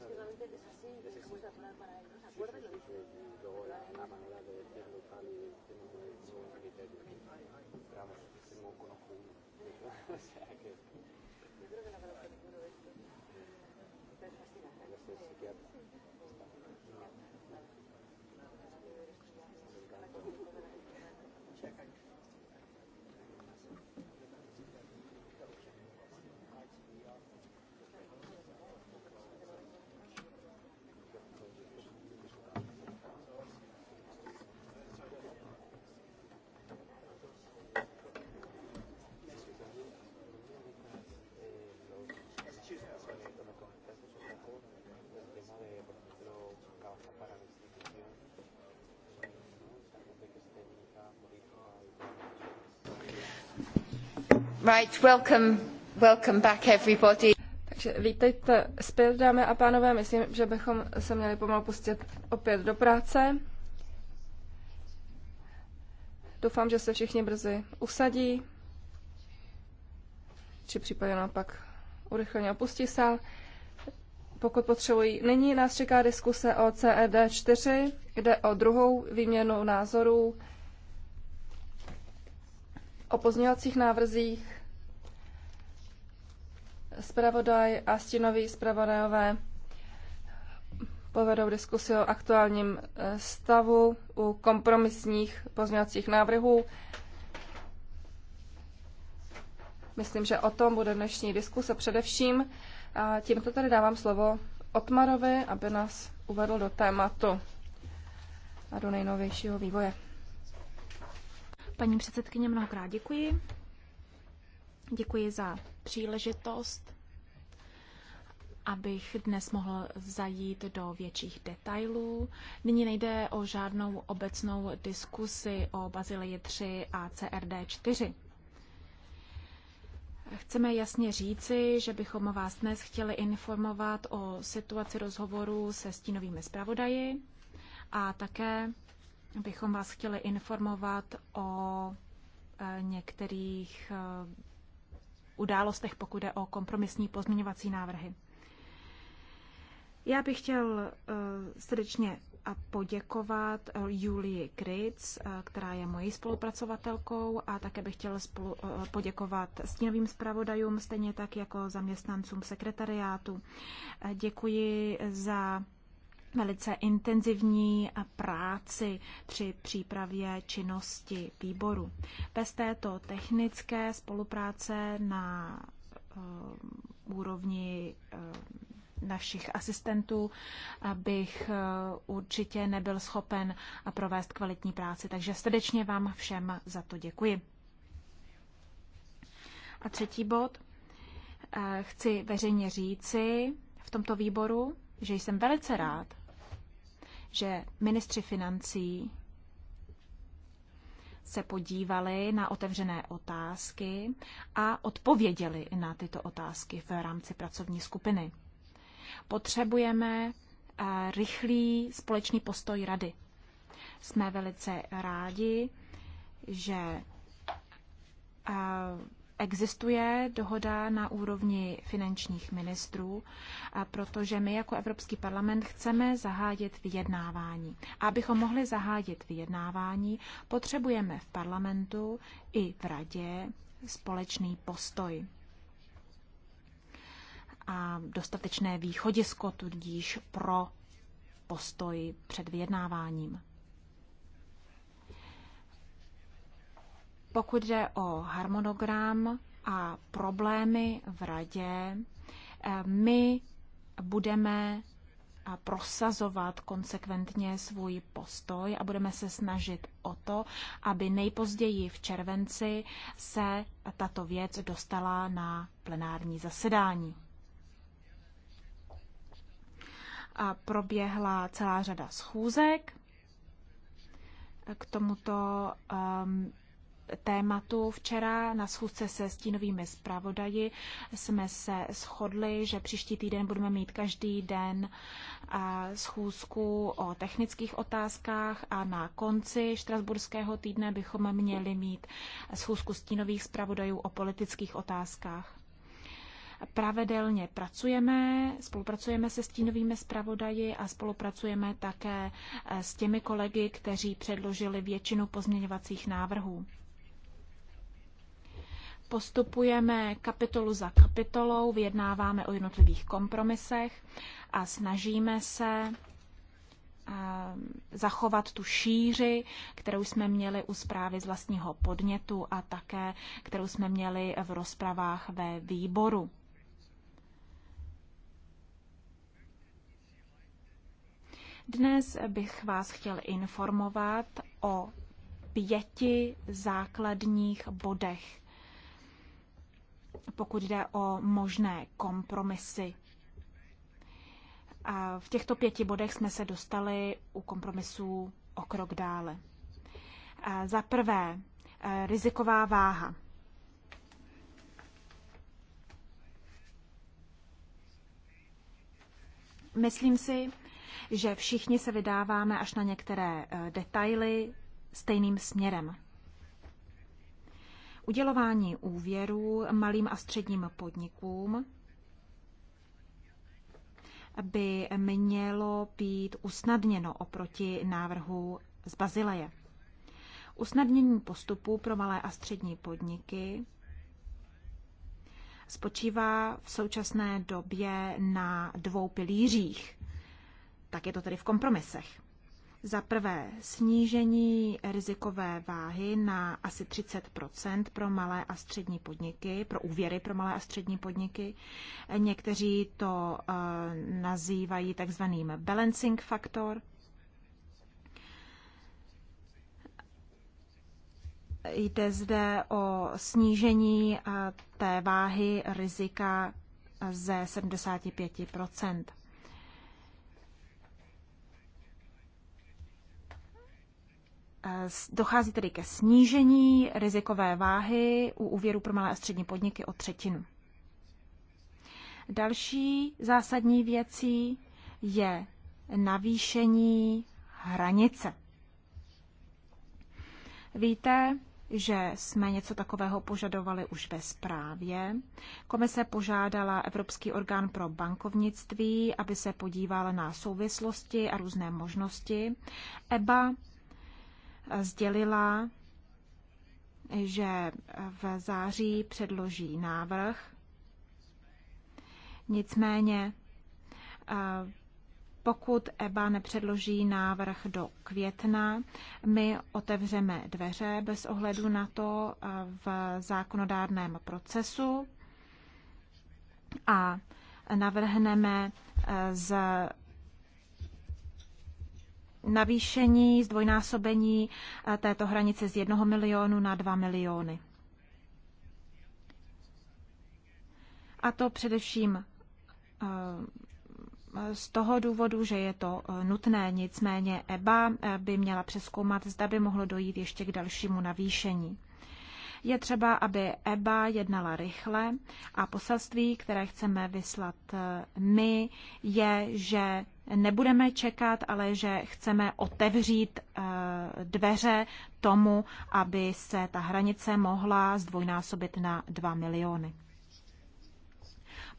es así, es, es muy natural para él, ¿no? ¿Se acuerda? Sí, sí, sí, sí. Luego la, la manera de Right, welcome, welcome back everybody. Takže vítejte zpět, dámy a pánové. Myslím, že bychom se měli pomalu pustit opět do práce. Doufám, že se všichni brzy usadí, či případně naopak urychleně opustí sál. Pokud potřebují, nyní nás čeká diskuse o CED 4, kde o druhou výměnu názorů o pozměňovacích návrzích zpravodaj a stínoví zpravodajové povedou diskusi o aktuálním e, stavu u kompromisních pozměňovacích návrhů. Myslím, že o tom bude dnešní diskuse především. A tímto tady dávám slovo Otmarovi, aby nás uvedl do tématu a do nejnovějšího vývoje. Paní předsedkyně, mnohokrát děkuji. Děkuji za příležitost, abych dnes mohl zajít do větších detailů. Nyní nejde o žádnou obecnou diskusi o Bazilii 3 a CRD 4. Chceme jasně říci, že bychom vás dnes chtěli informovat o situaci rozhovoru se stínovými zpravodaji a také bychom vás chtěli informovat o e, některých e, událostech, pokud jde o kompromisní pozměňovací návrhy. Já bych chtěl e, srdečně a poděkovat Julii Kric, která je mojí spolupracovatelkou a také bych chtěl spolu, poděkovat stínovým zpravodajům, stejně tak jako zaměstnancům sekretariátu. Děkuji za velice intenzivní práci při přípravě činnosti výboru. Bez této technické spolupráce na uh, úrovni uh, našich asistentů eh, bych uh, určitě nebyl schopen provést kvalitní práci. Takže srdečně vám všem za to děkuji. A třetí bod. Chci veřejně říci v tomto výboru, že jsem velice rád, že ministři financí se podívali na otevřené otázky a odpověděli na tyto otázky v rámci pracovní skupiny. Potřebujeme eh, rychlý společný postoj rady. Jsme velice rádi, že eh, existuje dohoda na úrovni finančních ministrů, protože my jako Evropský parlament chceme zahájit vyjednávání. A abychom mohli zahájit vyjednávání, potřebujeme v parlamentu i v radě společný postoj a dostatečné východisko tudíž pro postoj před vyjednáváním. Pokud jde o harmonogram a problémy v radě, eh, my budeme eh, prosazovat konsekventně svůj postoj a budeme se snažit o to, aby nejpozději v červenci se tato věc dostala na plenární zasedání. A proběhla celá řada schůzek k tomuto um, tématu. Včera na schůzce se stínovými zpravodaji jsme se shodli, že příští týden budeme mít každý den schůzku o technických otázkách a na konci štrasburského týdne bychom měli mít schůzku stínových zpravodajů o politických otázkách pravidelně pracujeme, spolupracujeme se stínovými zpravodaji a spolupracujeme také e, s těmi kolegy, kteří předložili většinu pozměňovacích návrhů postupujeme kapitolu za kapitolou, vyjednáváme o jednotlivých kompromisech a snažíme se eh, zachovat tu šíři, kterou jsme měli u zprávy z vlastního podnětu a také kterou jsme měli v rozpravách ve výboru. Dnes bych vás chtěl informovat o pěti základních bodech pokud jde o možné kompromisy. A v těchto pěti bodech jsme se dostali u kompromisů o krok dále. A za prvé, e, riziková váha. Myslím si, že všichni se vydáváme až na některé e, detaily stejným směrem. Udělování úvěrů malým a středním podnikům by mělo být usnadněno oproti návrhu z Bazileje. Usnadnění postupu pro malé a střední podniky spočívá v současné době na dvou pilířích. Tak je to tedy v kompromisech. Za prvé snížení rizikové váhy na asi 30 pro malé a střední podniky, pro úvěry pro malé a střední podniky. Někteří to eh, nazývají takzvaným balancing faktor. Jde zde o snížení eh, té váhy rizika ze 75 Dochází tedy ke snížení rizikové váhy u úvěru pro malé a střední podniky o třetinu. Další zásadní věcí je navýšení hranice. Víte, že jsme něco takového požadovali už ve zprávě. Komise požádala Evropský orgán pro bankovnictví, aby se podíval na souvislosti a různé možnosti. EBA sdělila, že v září předloží návrh. Nicméně, eh, pokud EBA nepředloží návrh do května, my otevřeme dveře bez ohledu na to eh, v zákonodárném procesu a navrhneme eh, z navýšení, zdvojnásobení eh, této hranice z 1 milionu na 2 miliony. A to především eh, z toho důvodu, že je to eh, nutné, nicméně EBA by měla přeskoumat, zda by mohlo dojít ještě k dalšímu navýšení. Je třeba, aby EBA jednala rychle a poselství, které chceme vyslat my, je, že nebudeme čekat, ale že chceme otevřít eh, dveře tomu, aby se ta hranice mohla zdvojnásobit na 2 miliony.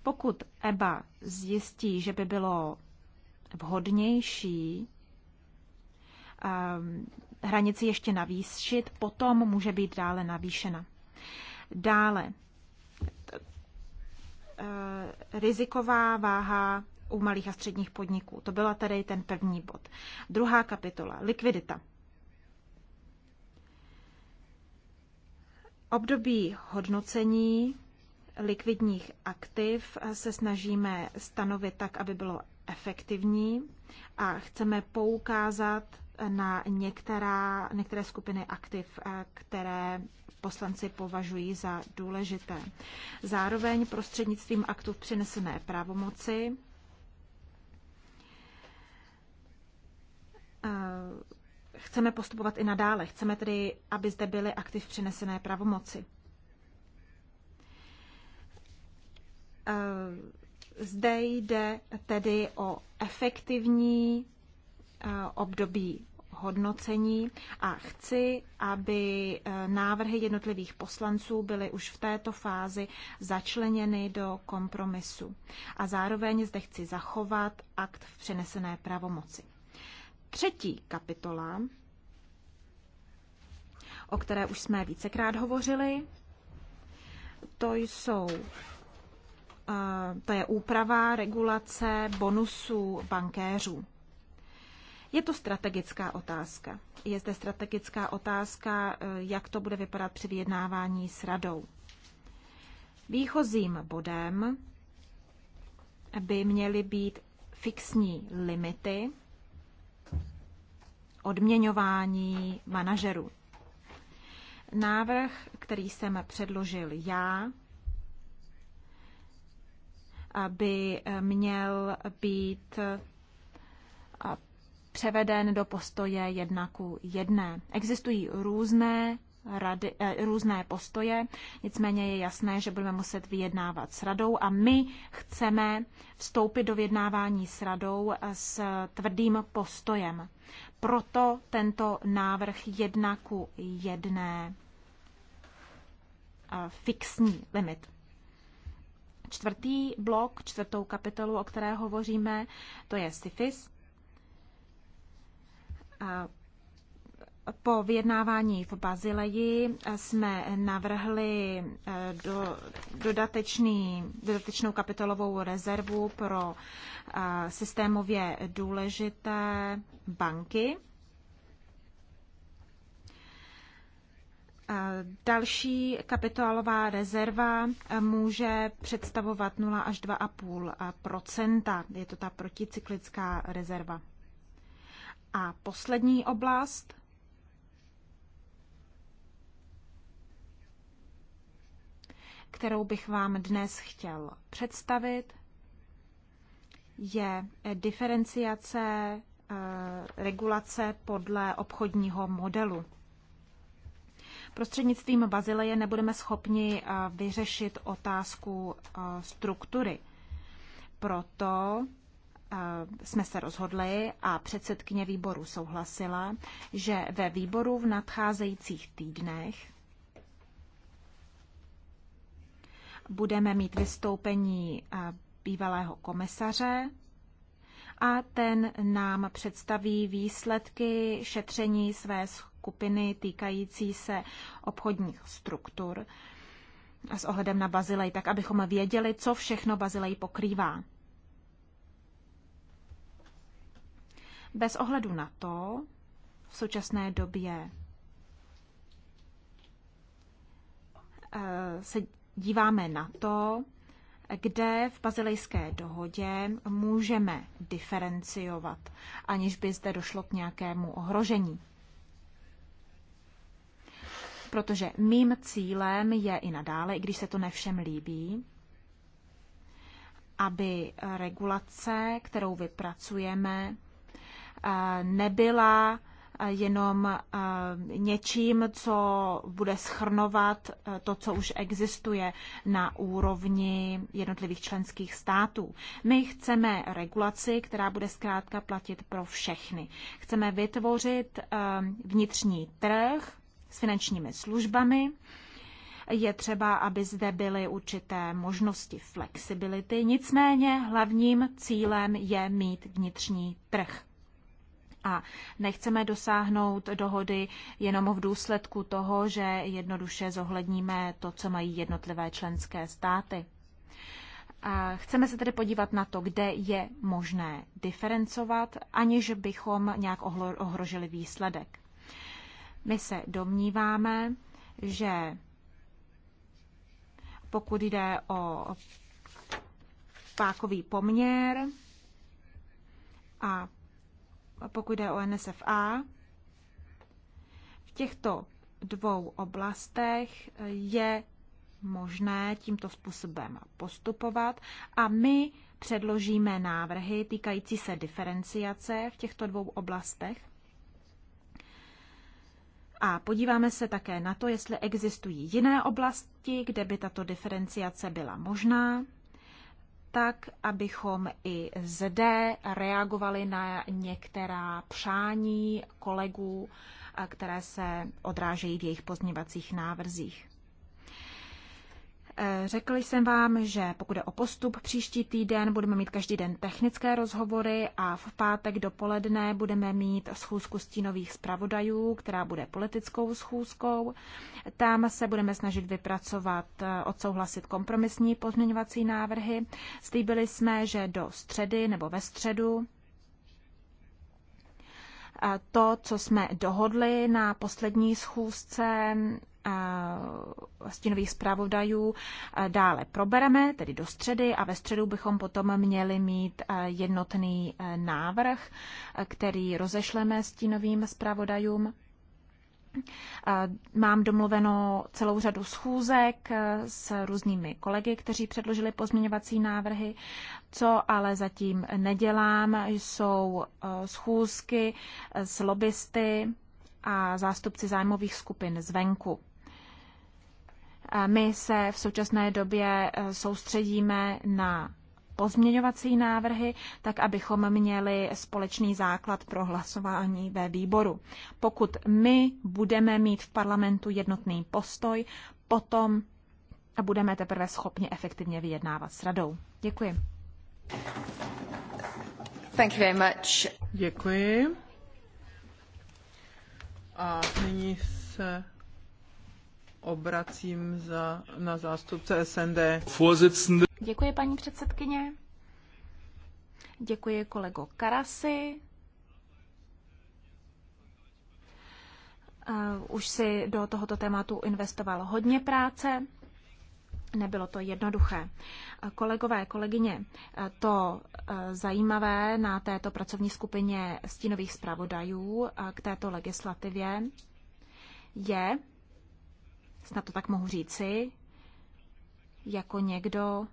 Pokud EBA zjistí, že by bylo vhodnější eh, hranici ještě navýšit, potom může být dále navýšena. Dále, eh, riziková váha u malých a středních podniků. To byla tady ten první bod. Druhá kapitola, likvidita. Období hodnocení likvidních aktiv se snažíme stanovit tak, aby bylo efektivní a chceme poukázat na některá, některé skupiny aktiv, které poslanci považují za důležité. Zároveň prostřednictvím aktů přinesené pravomoci chceme postupovat i nadále. Chceme tedy, aby zde byly aktiv přenesené pravomoci. Zde jde tedy o efektivní období hodnocení a chci, aby e, návrhy jednotlivých poslanců byly už v této fázi začleněny do kompromisu. A zároveň zde chci zachovat akt v přenesené pravomoci třetí kapitola, o které už jsme vícekrát hovořili, to jsou eh, to je úprava regulace bonusů bankéřů. Je to strategická otázka. Je zde strategická otázka, eh, jak to bude vypadat při vyjednávání s radou. Výchozím bodem by měly být fixní limity odměňování manažerů. Návrh, který jsem předložil já, aby měl být převeden do postoje jedna ku jedné. Existují různé rady, eh, různé postoje, nicméně je jasné, že budeme muset vyjednávat s radou a my chceme vstoupit do vyjednávání s radou eh, s tvrdým postojem. Proto tento návrh jedna ku jedné eh, fixní limit. Čtvrtý blok, čtvrtou kapitolu, o které hovoříme, to je SIFIS po vyjednávání v Bazileji jsme navrhli eh, do, dodatečný, dodatečnou kapitolovou rezervu pro eh, systémově důležité banky. Eh, další kapitálová rezerva může představovat 0 až 2,5 Je to ta proticyklická rezerva. A poslední oblast kterou bych vám dnes chtěl představit, je diferenciace eh, regulace podle obchodního modelu. Prostřednictvím Bazileje nebudeme schopni eh, vyřešit otázku eh, struktury. Proto jsme se rozhodli a předsedkyně výboru souhlasila, že ve výboru v nadcházejících týdnech budeme mít vystoupení eh, bývalého komisaře a ten nám představí výsledky šetření své skupiny týkající se obchodních struktur a s ohledem na Bazilej, tak abychom věděli, co všechno Bazilej pokrývá. Bez ohledu na to, v současné době eh, se díváme na to, kde v bazilejské dohodě můžeme diferenciovat, aniž by zde došlo k nějakému ohrožení. Protože mým cílem je i nadále, i když se to nevšem líbí, aby regulace, kterou vypracujeme, eh, nebyla jenom něčím, co bude schrnovat to, co už existuje na úrovni jednotlivých členských států. My chceme regulaci, která bude zkrátka platit pro všechny. Chceme vytvořit vnitřní trh s finančními službami, je třeba, aby zde byly určité možnosti flexibility, nicméně hlavním cílem je mít vnitřní trh a nechceme dosáhnout dohody jenom v důsledku toho, že jednoduše zohledníme to, co mají jednotlivé členské státy. A chceme se tedy podívat na to, kde je možné diferencovat, aniž bychom nějak ohrožili výsledek. My se domníváme, že pokud jde o pákový poměr a pokud jde o NSFA. V těchto dvou oblastech je možné tímto způsobem postupovat a my předložíme návrhy týkající se diferenciace v těchto dvou oblastech. A podíváme se také na to, jestli existují jiné oblasti, kde by tato diferenciace byla možná tak, abychom i zde reagovali na některá přání kolegů, které se odrážejí v jejich pozměvacích návrzích. Eh, řekl jsem vám, že pokud je o postup příští týden, budeme mít každý den technické rozhovory a v pátek dopoledne budeme mít schůzku stínových zpravodajů, která bude politickou schůzkou. Tam se budeme snažit vypracovat, eh, odsouhlasit kompromisní pozměňovací návrhy. Slíbili jsme, že do středy nebo ve středu eh, to, co jsme dohodli na poslední schůzce stínových zpravodajů dále probereme, tedy do středy a ve středu bychom potom měli mít e, jednotný e, návrh, e, který rozešleme stínovým zpravodajům. Mám domluveno celou řadu schůzek s různými kolegy, kteří předložili pozměňovací návrhy. Co ale zatím nedělám, jsou schůzky s lobbysty a zástupci zájmových skupin zvenku. My se v současné době e, soustředíme na pozměňovací návrhy, tak abychom měli společný základ pro hlasování ve výboru. Pokud my budeme mít v parlamentu jednotný postoj, potom budeme teprve schopni efektivně vyjednávat s radou. Děkuji. Thank you very much. Děkuji. A nyní se obracím za, na zástupce SND. Děkuji, paní předsedkyně. Děkuji kolego Karasi. Eh, už si do tohoto tématu investoval hodně práce. Nebylo to jednoduché. Eh, kolegové, kolegyně, eh, to zajímavé na této pracovní skupině stínových zpravodajů k této legislativě je, snad to tak mohu říci, jako někdo,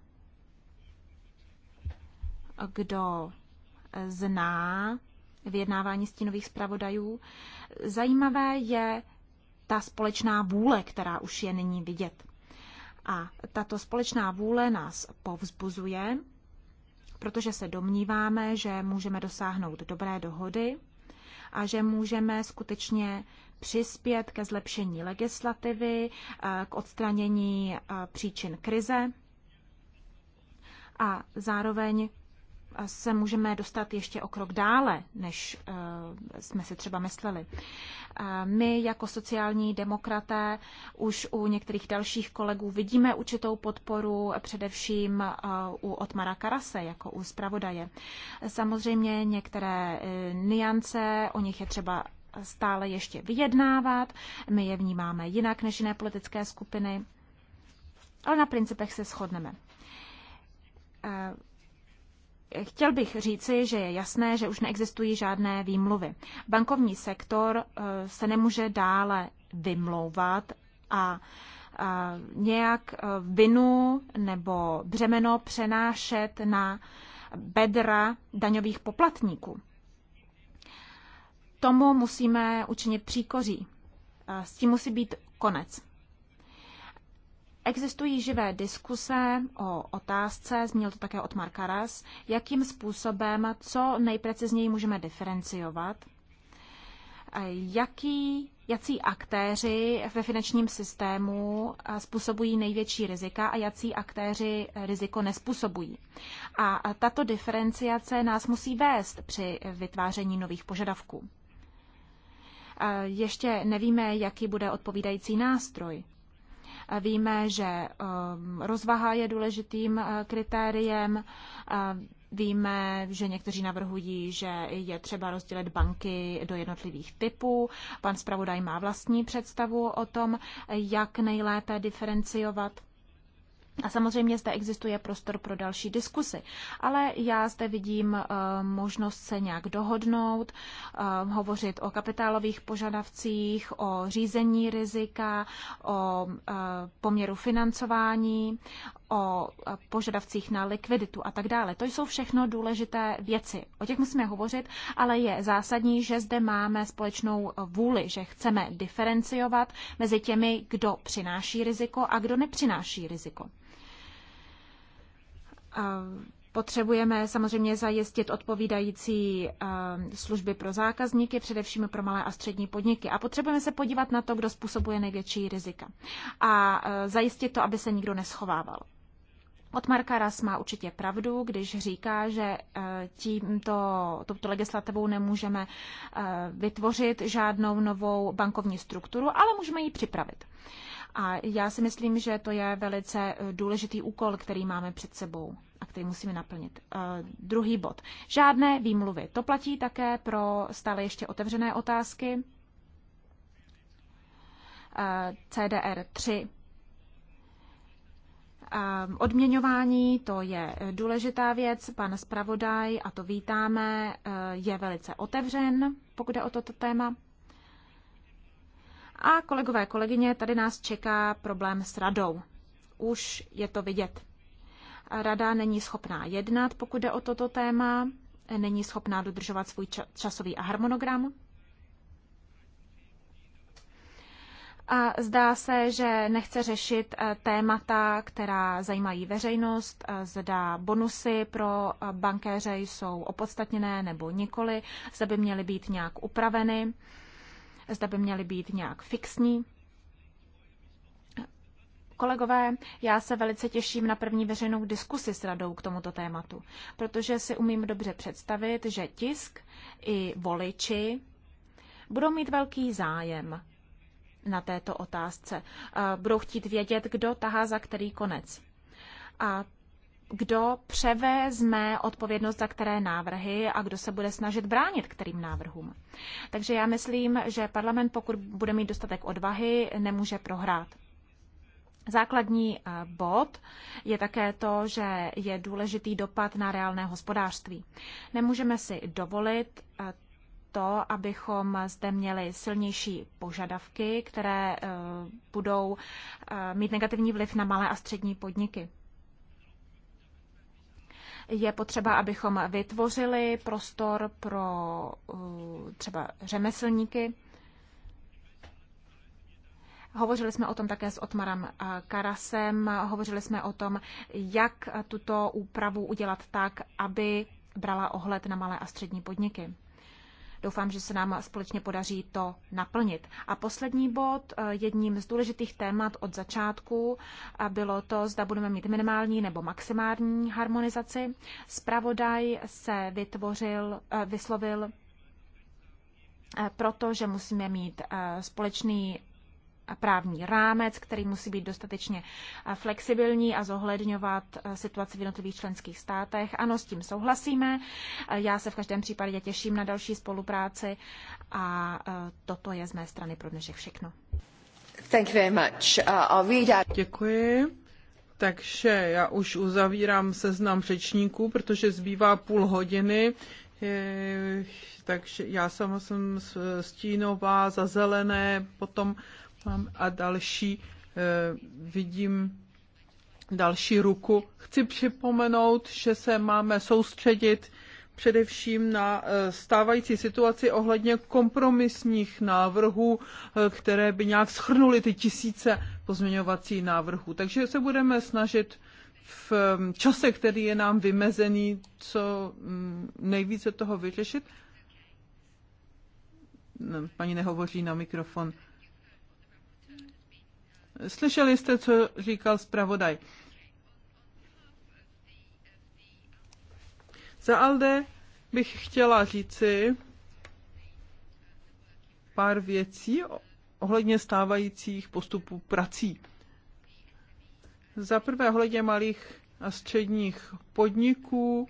kdo zná vyjednávání stínových zpravodajů. Zajímavé je ta společná vůle, která už je nyní vidět. A tato společná vůle nás povzbuzuje, protože se domníváme, že můžeme dosáhnout dobré dohody a že můžeme skutečně přispět ke zlepšení legislativy, eh, k odstranění eh, příčin krize a zároveň eh, se můžeme dostat ještě o krok dále, než jsme si třeba mysleli. My jako sociální demokraté už u některých dalších kolegů vidíme určitou podporu, především u Otmara Karase, jako u zpravodaje. Samozřejmě některé niance, o nich je třeba stále ještě vyjednávat, my je vnímáme jinak než jiné politické skupiny, ale na principech se shodneme. Eh, chtěl bych říci, že je jasné, že už neexistují žádné výmluvy. Bankovní sektor eh, se nemůže dále vymlouvat a eh, nějak vinu nebo břemeno přenášet na bedra daňových poplatníků tomu musíme učinit příkoří. S tím musí být konec. Existují živé diskuse o otázce, zmínil to také od Marka Ras, jakým způsobem, co nejprecizněji můžeme diferenciovat, jaký, jací aktéři ve finančním systému způsobují největší rizika a jací aktéři e, riziko nespůsobují. A tato diferenciace nás musí vést při e, vytváření nových požadavků. Ještě nevíme, jaký bude odpovídající nástroj. Víme, že um, rozvaha je důležitým uh, kritériem. Víme, že někteří navrhují, že je třeba rozdělit banky do jednotlivých typů. Pan zpravodaj má vlastní představu o tom, jak nejlépe diferenciovat. A samozřejmě zde existuje prostor pro další diskusy, ale já zde vidím eh, možnost se nějak dohodnout, eh, hovořit o kapitálových požadavcích, o řízení rizika, o eh, poměru financování, o požadavcích na likviditu a tak dále. To jsou všechno důležité věci. O těch musíme hovořit, ale je zásadní, že zde máme společnou vůli, že chceme diferenciovat mezi těmi, kdo přináší riziko a kdo nepřináší riziko. Potřebujeme samozřejmě zajistit odpovídající služby pro zákazníky, především pro malé a střední podniky. A potřebujeme se podívat na to, kdo způsobuje největší rizika. A zajistit to, aby se nikdo neschovával. Od Marka Ras má určitě pravdu, když říká, že e, tímto, touto legislativou nemůžeme e, vytvořit žádnou novou bankovní strukturu, ale můžeme ji připravit. A já si myslím, že to je velice e, důležitý úkol, který máme před sebou a který musíme naplnit. Uh, druhý bod. Žádné výmluvy. To platí také pro stále ještě otevřené otázky. Uh, CDR 3. odměňování, to je důležitá věc. Pan zpravodaj, a to vítáme, eh, je velice otevřen, pokud je o toto téma. A kolegové, kolegyně, tady nás čeká problém s radou. Už je to vidět. Rada není schopná jednat, pokud jde o toto téma, není schopná dodržovat svůj časový a harmonogram. A zdá se, že nechce řešit eh, témata, která zajímají veřejnost, eh, zda bonusy pro eh, bankéře jsou opodstatněné nebo nikoli, zda by měly být nějak upraveny, zda by měly být nějak fixní. Kolegové, já se velice těším na první veřejnou diskusi s radou k tomuto tématu, protože si umím dobře představit, že tisk i voliči budou mít velký zájem na této otázce. Budou chtít vědět, kdo tahá za který konec. A kdo převezme odpovědnost za které návrhy a kdo se bude snažit bránit kterým návrhům. Takže já myslím, že parlament, pokud bude mít dostatek odvahy, nemůže prohrát. Základní eh, bod je také to, že je důležitý dopad na reálné hospodářství. Nemůžeme si dovolit eh, to, abychom zde měli silnější požadavky, které eh, budou mít negativní vliv na malé a střední podniky. Je potřeba, abychom vytvořili prostor pro třeba řemeslníky, Hovořili jsme o tom také s Otmarem eh, Karasem, hovořili jsme o tom, jak tuto úpravu udělat tak, aby brala ohled na malé a střední podniky. Doufám, že se nám společně podaří to naplnit. A poslední bod, eh, jedním z důležitých témat od začátku eh, bylo to, zda budeme mít minimální nebo maximální harmonizaci. Spravodaj se vytvořil, vyslovil protože musíme mít společný právní rámec, který musí být dostatečně flexibilní a zohledňovat situaci v jednotlivých členských státech. Ano, s tím souhlasíme. Já se v každém případě těším na další spolupráci a toto je z mé strany pro dnešek všechno. Thank you very much. Uh, I'll Děkuji. Takže já už uzavírám seznam řečníků, protože zbývá půl hodiny. Takže já sama jsem stínová za zelené, potom mám a další eh, vidím další ruku. Chci připomenout, že se máme soustředit především na eh, stávající situaci ohledně kompromisních návrhů, eh, které by nějak schrnuly ty tisíce pozměňovací návrhů. Takže se budeme snažit v čase, který je nám vymezený, co mm, nejvíce toho vyřešit. Paní nehovoří na mikrofon. Slyšeli jste, co říkal zpravodaj. Za Alde bych chtěla říci pár věcí ohledně stávajících postupů prací. Za prvé ohledně malých a středních podniků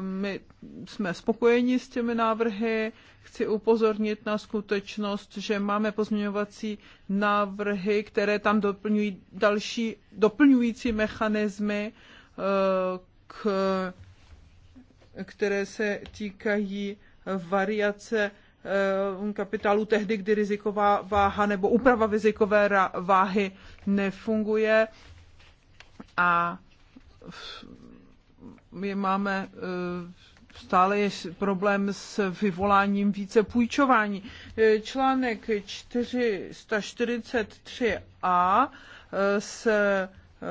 my jsme spokojeni s těmi návrhy. Chci upozornit na skutečnost, že máme pozměňovací návrhy, které tam doplňují další doplňující mechanismy, eh, k, které se týkají variace eh, kapitálu tehdy, kdy riziková váha nebo úprava rizikové váhy nefunguje. A my máme e, stále je problém s vyvoláním více půjčování. E, článek 443a e, s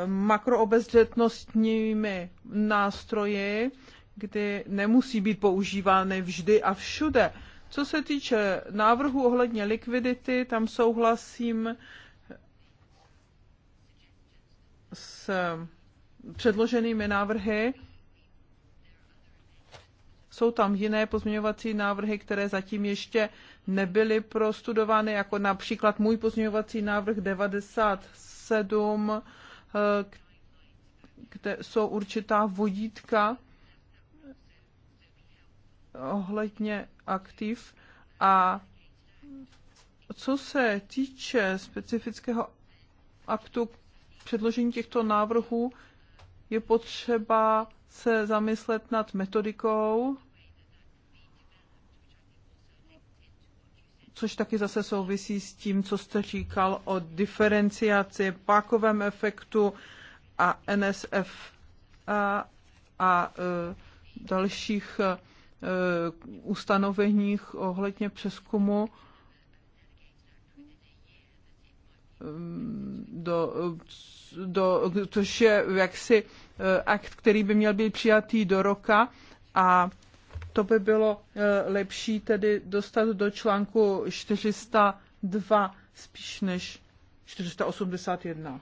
makroobezřetnostními nástroji, kdy nemusí být používány vždy a všude. Co se týče návrhu ohledně likvidity, tam souhlasím s předloženými návrhy. Jsou tam jiné pozměňovací návrhy, které zatím ještě nebyly prostudovány, jako například můj pozměňovací návrh 97, eh, kde jsou určitá vodítka ohledně aktiv. A co se týče specifického aktu předložení těchto návrhů, je potřeba se zamyslet nad metodikou což taky zase souvisí s tím, co jste říkal o diferenciaci, pákovém efektu a NSF a, a e, dalších e, ustanoveních ohledně přeskumu mm, do, do, což je jaksi e, akt, který by měl být přijatý do roka a to by bylo eh, lepší tedy dostat do článku 402 spíš než 481.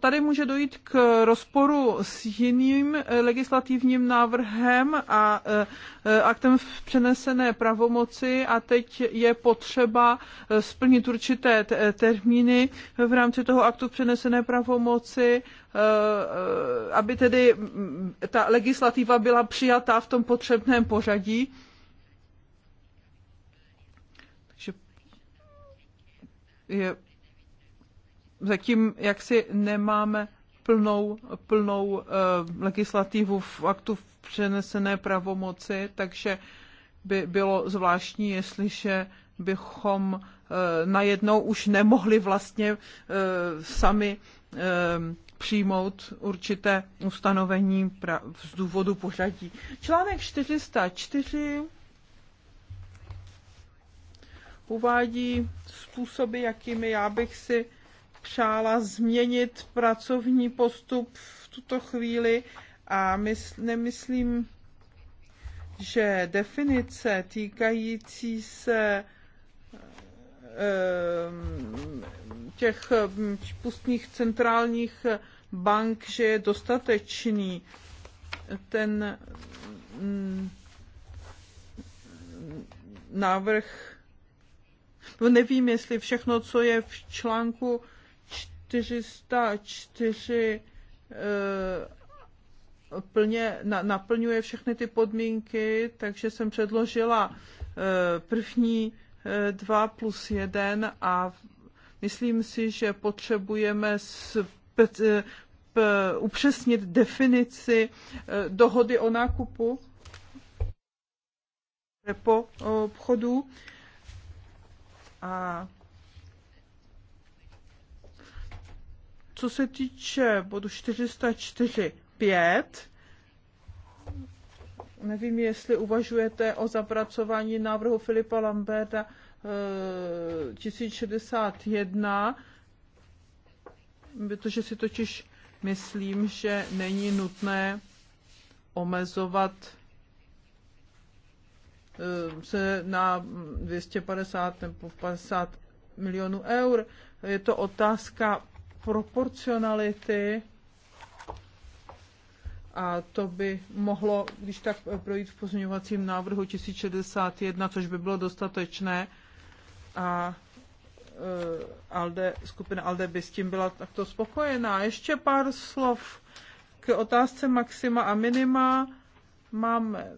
Tady může dojít k rozporu s jiným legislativním návrhem a e, e, aktem v přenesené pravomoci a teď je potřeba e, splnit určité termíny v rámci toho aktu přenesené pravomoci, aby tedy ta legislativa byla přijatá v tom potřebném pořadí. Takže je zatím jaksi nemáme plnou, plnou eh, legislativu v aktu v přenesené pravomoci, takže by bylo zvláštní, jestliže bychom eh, najednou už nemohli vlastně eh, sami přijmout určité ustanovení z důvodu pořadí. Článek 404 uvádí způsoby, jakými já bych si přála změnit pracovní postup v tuto chvíli a mysl, nemyslím, že definice týkající se eh, těch hm, pustních centrálních bank, že je dostatečný. Ten hm, návrh, nevím, jestli všechno, co je v článku 404 eh, plně na, naplňuje všechny ty podmínky, takže jsem předložila eh, první eh, dva plus jeden a myslím si, že potřebujeme spe, upřesnit definici dohody o nákupu po obchodu. A Co se týče bodu 404.5, nevím, jestli uvažujete o zapracování návrhu Filipa Lamberta 1061, eh, protože si totiž myslím, že není nutné omezovat eh, se na 250 nebo 50 milionů eur. Je to otázka proporcionality a to by mohlo, když tak projít v pozměňovacím návrhu 1061, což by bylo dostatečné a eh, Alde, skupina Alde by s tím byla takto spokojená. Ještě pár slov k otázce maxima a minima. Máme,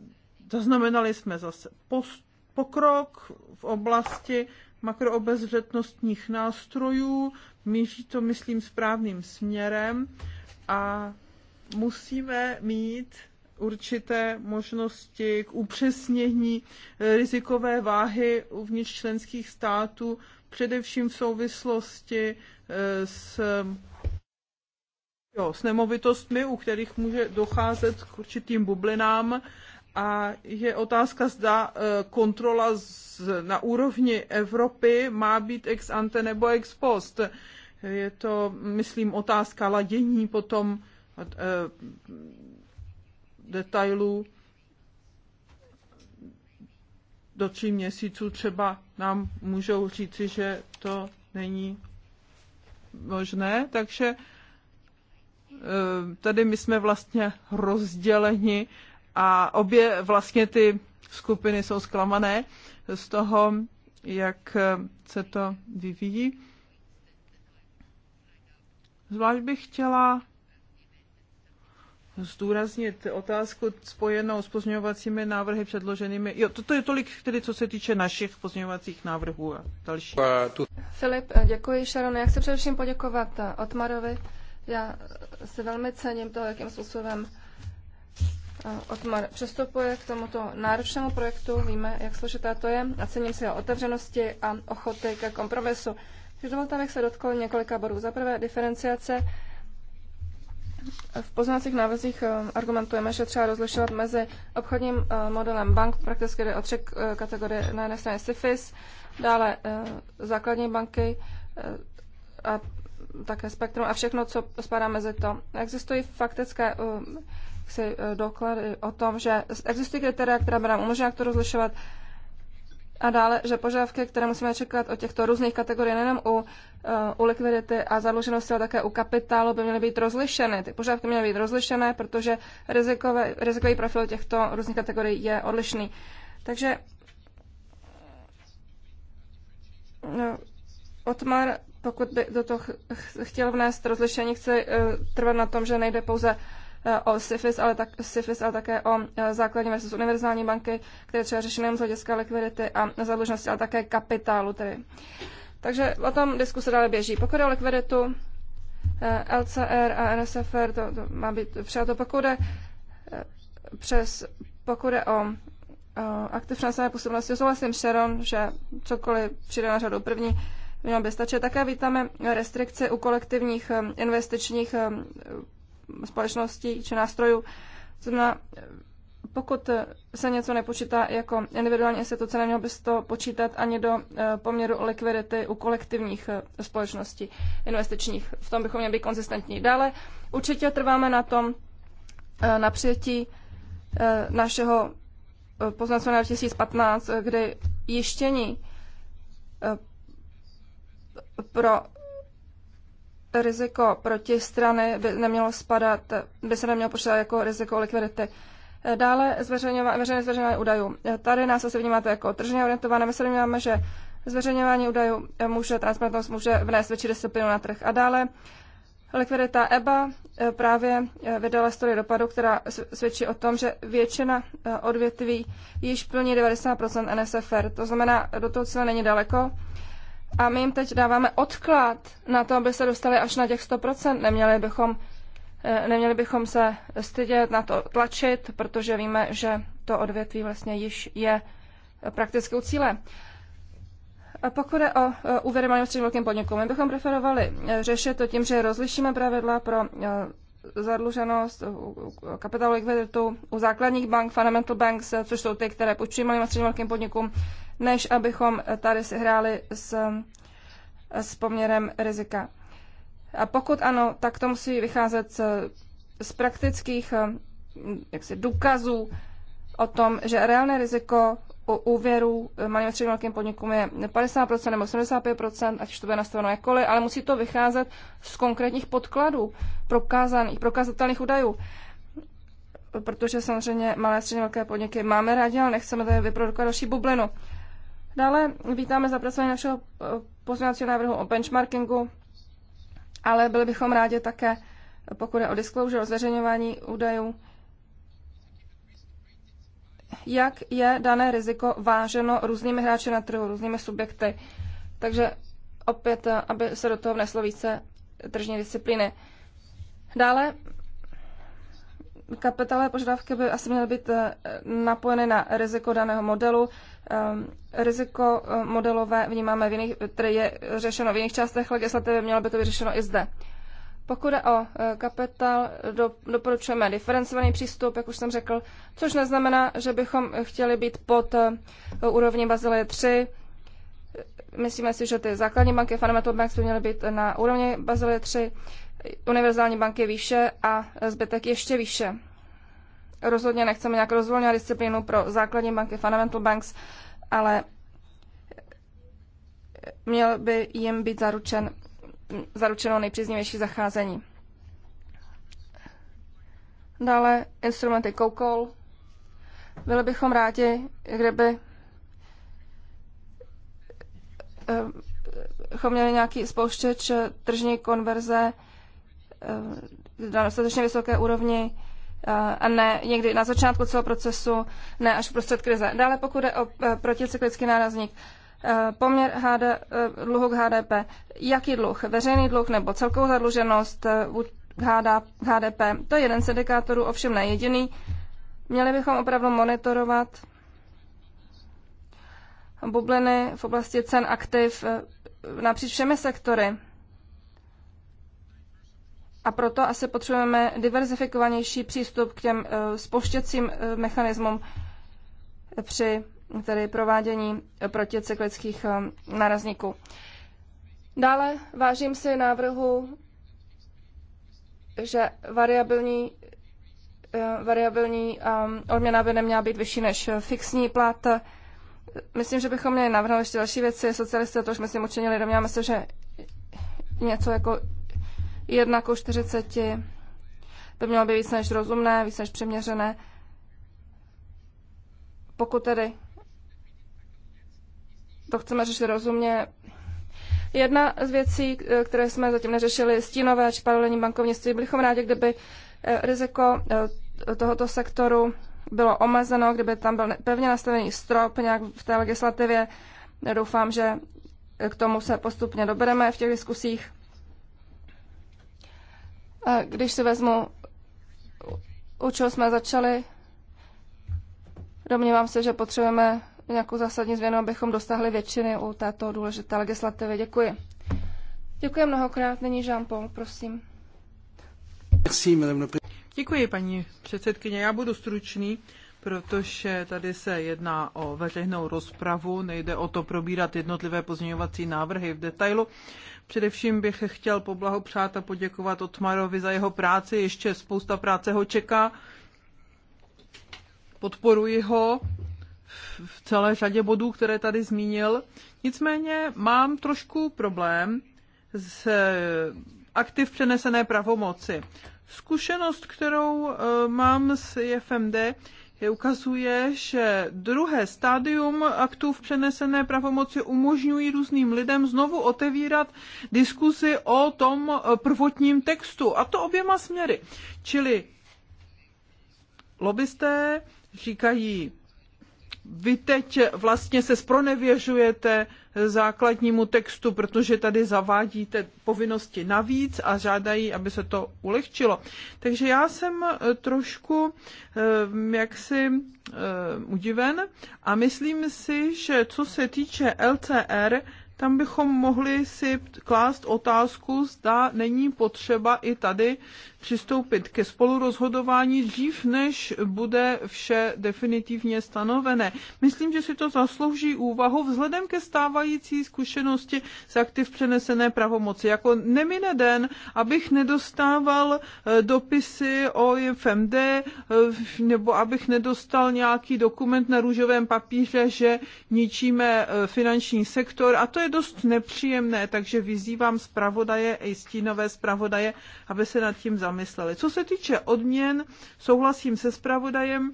zaznamenali jsme zase post, pokrok v oblasti makroobezřetnostních nástrojů, míří to, myslím, správným směrem a musíme mít určité možnosti k upřesnění eh, rizikové váhy uvnitř členských států, především v souvislosti eh, s, jo, s nemovitostmi, u kterých může docházet k určitým bublinám a je otázka, zda e, kontrola z, na úrovni Evropy má být ex ante nebo ex post. Je to, myslím, otázka ladění potom e, detailů do tří měsíců třeba nám můžou říci, že to není možné, takže e, tady my jsme vlastně rozděleni a obě vlastně ty skupiny jsou zklamané z toho, jak se to vyvíjí. Zvlášť bych chtěla zdůraznit otázku spojenou s pozměňovacími návrhy předloženými. Jo, toto je tolik, tedy co se týče našich pozměňovacích návrhů a další. Filip, děkuji, Sharon. Já chci především poděkovat Otmarovi. Já se velmi cením toho, jakým způsobem Eh, Otmar přestupuje k tomuto náročnému projektu, víme, jak složitá to je a cením si jeho otevřenosti a ochoty ke kompromisu. Takže dovolte, abych se dotkl několika bodů. Za prvé diferenciace. V poznacích návrzích eh, argumentujeme, že třeba rozlišovat mezi obchodním eh, modelem bank, prakticky jde o tři kategorie, na jedné straně SIFIS, dále základní banky a také spektrum a všechno, co spadá mezi to. Existují faktické si eh, doklady o tom, že existují kritéria, která by nám umožnila to rozlišovat a dále, že požadavky, které musíme čekat od těchto různých kategorií, nejenom u, eh, u likvidity a zadluženosti, ale také u kapitálu, by měly být rozlišeny. Ty požadavky měly být rozlišené, protože rizikové, rizikový profil těchto různých kategorií je odlišný. Takže no, Otmar, pokud by do toho chtěl vnést rozlišení, chce uh, trvat na tom, že nejde pouze o SIFIS, ale, tak, SIFIS, ale také o e, základní versus univerzální banky, které třeba nejen z hlediska likvidity a zadlužnosti, ale také kapitálu. Tedy. Takže o tom diskuse dále běží. Pokud o likviditu, e, LCR a NSFR, to, to má být přijato, pokud jde e, přes, pokud jde o aktiv přenesené působnosti. Souhlasím, Sharon, že cokoliv přijde na řadu první, mělo by stačit. Také vítáme restrikce u kolektivních investičních společnosti či nástrojů. Znamená, pokud se něco nepočítá jako individuální instituce, nemělo by se to počítat ani do eh, poměru likvidity u kolektivních eh, společností investičních. V tom bychom měli být konzistentní. Dále určitě trváme na tom, eh, na přijetí našeho poznacení 2015, kdy jištění pro riziko protistrany by nemělo spadat, by se nemělo počítat jako riziko likvidity. Dále zveřejňování, veřejné zveřejňování údajů. Tady nás asi vnímáte jako tržně orientované. My se vnímáme, že zveřejňování údajů může, transparentnost může vnést větší disciplinu na trh. A dále likvidita EBA právě vydala studii dopadu, která svědčí o tom, že většina eh, odvětví již plní 90 NSFR. To znamená, do toho cíle není daleko a my jim teď dáváme odklad na to, aby se dostali až na těch 100%. Neměli bychom, eh, neměli bychom se stydět na to tlačit, protože víme, že to odvětví vlastně již je praktickou cíle. A pokud je o eh, úvěry malým středním velkým podnikům, my bychom preferovali eh, řešit to tím, že rozlišíme pravidla pro zadluženost, kapitálovou likviditu u základních bank, fundamental banks, což jsou ty, které půjčují malým a středním velkým podnikům než abychom tady si hráli s, s poměrem rizika. A pokud ano, tak to musí vycházet z, z praktických eh, jaksi, důkazů o tom, že reálné riziko u úvěru malým a středním velkým podnikům je 50% nebo 75%, ať už to bude nastaveno jakkoliv, ale musí to vycházet z konkrétních podkladů, prokázaných, prokazatelných údajů. Protože samozřejmě malé a středně velké podniky máme rádi, ale nechceme tady vyprodukovat další bublinu. Dále vítáme zapracování našeho eh, pozměňovacího návrhu o benchmarkingu, ale byli bychom rádi také, pokud je o disclosure, o zveřejňování údajů, jak je dané riziko váženo různými hráči na trhu, různými subjekty. Takže opět, eh, aby se do toho vneslo více tržní disciplíny. Dále Kapitálové požadavky by asi měly být eh, napojeny na riziko daného modelu. Ehm, riziko eh, modelové vnímáme v jiných, které je řešeno v jiných částech legislativy, mělo by to být řešeno i zde. Pokud je o eh, kapitál, do, doporučujeme diferencovaný přístup, jak už jsem řekl, což neznamená, že bychom chtěli být pod úrovní Bazilie 3. Myslíme si, že ty základní banky, fundamental banks by měly být na úrovni Bazilie 3 univerzální banky výše a zbytek ještě výše. Rozhodně nechceme nějak rozvolňovat disciplínu pro základní banky, fundamental banks, ale měl by jim být zaručen, zaručeno nejpříznivější zacházení. Dále instrumenty COCOL. Byli bychom rádi, kdyby bychom eh, měli nějaký spouštěč tržní konverze Eh, na dostatečně vysoké úrovni eh, a ne někdy na začátku celého procesu, ne až prostřed krize. Dále pokud je o eh, proticyklický nárazník, poměr HD, dluhu k HDP, jaký dluh, veřejný dluh nebo celkovou zadluženost HDP, to je jeden z indikátorů, ovšem ne jediný. Měli bychom opravdu monitorovat bubliny v oblasti cen aktiv napříč všemi sektory. A proto asi potřebujeme diverzifikovanější přístup k těm eh, spouštěcím eh, mechanismům při tedy provádění proticyklických eh, nárazníků. Dále vážím si návrhu, že variabilní, variabilní odměna by neměla být vyšší než fixní plat. Myslím, že bychom měli navrhnout ještě další věci. Socialisté to už myslím učinili. Domníváme se, že něco jako 1 ku 40 by mělo být víc než rozumné, víc než přiměřené. Pokud tedy to chceme řešit rozumně, Jedna z věcí, které jsme zatím neřešili, stínové či paralelní bankovnictví, bychom rádi, kdyby eh, riziko eh, tohoto sektoru bylo omezeno, kdyby tam byl pevně nastavený strop nějak v té legislativě. Doufám, že k tomu se postupně dobereme v těch diskusích. Když si vezmu, u čeho jsme začali, domnívám se, že potřebujeme nějakou zásadní změnu, abychom dosáhli většiny u této důležité legislativy. Děkuji. Děkuji mnohokrát. Není Jean-Paul, prosím. Děkuji, paní předsedkyně. Já budu stručný, protože tady se jedná o veřejnou rozpravu, nejde o to probírat jednotlivé pozměňovací návrhy v detailu. Především bych chtěl poblahopřát a poděkovat Otmarovi za jeho práci. Ještě spousta práce ho čeká. Podporuji ho v celé řadě bodů, které tady zmínil. Nicméně mám trošku problém s eh, aktiv přenesené pravomoci. Zkušenost, kterou eh, mám s IFMD, ukazuje, že druhé stádium aktů v přenesené pravomoci umožňují různým lidem znovu otevírat diskuzi o tom prvotním textu. A to oběma směry. Čili lobbysté říkají, vy teď vlastně se spronevěřujete základnímu textu, protože tady zavádíte povinnosti navíc a žádají, aby se to ulehčilo. Takže já jsem eh, trošku eh, jaksi eh, udiven a myslím si, že co se týče LCR, tam bychom mohli si klást otázku, zda není potřeba i tady přistoupit ke spolurozhodování dřív, než bude vše definitivně stanovené. Myslím, že si to zaslouží úvahu vzhledem ke stávající zkušenosti z aktiv přenesené pravomoci. Jako nemine den, abych nedostával eh, dopisy o FMD eh, nebo abych nedostal nějaký dokument na růžovém papíře, že ničíme eh, finanční sektor a to je je dost nepříjemné, takže vyzývám zpravodaje i stínové zpravodaje, aby se nad tím zamysleli. Co se týče odměn, souhlasím se zpravodajem,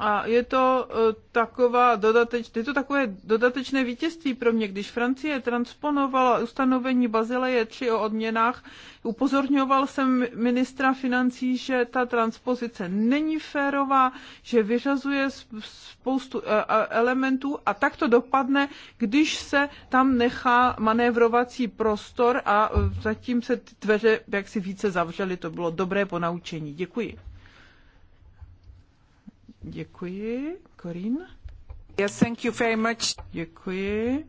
a je to, e, taková dodateč, je to takové dodatečné vítězství pro mě, když Francie transponovala ustanovení Bazileje 3 o odměnách, upozorňoval jsem ministra financí, že ta transpozice není férová, že vyřazuje spoustu e, e, elementů a tak to dopadne, když se tam nechá manévrovací prostor a zatím se ty dveře jaksi více zavřely. To bylo dobré ponaučení. Děkuji. Děkuji. Korin? Yes, thank you very much. Děkuji.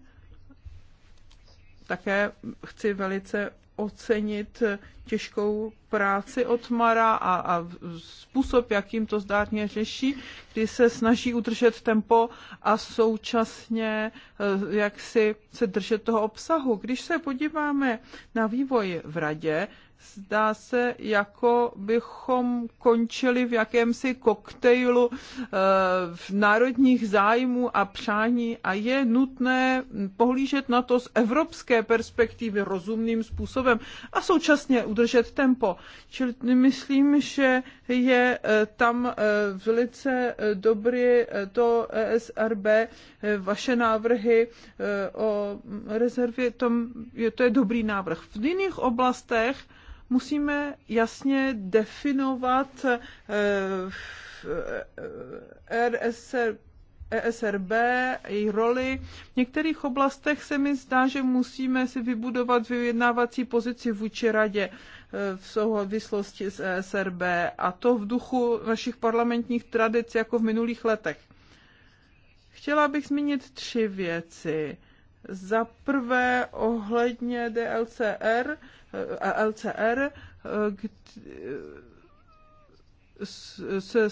Také chci velice ocenit těžkou práci Otmara a, a způsob, jakým to zdárně řeší, kdy se snaží udržet tempo a současně eh, jak si se držet toho obsahu. Když se podíváme na vývoj v radě, zdá se, jako bychom končili v jakémsi koktejlu eh, v národních zájmů a přání a je nutné pohlížet na to z evropské perspektivy rozumným způsobem a současně udržet tempo. Čili myslím, že je eh, tam eh, velice dobré to ESRB, vaše návrhy o rezervě, tom, je, to je dobrý návrh. V jiných oblastech musíme jasně definovat eh, eh, RSR ESRB, její roli. V některých oblastech se mi zdá, že musíme si vybudovat vyjednávací pozici vůči radě eh, v souvislosti s ESRB a to v duchu našich parlamentních tradic jako v minulých letech. Chtěla bych zmínit tři věci. Za prvé ohledně DLCR, LCR eh, se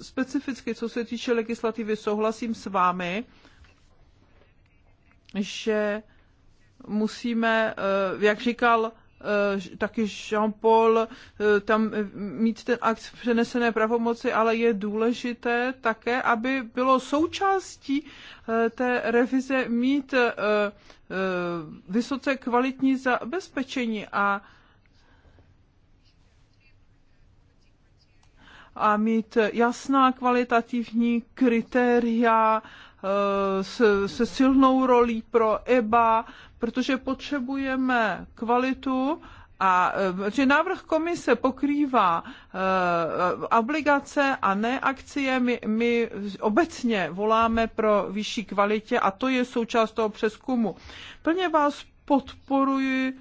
specificky, co se týče legislativy, souhlasím s vámi, že musíme, eh, jak říkal Eh, taky Jean-Paul eh, tam eh, mít ten akt přenesené pravomoci, ale je důležité také, aby bylo součástí té revize mít vysoce kvalitní zabezpečení a a mít jasná kvalitativní kritéria se, se silnou rolí pro EBA, protože potřebujeme kvalitu a e, že návrh komise pokrývá uh, obligace a ne akcie, my, my obecně voláme pro vyšší kvalitě a to je součást toho přeskumu. Plně vás podporuji,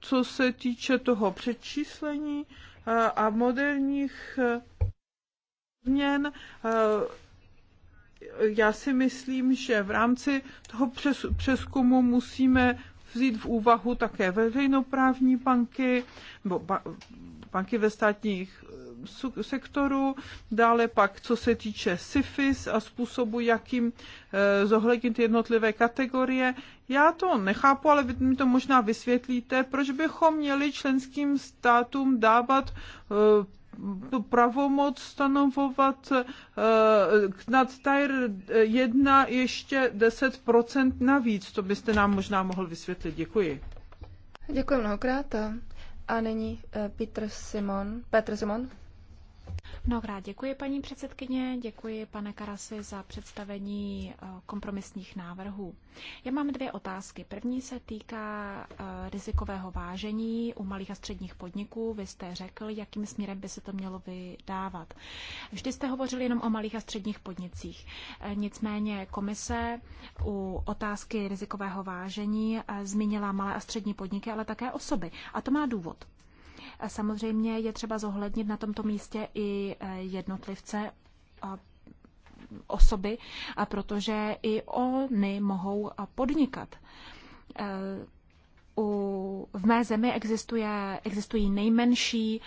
co se týče toho předčíslení uh, e, a moderních změn. Uh, já si myslím, že v rámci toho přes, přeskumu musíme vzít v úvahu také veřejnoprávní banky, nebo ba, banky ve státních eh, sektoru, dále pak, co se týče SIFIS a způsobu, jakým e, zohlednit jednotlivé kategorie. Já to nechápu, ale vy mi to možná vysvětlíte, proč bychom měli členským státům dávat e, tu pravomoc stanovovat eh, nad TAIR 1 ještě 10% navíc. To byste nám možná mohl vysvětlit. Děkuji. Děkuji mnohokrát. A nyní eh, Petr Simon. Petr Simon. Mnohokrát děkuji, paní předsedkyně, děkuji, pane Karasi, za představení eh, kompromisních návrhů. Já mám dvě otázky. První se týká eh, rizikového vážení u malých a středních podniků. Vy jste řekl, jakým směrem by se to mělo vydávat. Vždy jste hovořili jenom o malých a středních podnicích. Eh, nicméně komise u otázky rizikového vážení zmínila malé a střední podniky, ale také osoby. A to má důvod. Samozřejmě je třeba zohlednit na tomto místě i e, jednotlivce osoby, protože i oni mohou podnikat. E, u, v mé zemi existuje, existují nejmenší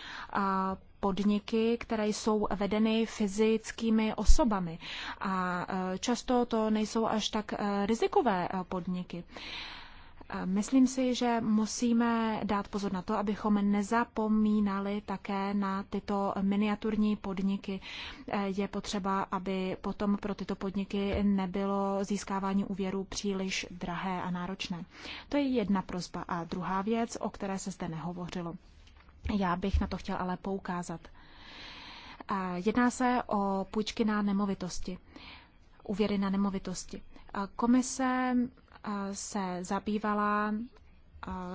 podniky, které jsou vedeny fyzickými osobami. A e, často to nejsou až tak rizikové podniky. Myslím si, že musíme dát pozor na to, abychom nezapomínali také na tyto miniaturní podniky. Je potřeba, aby potom pro tyto podniky nebylo získávání úvěru příliš drahé a náročné. To je jedna prozba. A druhá věc, o které se zde nehovořilo. Já bych na to chtěl ale poukázat. Jedná se o půjčky na nemovitosti, úvěry na nemovitosti. Komise se zabývala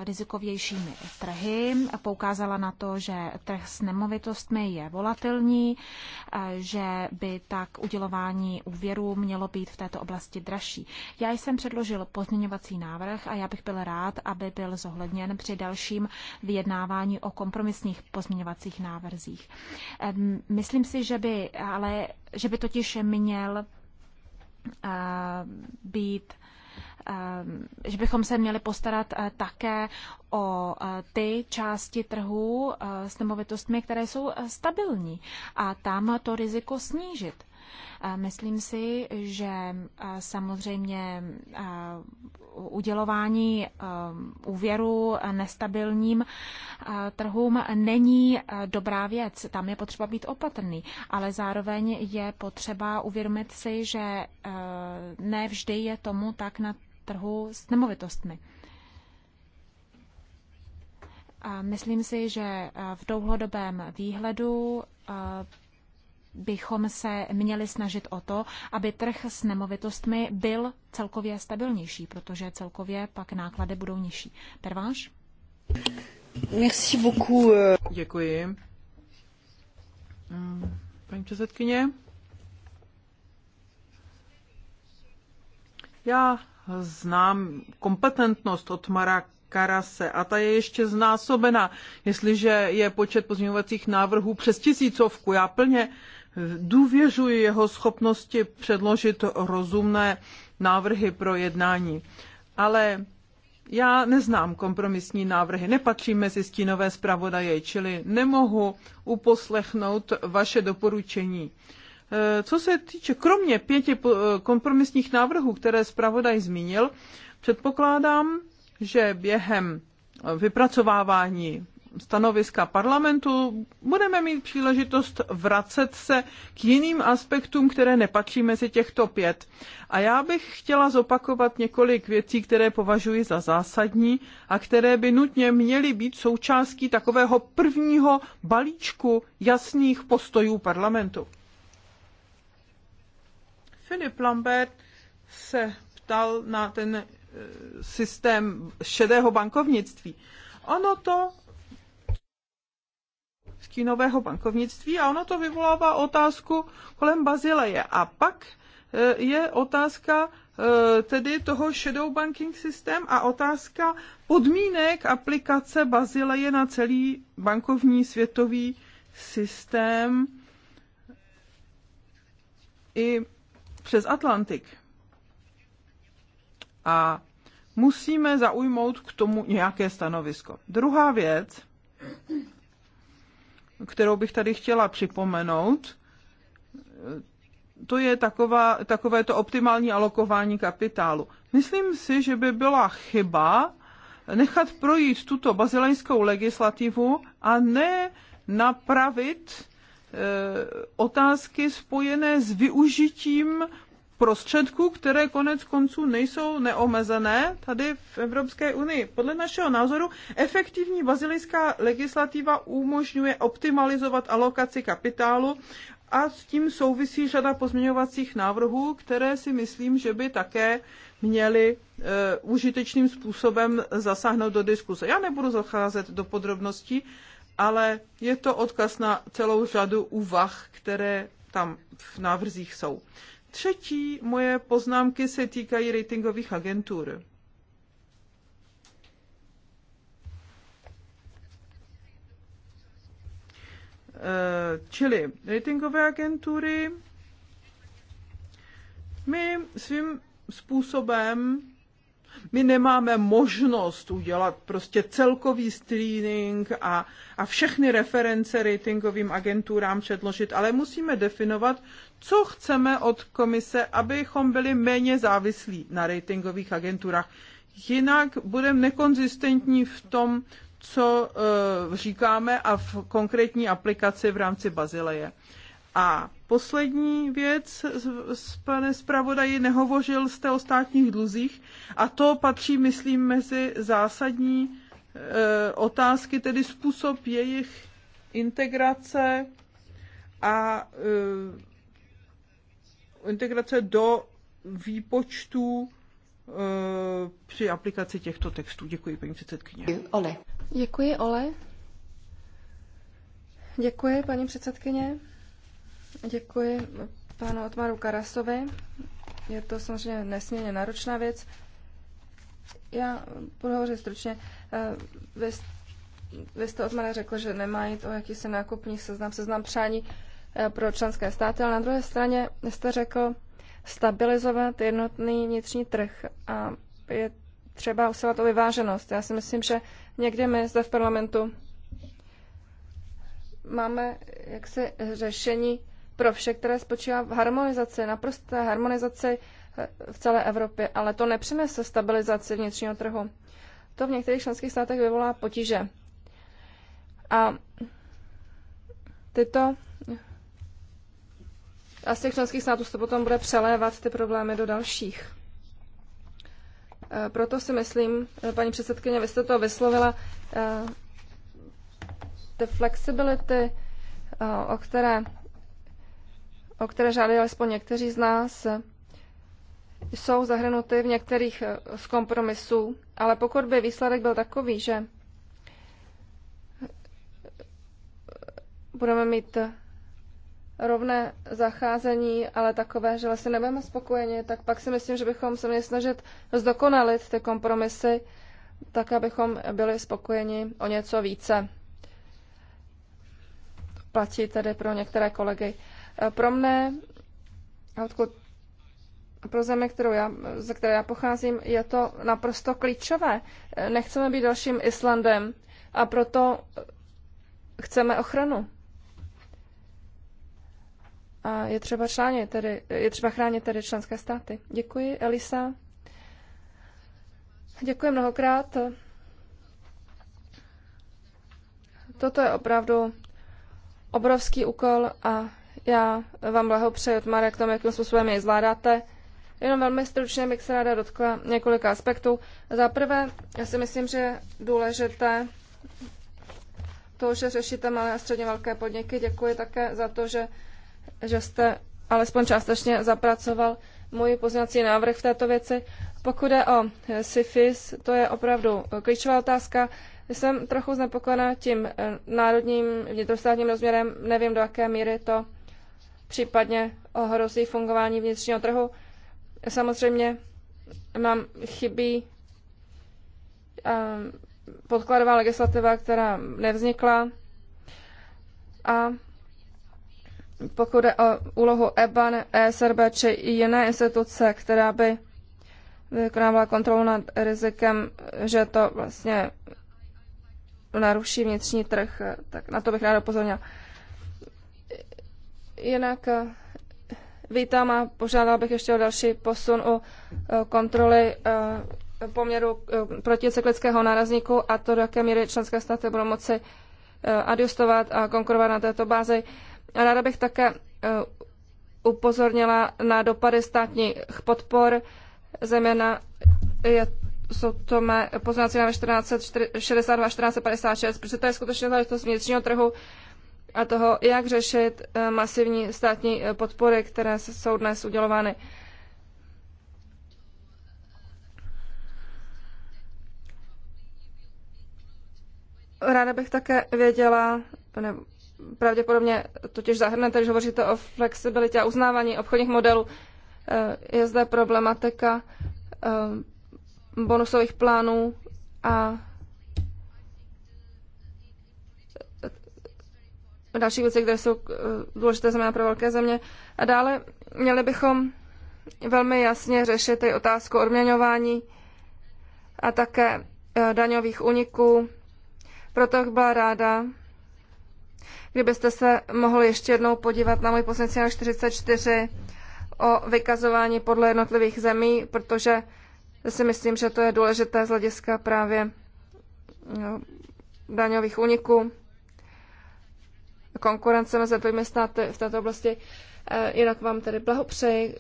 rizikovějšími trhy. Poukázala na to, že trh s nemovitostmi je volatilní, že by tak udělování úvěru mělo být v této oblasti dražší. Já jsem předložil pozměňovací návrh a já bych byl rád, aby byl zohledněn při dalším vyjednávání o kompromisních pozměňovacích návrzích. Myslím si, že by, ale, že by totiž měl být Ehm, že bychom se měli postarat eh, také o eh, ty části trhu eh, s nemovitostmi, které jsou stabilní a tam to riziko snížit. Myslím si, že samozřejmě udělování úvěru nestabilním trhům není dobrá věc. Tam je potřeba být opatrný, ale zároveň je potřeba uvědomit si, že ne vždy je tomu tak na trhu s nemovitostmi. A myslím si, že eh, v dlouhodobém výhledu eh, bychom se měli snažit o to, aby trh s nemovitostmi byl celkově stabilnější, protože celkově pak náklady budou nižší. Perváš? Merci beaucoup. Eh. Děkuji. Mm, paní předsedkyně? Já znám kompetentnost od Mara Karase a ta je ještě znásobena, jestliže je počet pozměňovacích návrhů přes tisícovku. Já plně důvěřuji jeho schopnosti předložit rozumné návrhy pro jednání. Ale já neznám kompromisní návrhy, nepatřím mezi stínové zpravodaje, čili nemohu uposlechnout vaše doporučení. Eh, co se týče, kromě pěti eh, kompromisních návrhů, které zpravodaj zmínil, předpokládám, že během eh, vypracovávání stanoviska parlamentu budeme mít příležitost vracet se k jiným aspektům, které nepatří mezi těchto pět. A já bych chtěla zopakovat několik věcí, které považuji za zásadní a které by nutně měly být součástí takového prvního balíčku jasných postojů parlamentu. Filip Lambert se ptal na ten e, systém šedého bankovnictví. Ono to z kínového bankovnictví a ono to vyvolává otázku kolem Bazileje. A pak e, je otázka e, tedy toho shadow banking systém a otázka podmínek aplikace Bazileje na celý bankovní světový systém i přes Atlantik. A musíme zaujmout k tomu nějaké stanovisko. Druhá věc, kterou bych tady chtěla připomenout, to je taková, takové to optimální alokování kapitálu. Myslím si, že by byla chyba nechat projít tuto bazilejskou legislativu a ne napravit Eh, otázky spojené s využitím prostředků, které konec konců nejsou neomezené tady v Evropské unii. Podle našeho názoru efektivní bazilická legislativa umožňuje optimalizovat alokaci kapitálu a s tím souvisí řada pozměňovacích návrhů, které si myslím, že by také měly e, užitečným způsobem zasáhnout do diskuse. Já nebudu zacházet do podrobností, ale je to odkaz na celou řadu úvah, které tam v návrzích jsou. Třetí moje poznámky se týkají ratingových agentur. Eh, čili ratingové agentury my svým způsobem my nemáme možnost udělat prostě celkový screening a, a všechny reference ratingovým agenturám předložit, ale musíme definovat, co chceme od komise, abychom byli méně závislí na ratingových agenturách. Jinak budeme nekonzistentní v tom, co e, říkáme a v konkrétní aplikaci v rámci Bazileje. A poslední věc, pane zpravodaji, nehovořil jste o státních dluzích a to patří, myslím, mezi zásadní e, otázky, tedy způsob jejich integrace a e, integrace do výpočtů e, při aplikaci těchto textů. Děkuji, paní předsedkyně. Ole. Děkuji, Ole. Děkuji, paní předsedkyně. Děkuji panu Otmaru Karasovi. Je to samozřejmě nesmírně náročná věc. Já budu hovořit stručně. Vy, eh, vy jste Otmara řekl, že nemá jít o jakýsi nákupní seznam, seznam přání eh, pro členské státy, ale na druhé straně jste řekl stabilizovat jednotný vnitřní trh a je třeba usilovat o vyváženost. Já si myslím, že někdy my zde v parlamentu máme jaksi řešení pro vše, které spočívá v harmonizaci, naprosté harmonizaci eh, v celé Evropě, ale to nepřinese stabilizaci vnitřního trhu. To v některých členských státech vyvolá potíže. A tyto a z těch členských států to potom bude přelévat ty problémy do dalších. Eh, proto si myslím, eh, paní předsedkyně, vy jste to vyslovila, ty flexibility, o které o které žádají alespoň někteří z nás, jsou zahrnuty v některých eh, z kompromisů, ale pokud by výsledek byl takový, že eh, budeme mít eh, rovné zacházení, ale takové, že vlastně nebudeme spokojeni, tak pak si myslím, že bychom se měli snažit zdokonalit ty kompromisy, tak abychom byli spokojeni o něco více. Platí tedy pro některé kolegy. Eh, pro mne, odkud pro zemi, kterou já, ze které já pocházím, je to naprosto klíčové. Eh, nechceme být dalším Islandem a proto eh, chceme ochranu. A je třeba, článě, tedy, je třeba chránit tedy členské státy. Děkuji, Elisa. Děkuji mnohokrát. Toto je opravdu obrovský úkol a já vám blahopřeji od Marek tomu, jakým způsobem jej zvládáte. Jenom velmi stručně bych se ráda dotkla několika aspektů. Za prvé, já si myslím, že je důležité to, že řešíte malé a středně velké podniky. Děkuji také za to, že, že jste alespoň částečně zapracoval můj pozměňovací návrh v této věci. Pokud je o SIFIS, to je opravdu klíčová otázka. Jsem trochu znepokojená tím eh, národním vnitrostátním rozměrem, nevím, do jaké míry to případně ohrozí fungování vnitřního trhu. Samozřejmě nám chybí ehm, podkladová legislativa, která nevznikla. A pokud jde o úlohu EBA, ESRB či jiné instituce, která by vykonávala kontrolu nad rizikem, že to vlastně naruší vnitřní trh, tak na to bych ráda upozornila. Jinak eh, vítám a požádal bych ještě o další posun u eh, kontroly eh, poměru proticyklického nárazníku a to, do jaké míry členské státy budou moci adjustovat a konkurovat na této bázi. Ráda bych také upozornila na dopady státních podpor, zejména je, jsou to mé poznací na 1462 1456, protože to je skutečně záležitost vnitřního trhu, a toho, jak řešit eh, masivní státní eh, podpory, které jsou dnes udělovány. Ráda bych také věděla, ne, pravděpodobně totiž zahrnete, když hovoříte o flexibilitě a uznávání obchodních modelů, eh, je zde problematika bonusových plánů a další věci, které jsou eh, důležité země pro velké země. A dále měli bychom velmi jasně řešit i otázku odměňování a také eh, daňových úniků. Proto bych byla ráda, kdybyste se mohli ještě jednou podívat na můj potenciál 44 o vykazování podle jednotlivých zemí, protože si myslím, že to je důležité z hlediska právě no, daňových úniků konkurence mezi jednotlivými státy v této oblasti. Eh, jinak vám tedy blahopřeji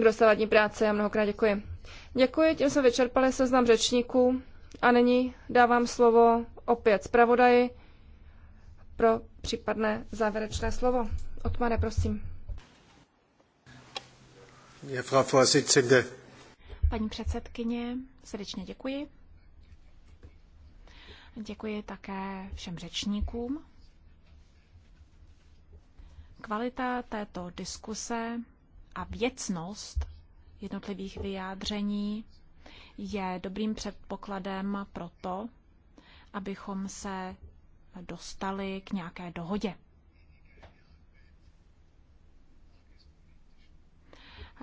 k dosavadní práci a mnohokrát děkuji. Děkuji, tím jsme vyčerpali seznam řečníků a nyní dávám slovo opět zpravodaji pro případné závěrečné slovo. Otmane, prosím. Paní předsedkyně, srdečně děkuji. Děkuji také všem řečníkům. Kvalita této diskuse a věcnost jednotlivých vyjádření je dobrým předpokladem pro to, abychom se dostali k nějaké dohodě.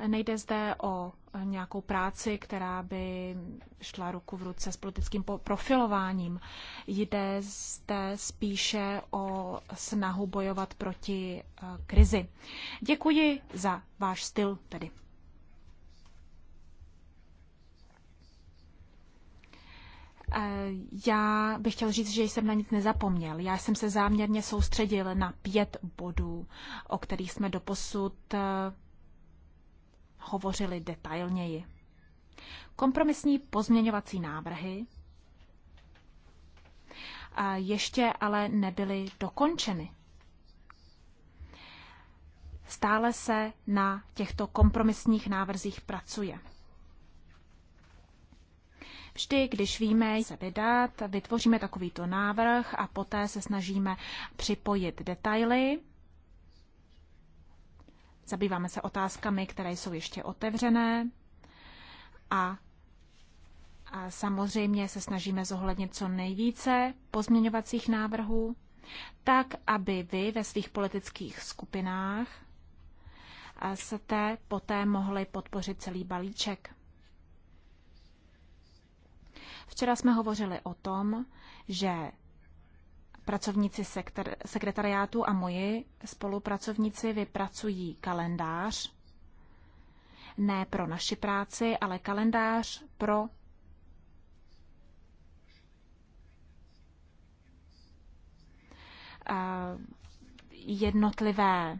Nejde zde o nějakou práci, která by šla ruku v ruce s politickým profilováním. Jde zde spíše o snahu bojovat proti eh, krizi. Děkuji za váš styl tedy. Eh, já bych chtěl říct, že jsem na nic nezapomněl. Já jsem se záměrně soustředil na pět bodů, o kterých jsme doposud eh, hovořili detailněji. Kompromisní pozměňovací návrhy ještě ale nebyly dokončeny. Stále se na těchto kompromisních návrzích pracuje. Vždy, když víme se vydat, vytvoříme takovýto návrh a poté se snažíme připojit detaily Zabýváme se otázkami, které jsou ještě otevřené a, a samozřejmě se snažíme zohlednit co nejvíce pozměňovacích návrhů, tak aby vy ve svých politických skupinách jste poté mohli podpořit celý balíček. Včera jsme hovořili o tom, že pracovníci sektor, sekretariátu a moji spolupracovníci vypracují kalendář, ne pro naši práci, ale kalendář pro jednotlivé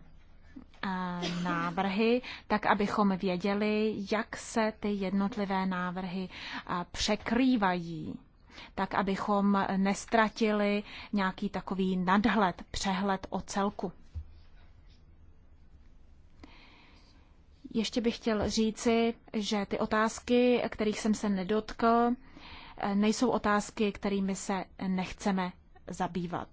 návrhy, tak abychom věděli, jak se ty jednotlivé návrhy překrývají tak abychom nestratili nějaký takový nadhled, přehled o celku. Ještě bych chtěl říci, že ty otázky, kterých jsem se nedotkl, nejsou otázky, kterými se nechceme zabývat.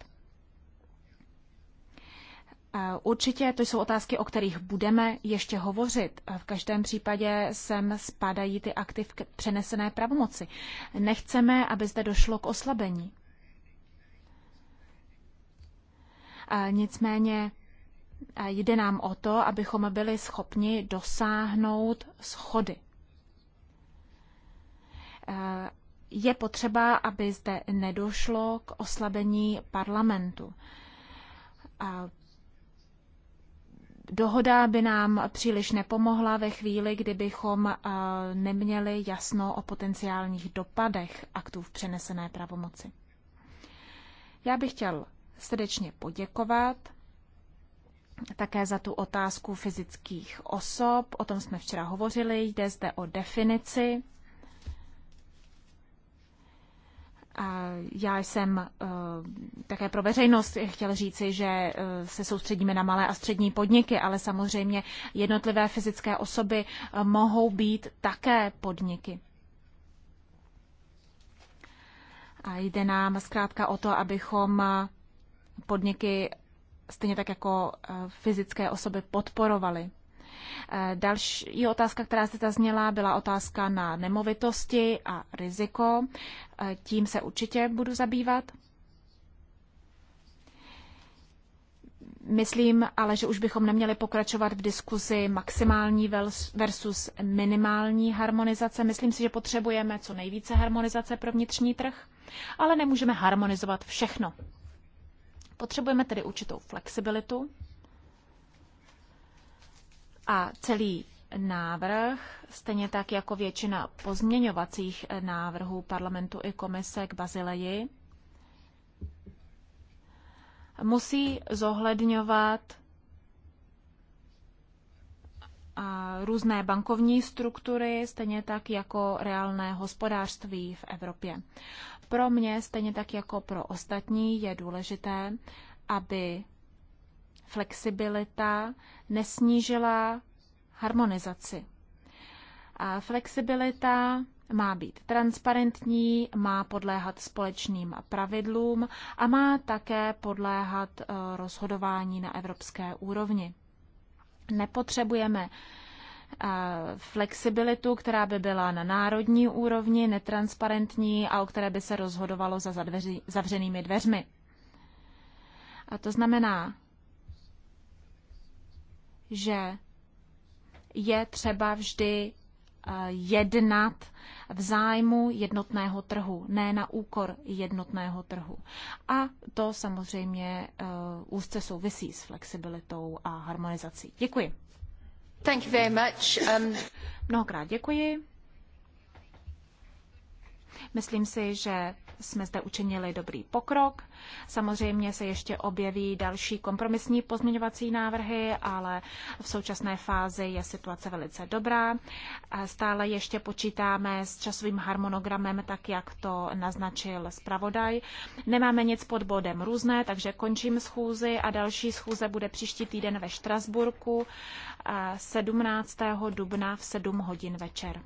Eh, určitě to jsou otázky, o kterých budeme ještě hovořit. Eh, v každém případě sem spadají ty aktiv přenesené pravomoci. Nechceme, aby zde došlo k oslabení. Eh, nicméně jde nám o to, abychom byli schopni dosáhnout schody. Je potřeba, aby zde nedošlo k oslabení parlamentu. A Dohoda by nám příliš nepomohla ve chvíli, kdybychom eh, neměli jasno o potenciálních dopadech aktů v přenesené pravomoci. Já bych chtěl srdečně poděkovat také za tu otázku fyzických osob. O tom jsme včera hovořili. Jde zde o definici Já jsem eh, také pro veřejnost chtěl říci, že eh, se soustředíme na malé a střední podniky, ale samozřejmě jednotlivé fyzické osoby eh, mohou být také podniky. A jde nám zkrátka o to, abychom podniky stejně tak jako fyzické osoby podporovali. Eh, další otázka, která se zazněla, byla otázka na nemovitosti a riziko. Eh, tím se určitě budu zabývat. Myslím ale, že už bychom neměli pokračovat v diskuzi maximální versus minimální harmonizace. Myslím si, že potřebujeme co nejvíce harmonizace pro vnitřní trh, ale nemůžeme harmonizovat všechno. Potřebujeme tedy určitou flexibilitu a celý návrh, stejně tak jako většina pozměňovacích návrhů parlamentu i komise k Bazileji, musí zohledňovat různé bankovní struktury, stejně tak jako reálné hospodářství v Evropě. Pro mě, stejně tak jako pro ostatní, je důležité, aby flexibilita nesnížila harmonizaci. A flexibilita má být transparentní, má podléhat společným pravidlům a má také podléhat eh, rozhodování na evropské úrovni. Nepotřebujeme eh, flexibilitu, která by byla na národní úrovni, netransparentní a o které by se rozhodovalo za zavřenými dveřmi. A to znamená, že je třeba vždy eh, jednat v zájmu jednotného trhu, ne na úkor jednotného trhu. A to samozřejmě eh, úzce souvisí s flexibilitou a harmonizací. Děkuji. Thank you very much. Um... Mnohokrát děkuji. Myslím si, že jsme zde učinili dobrý pokrok. Samozřejmě se ještě objeví další kompromisní pozměňovací návrhy, ale v současné fázi je situace velice dobrá. Stále ještě počítáme s časovým harmonogramem, tak jak to naznačil zpravodaj. Nemáme nic pod bodem různé, takže končím schůzi a další schůze bude příští týden ve Štrasburku 17. dubna v 7 hodin večer.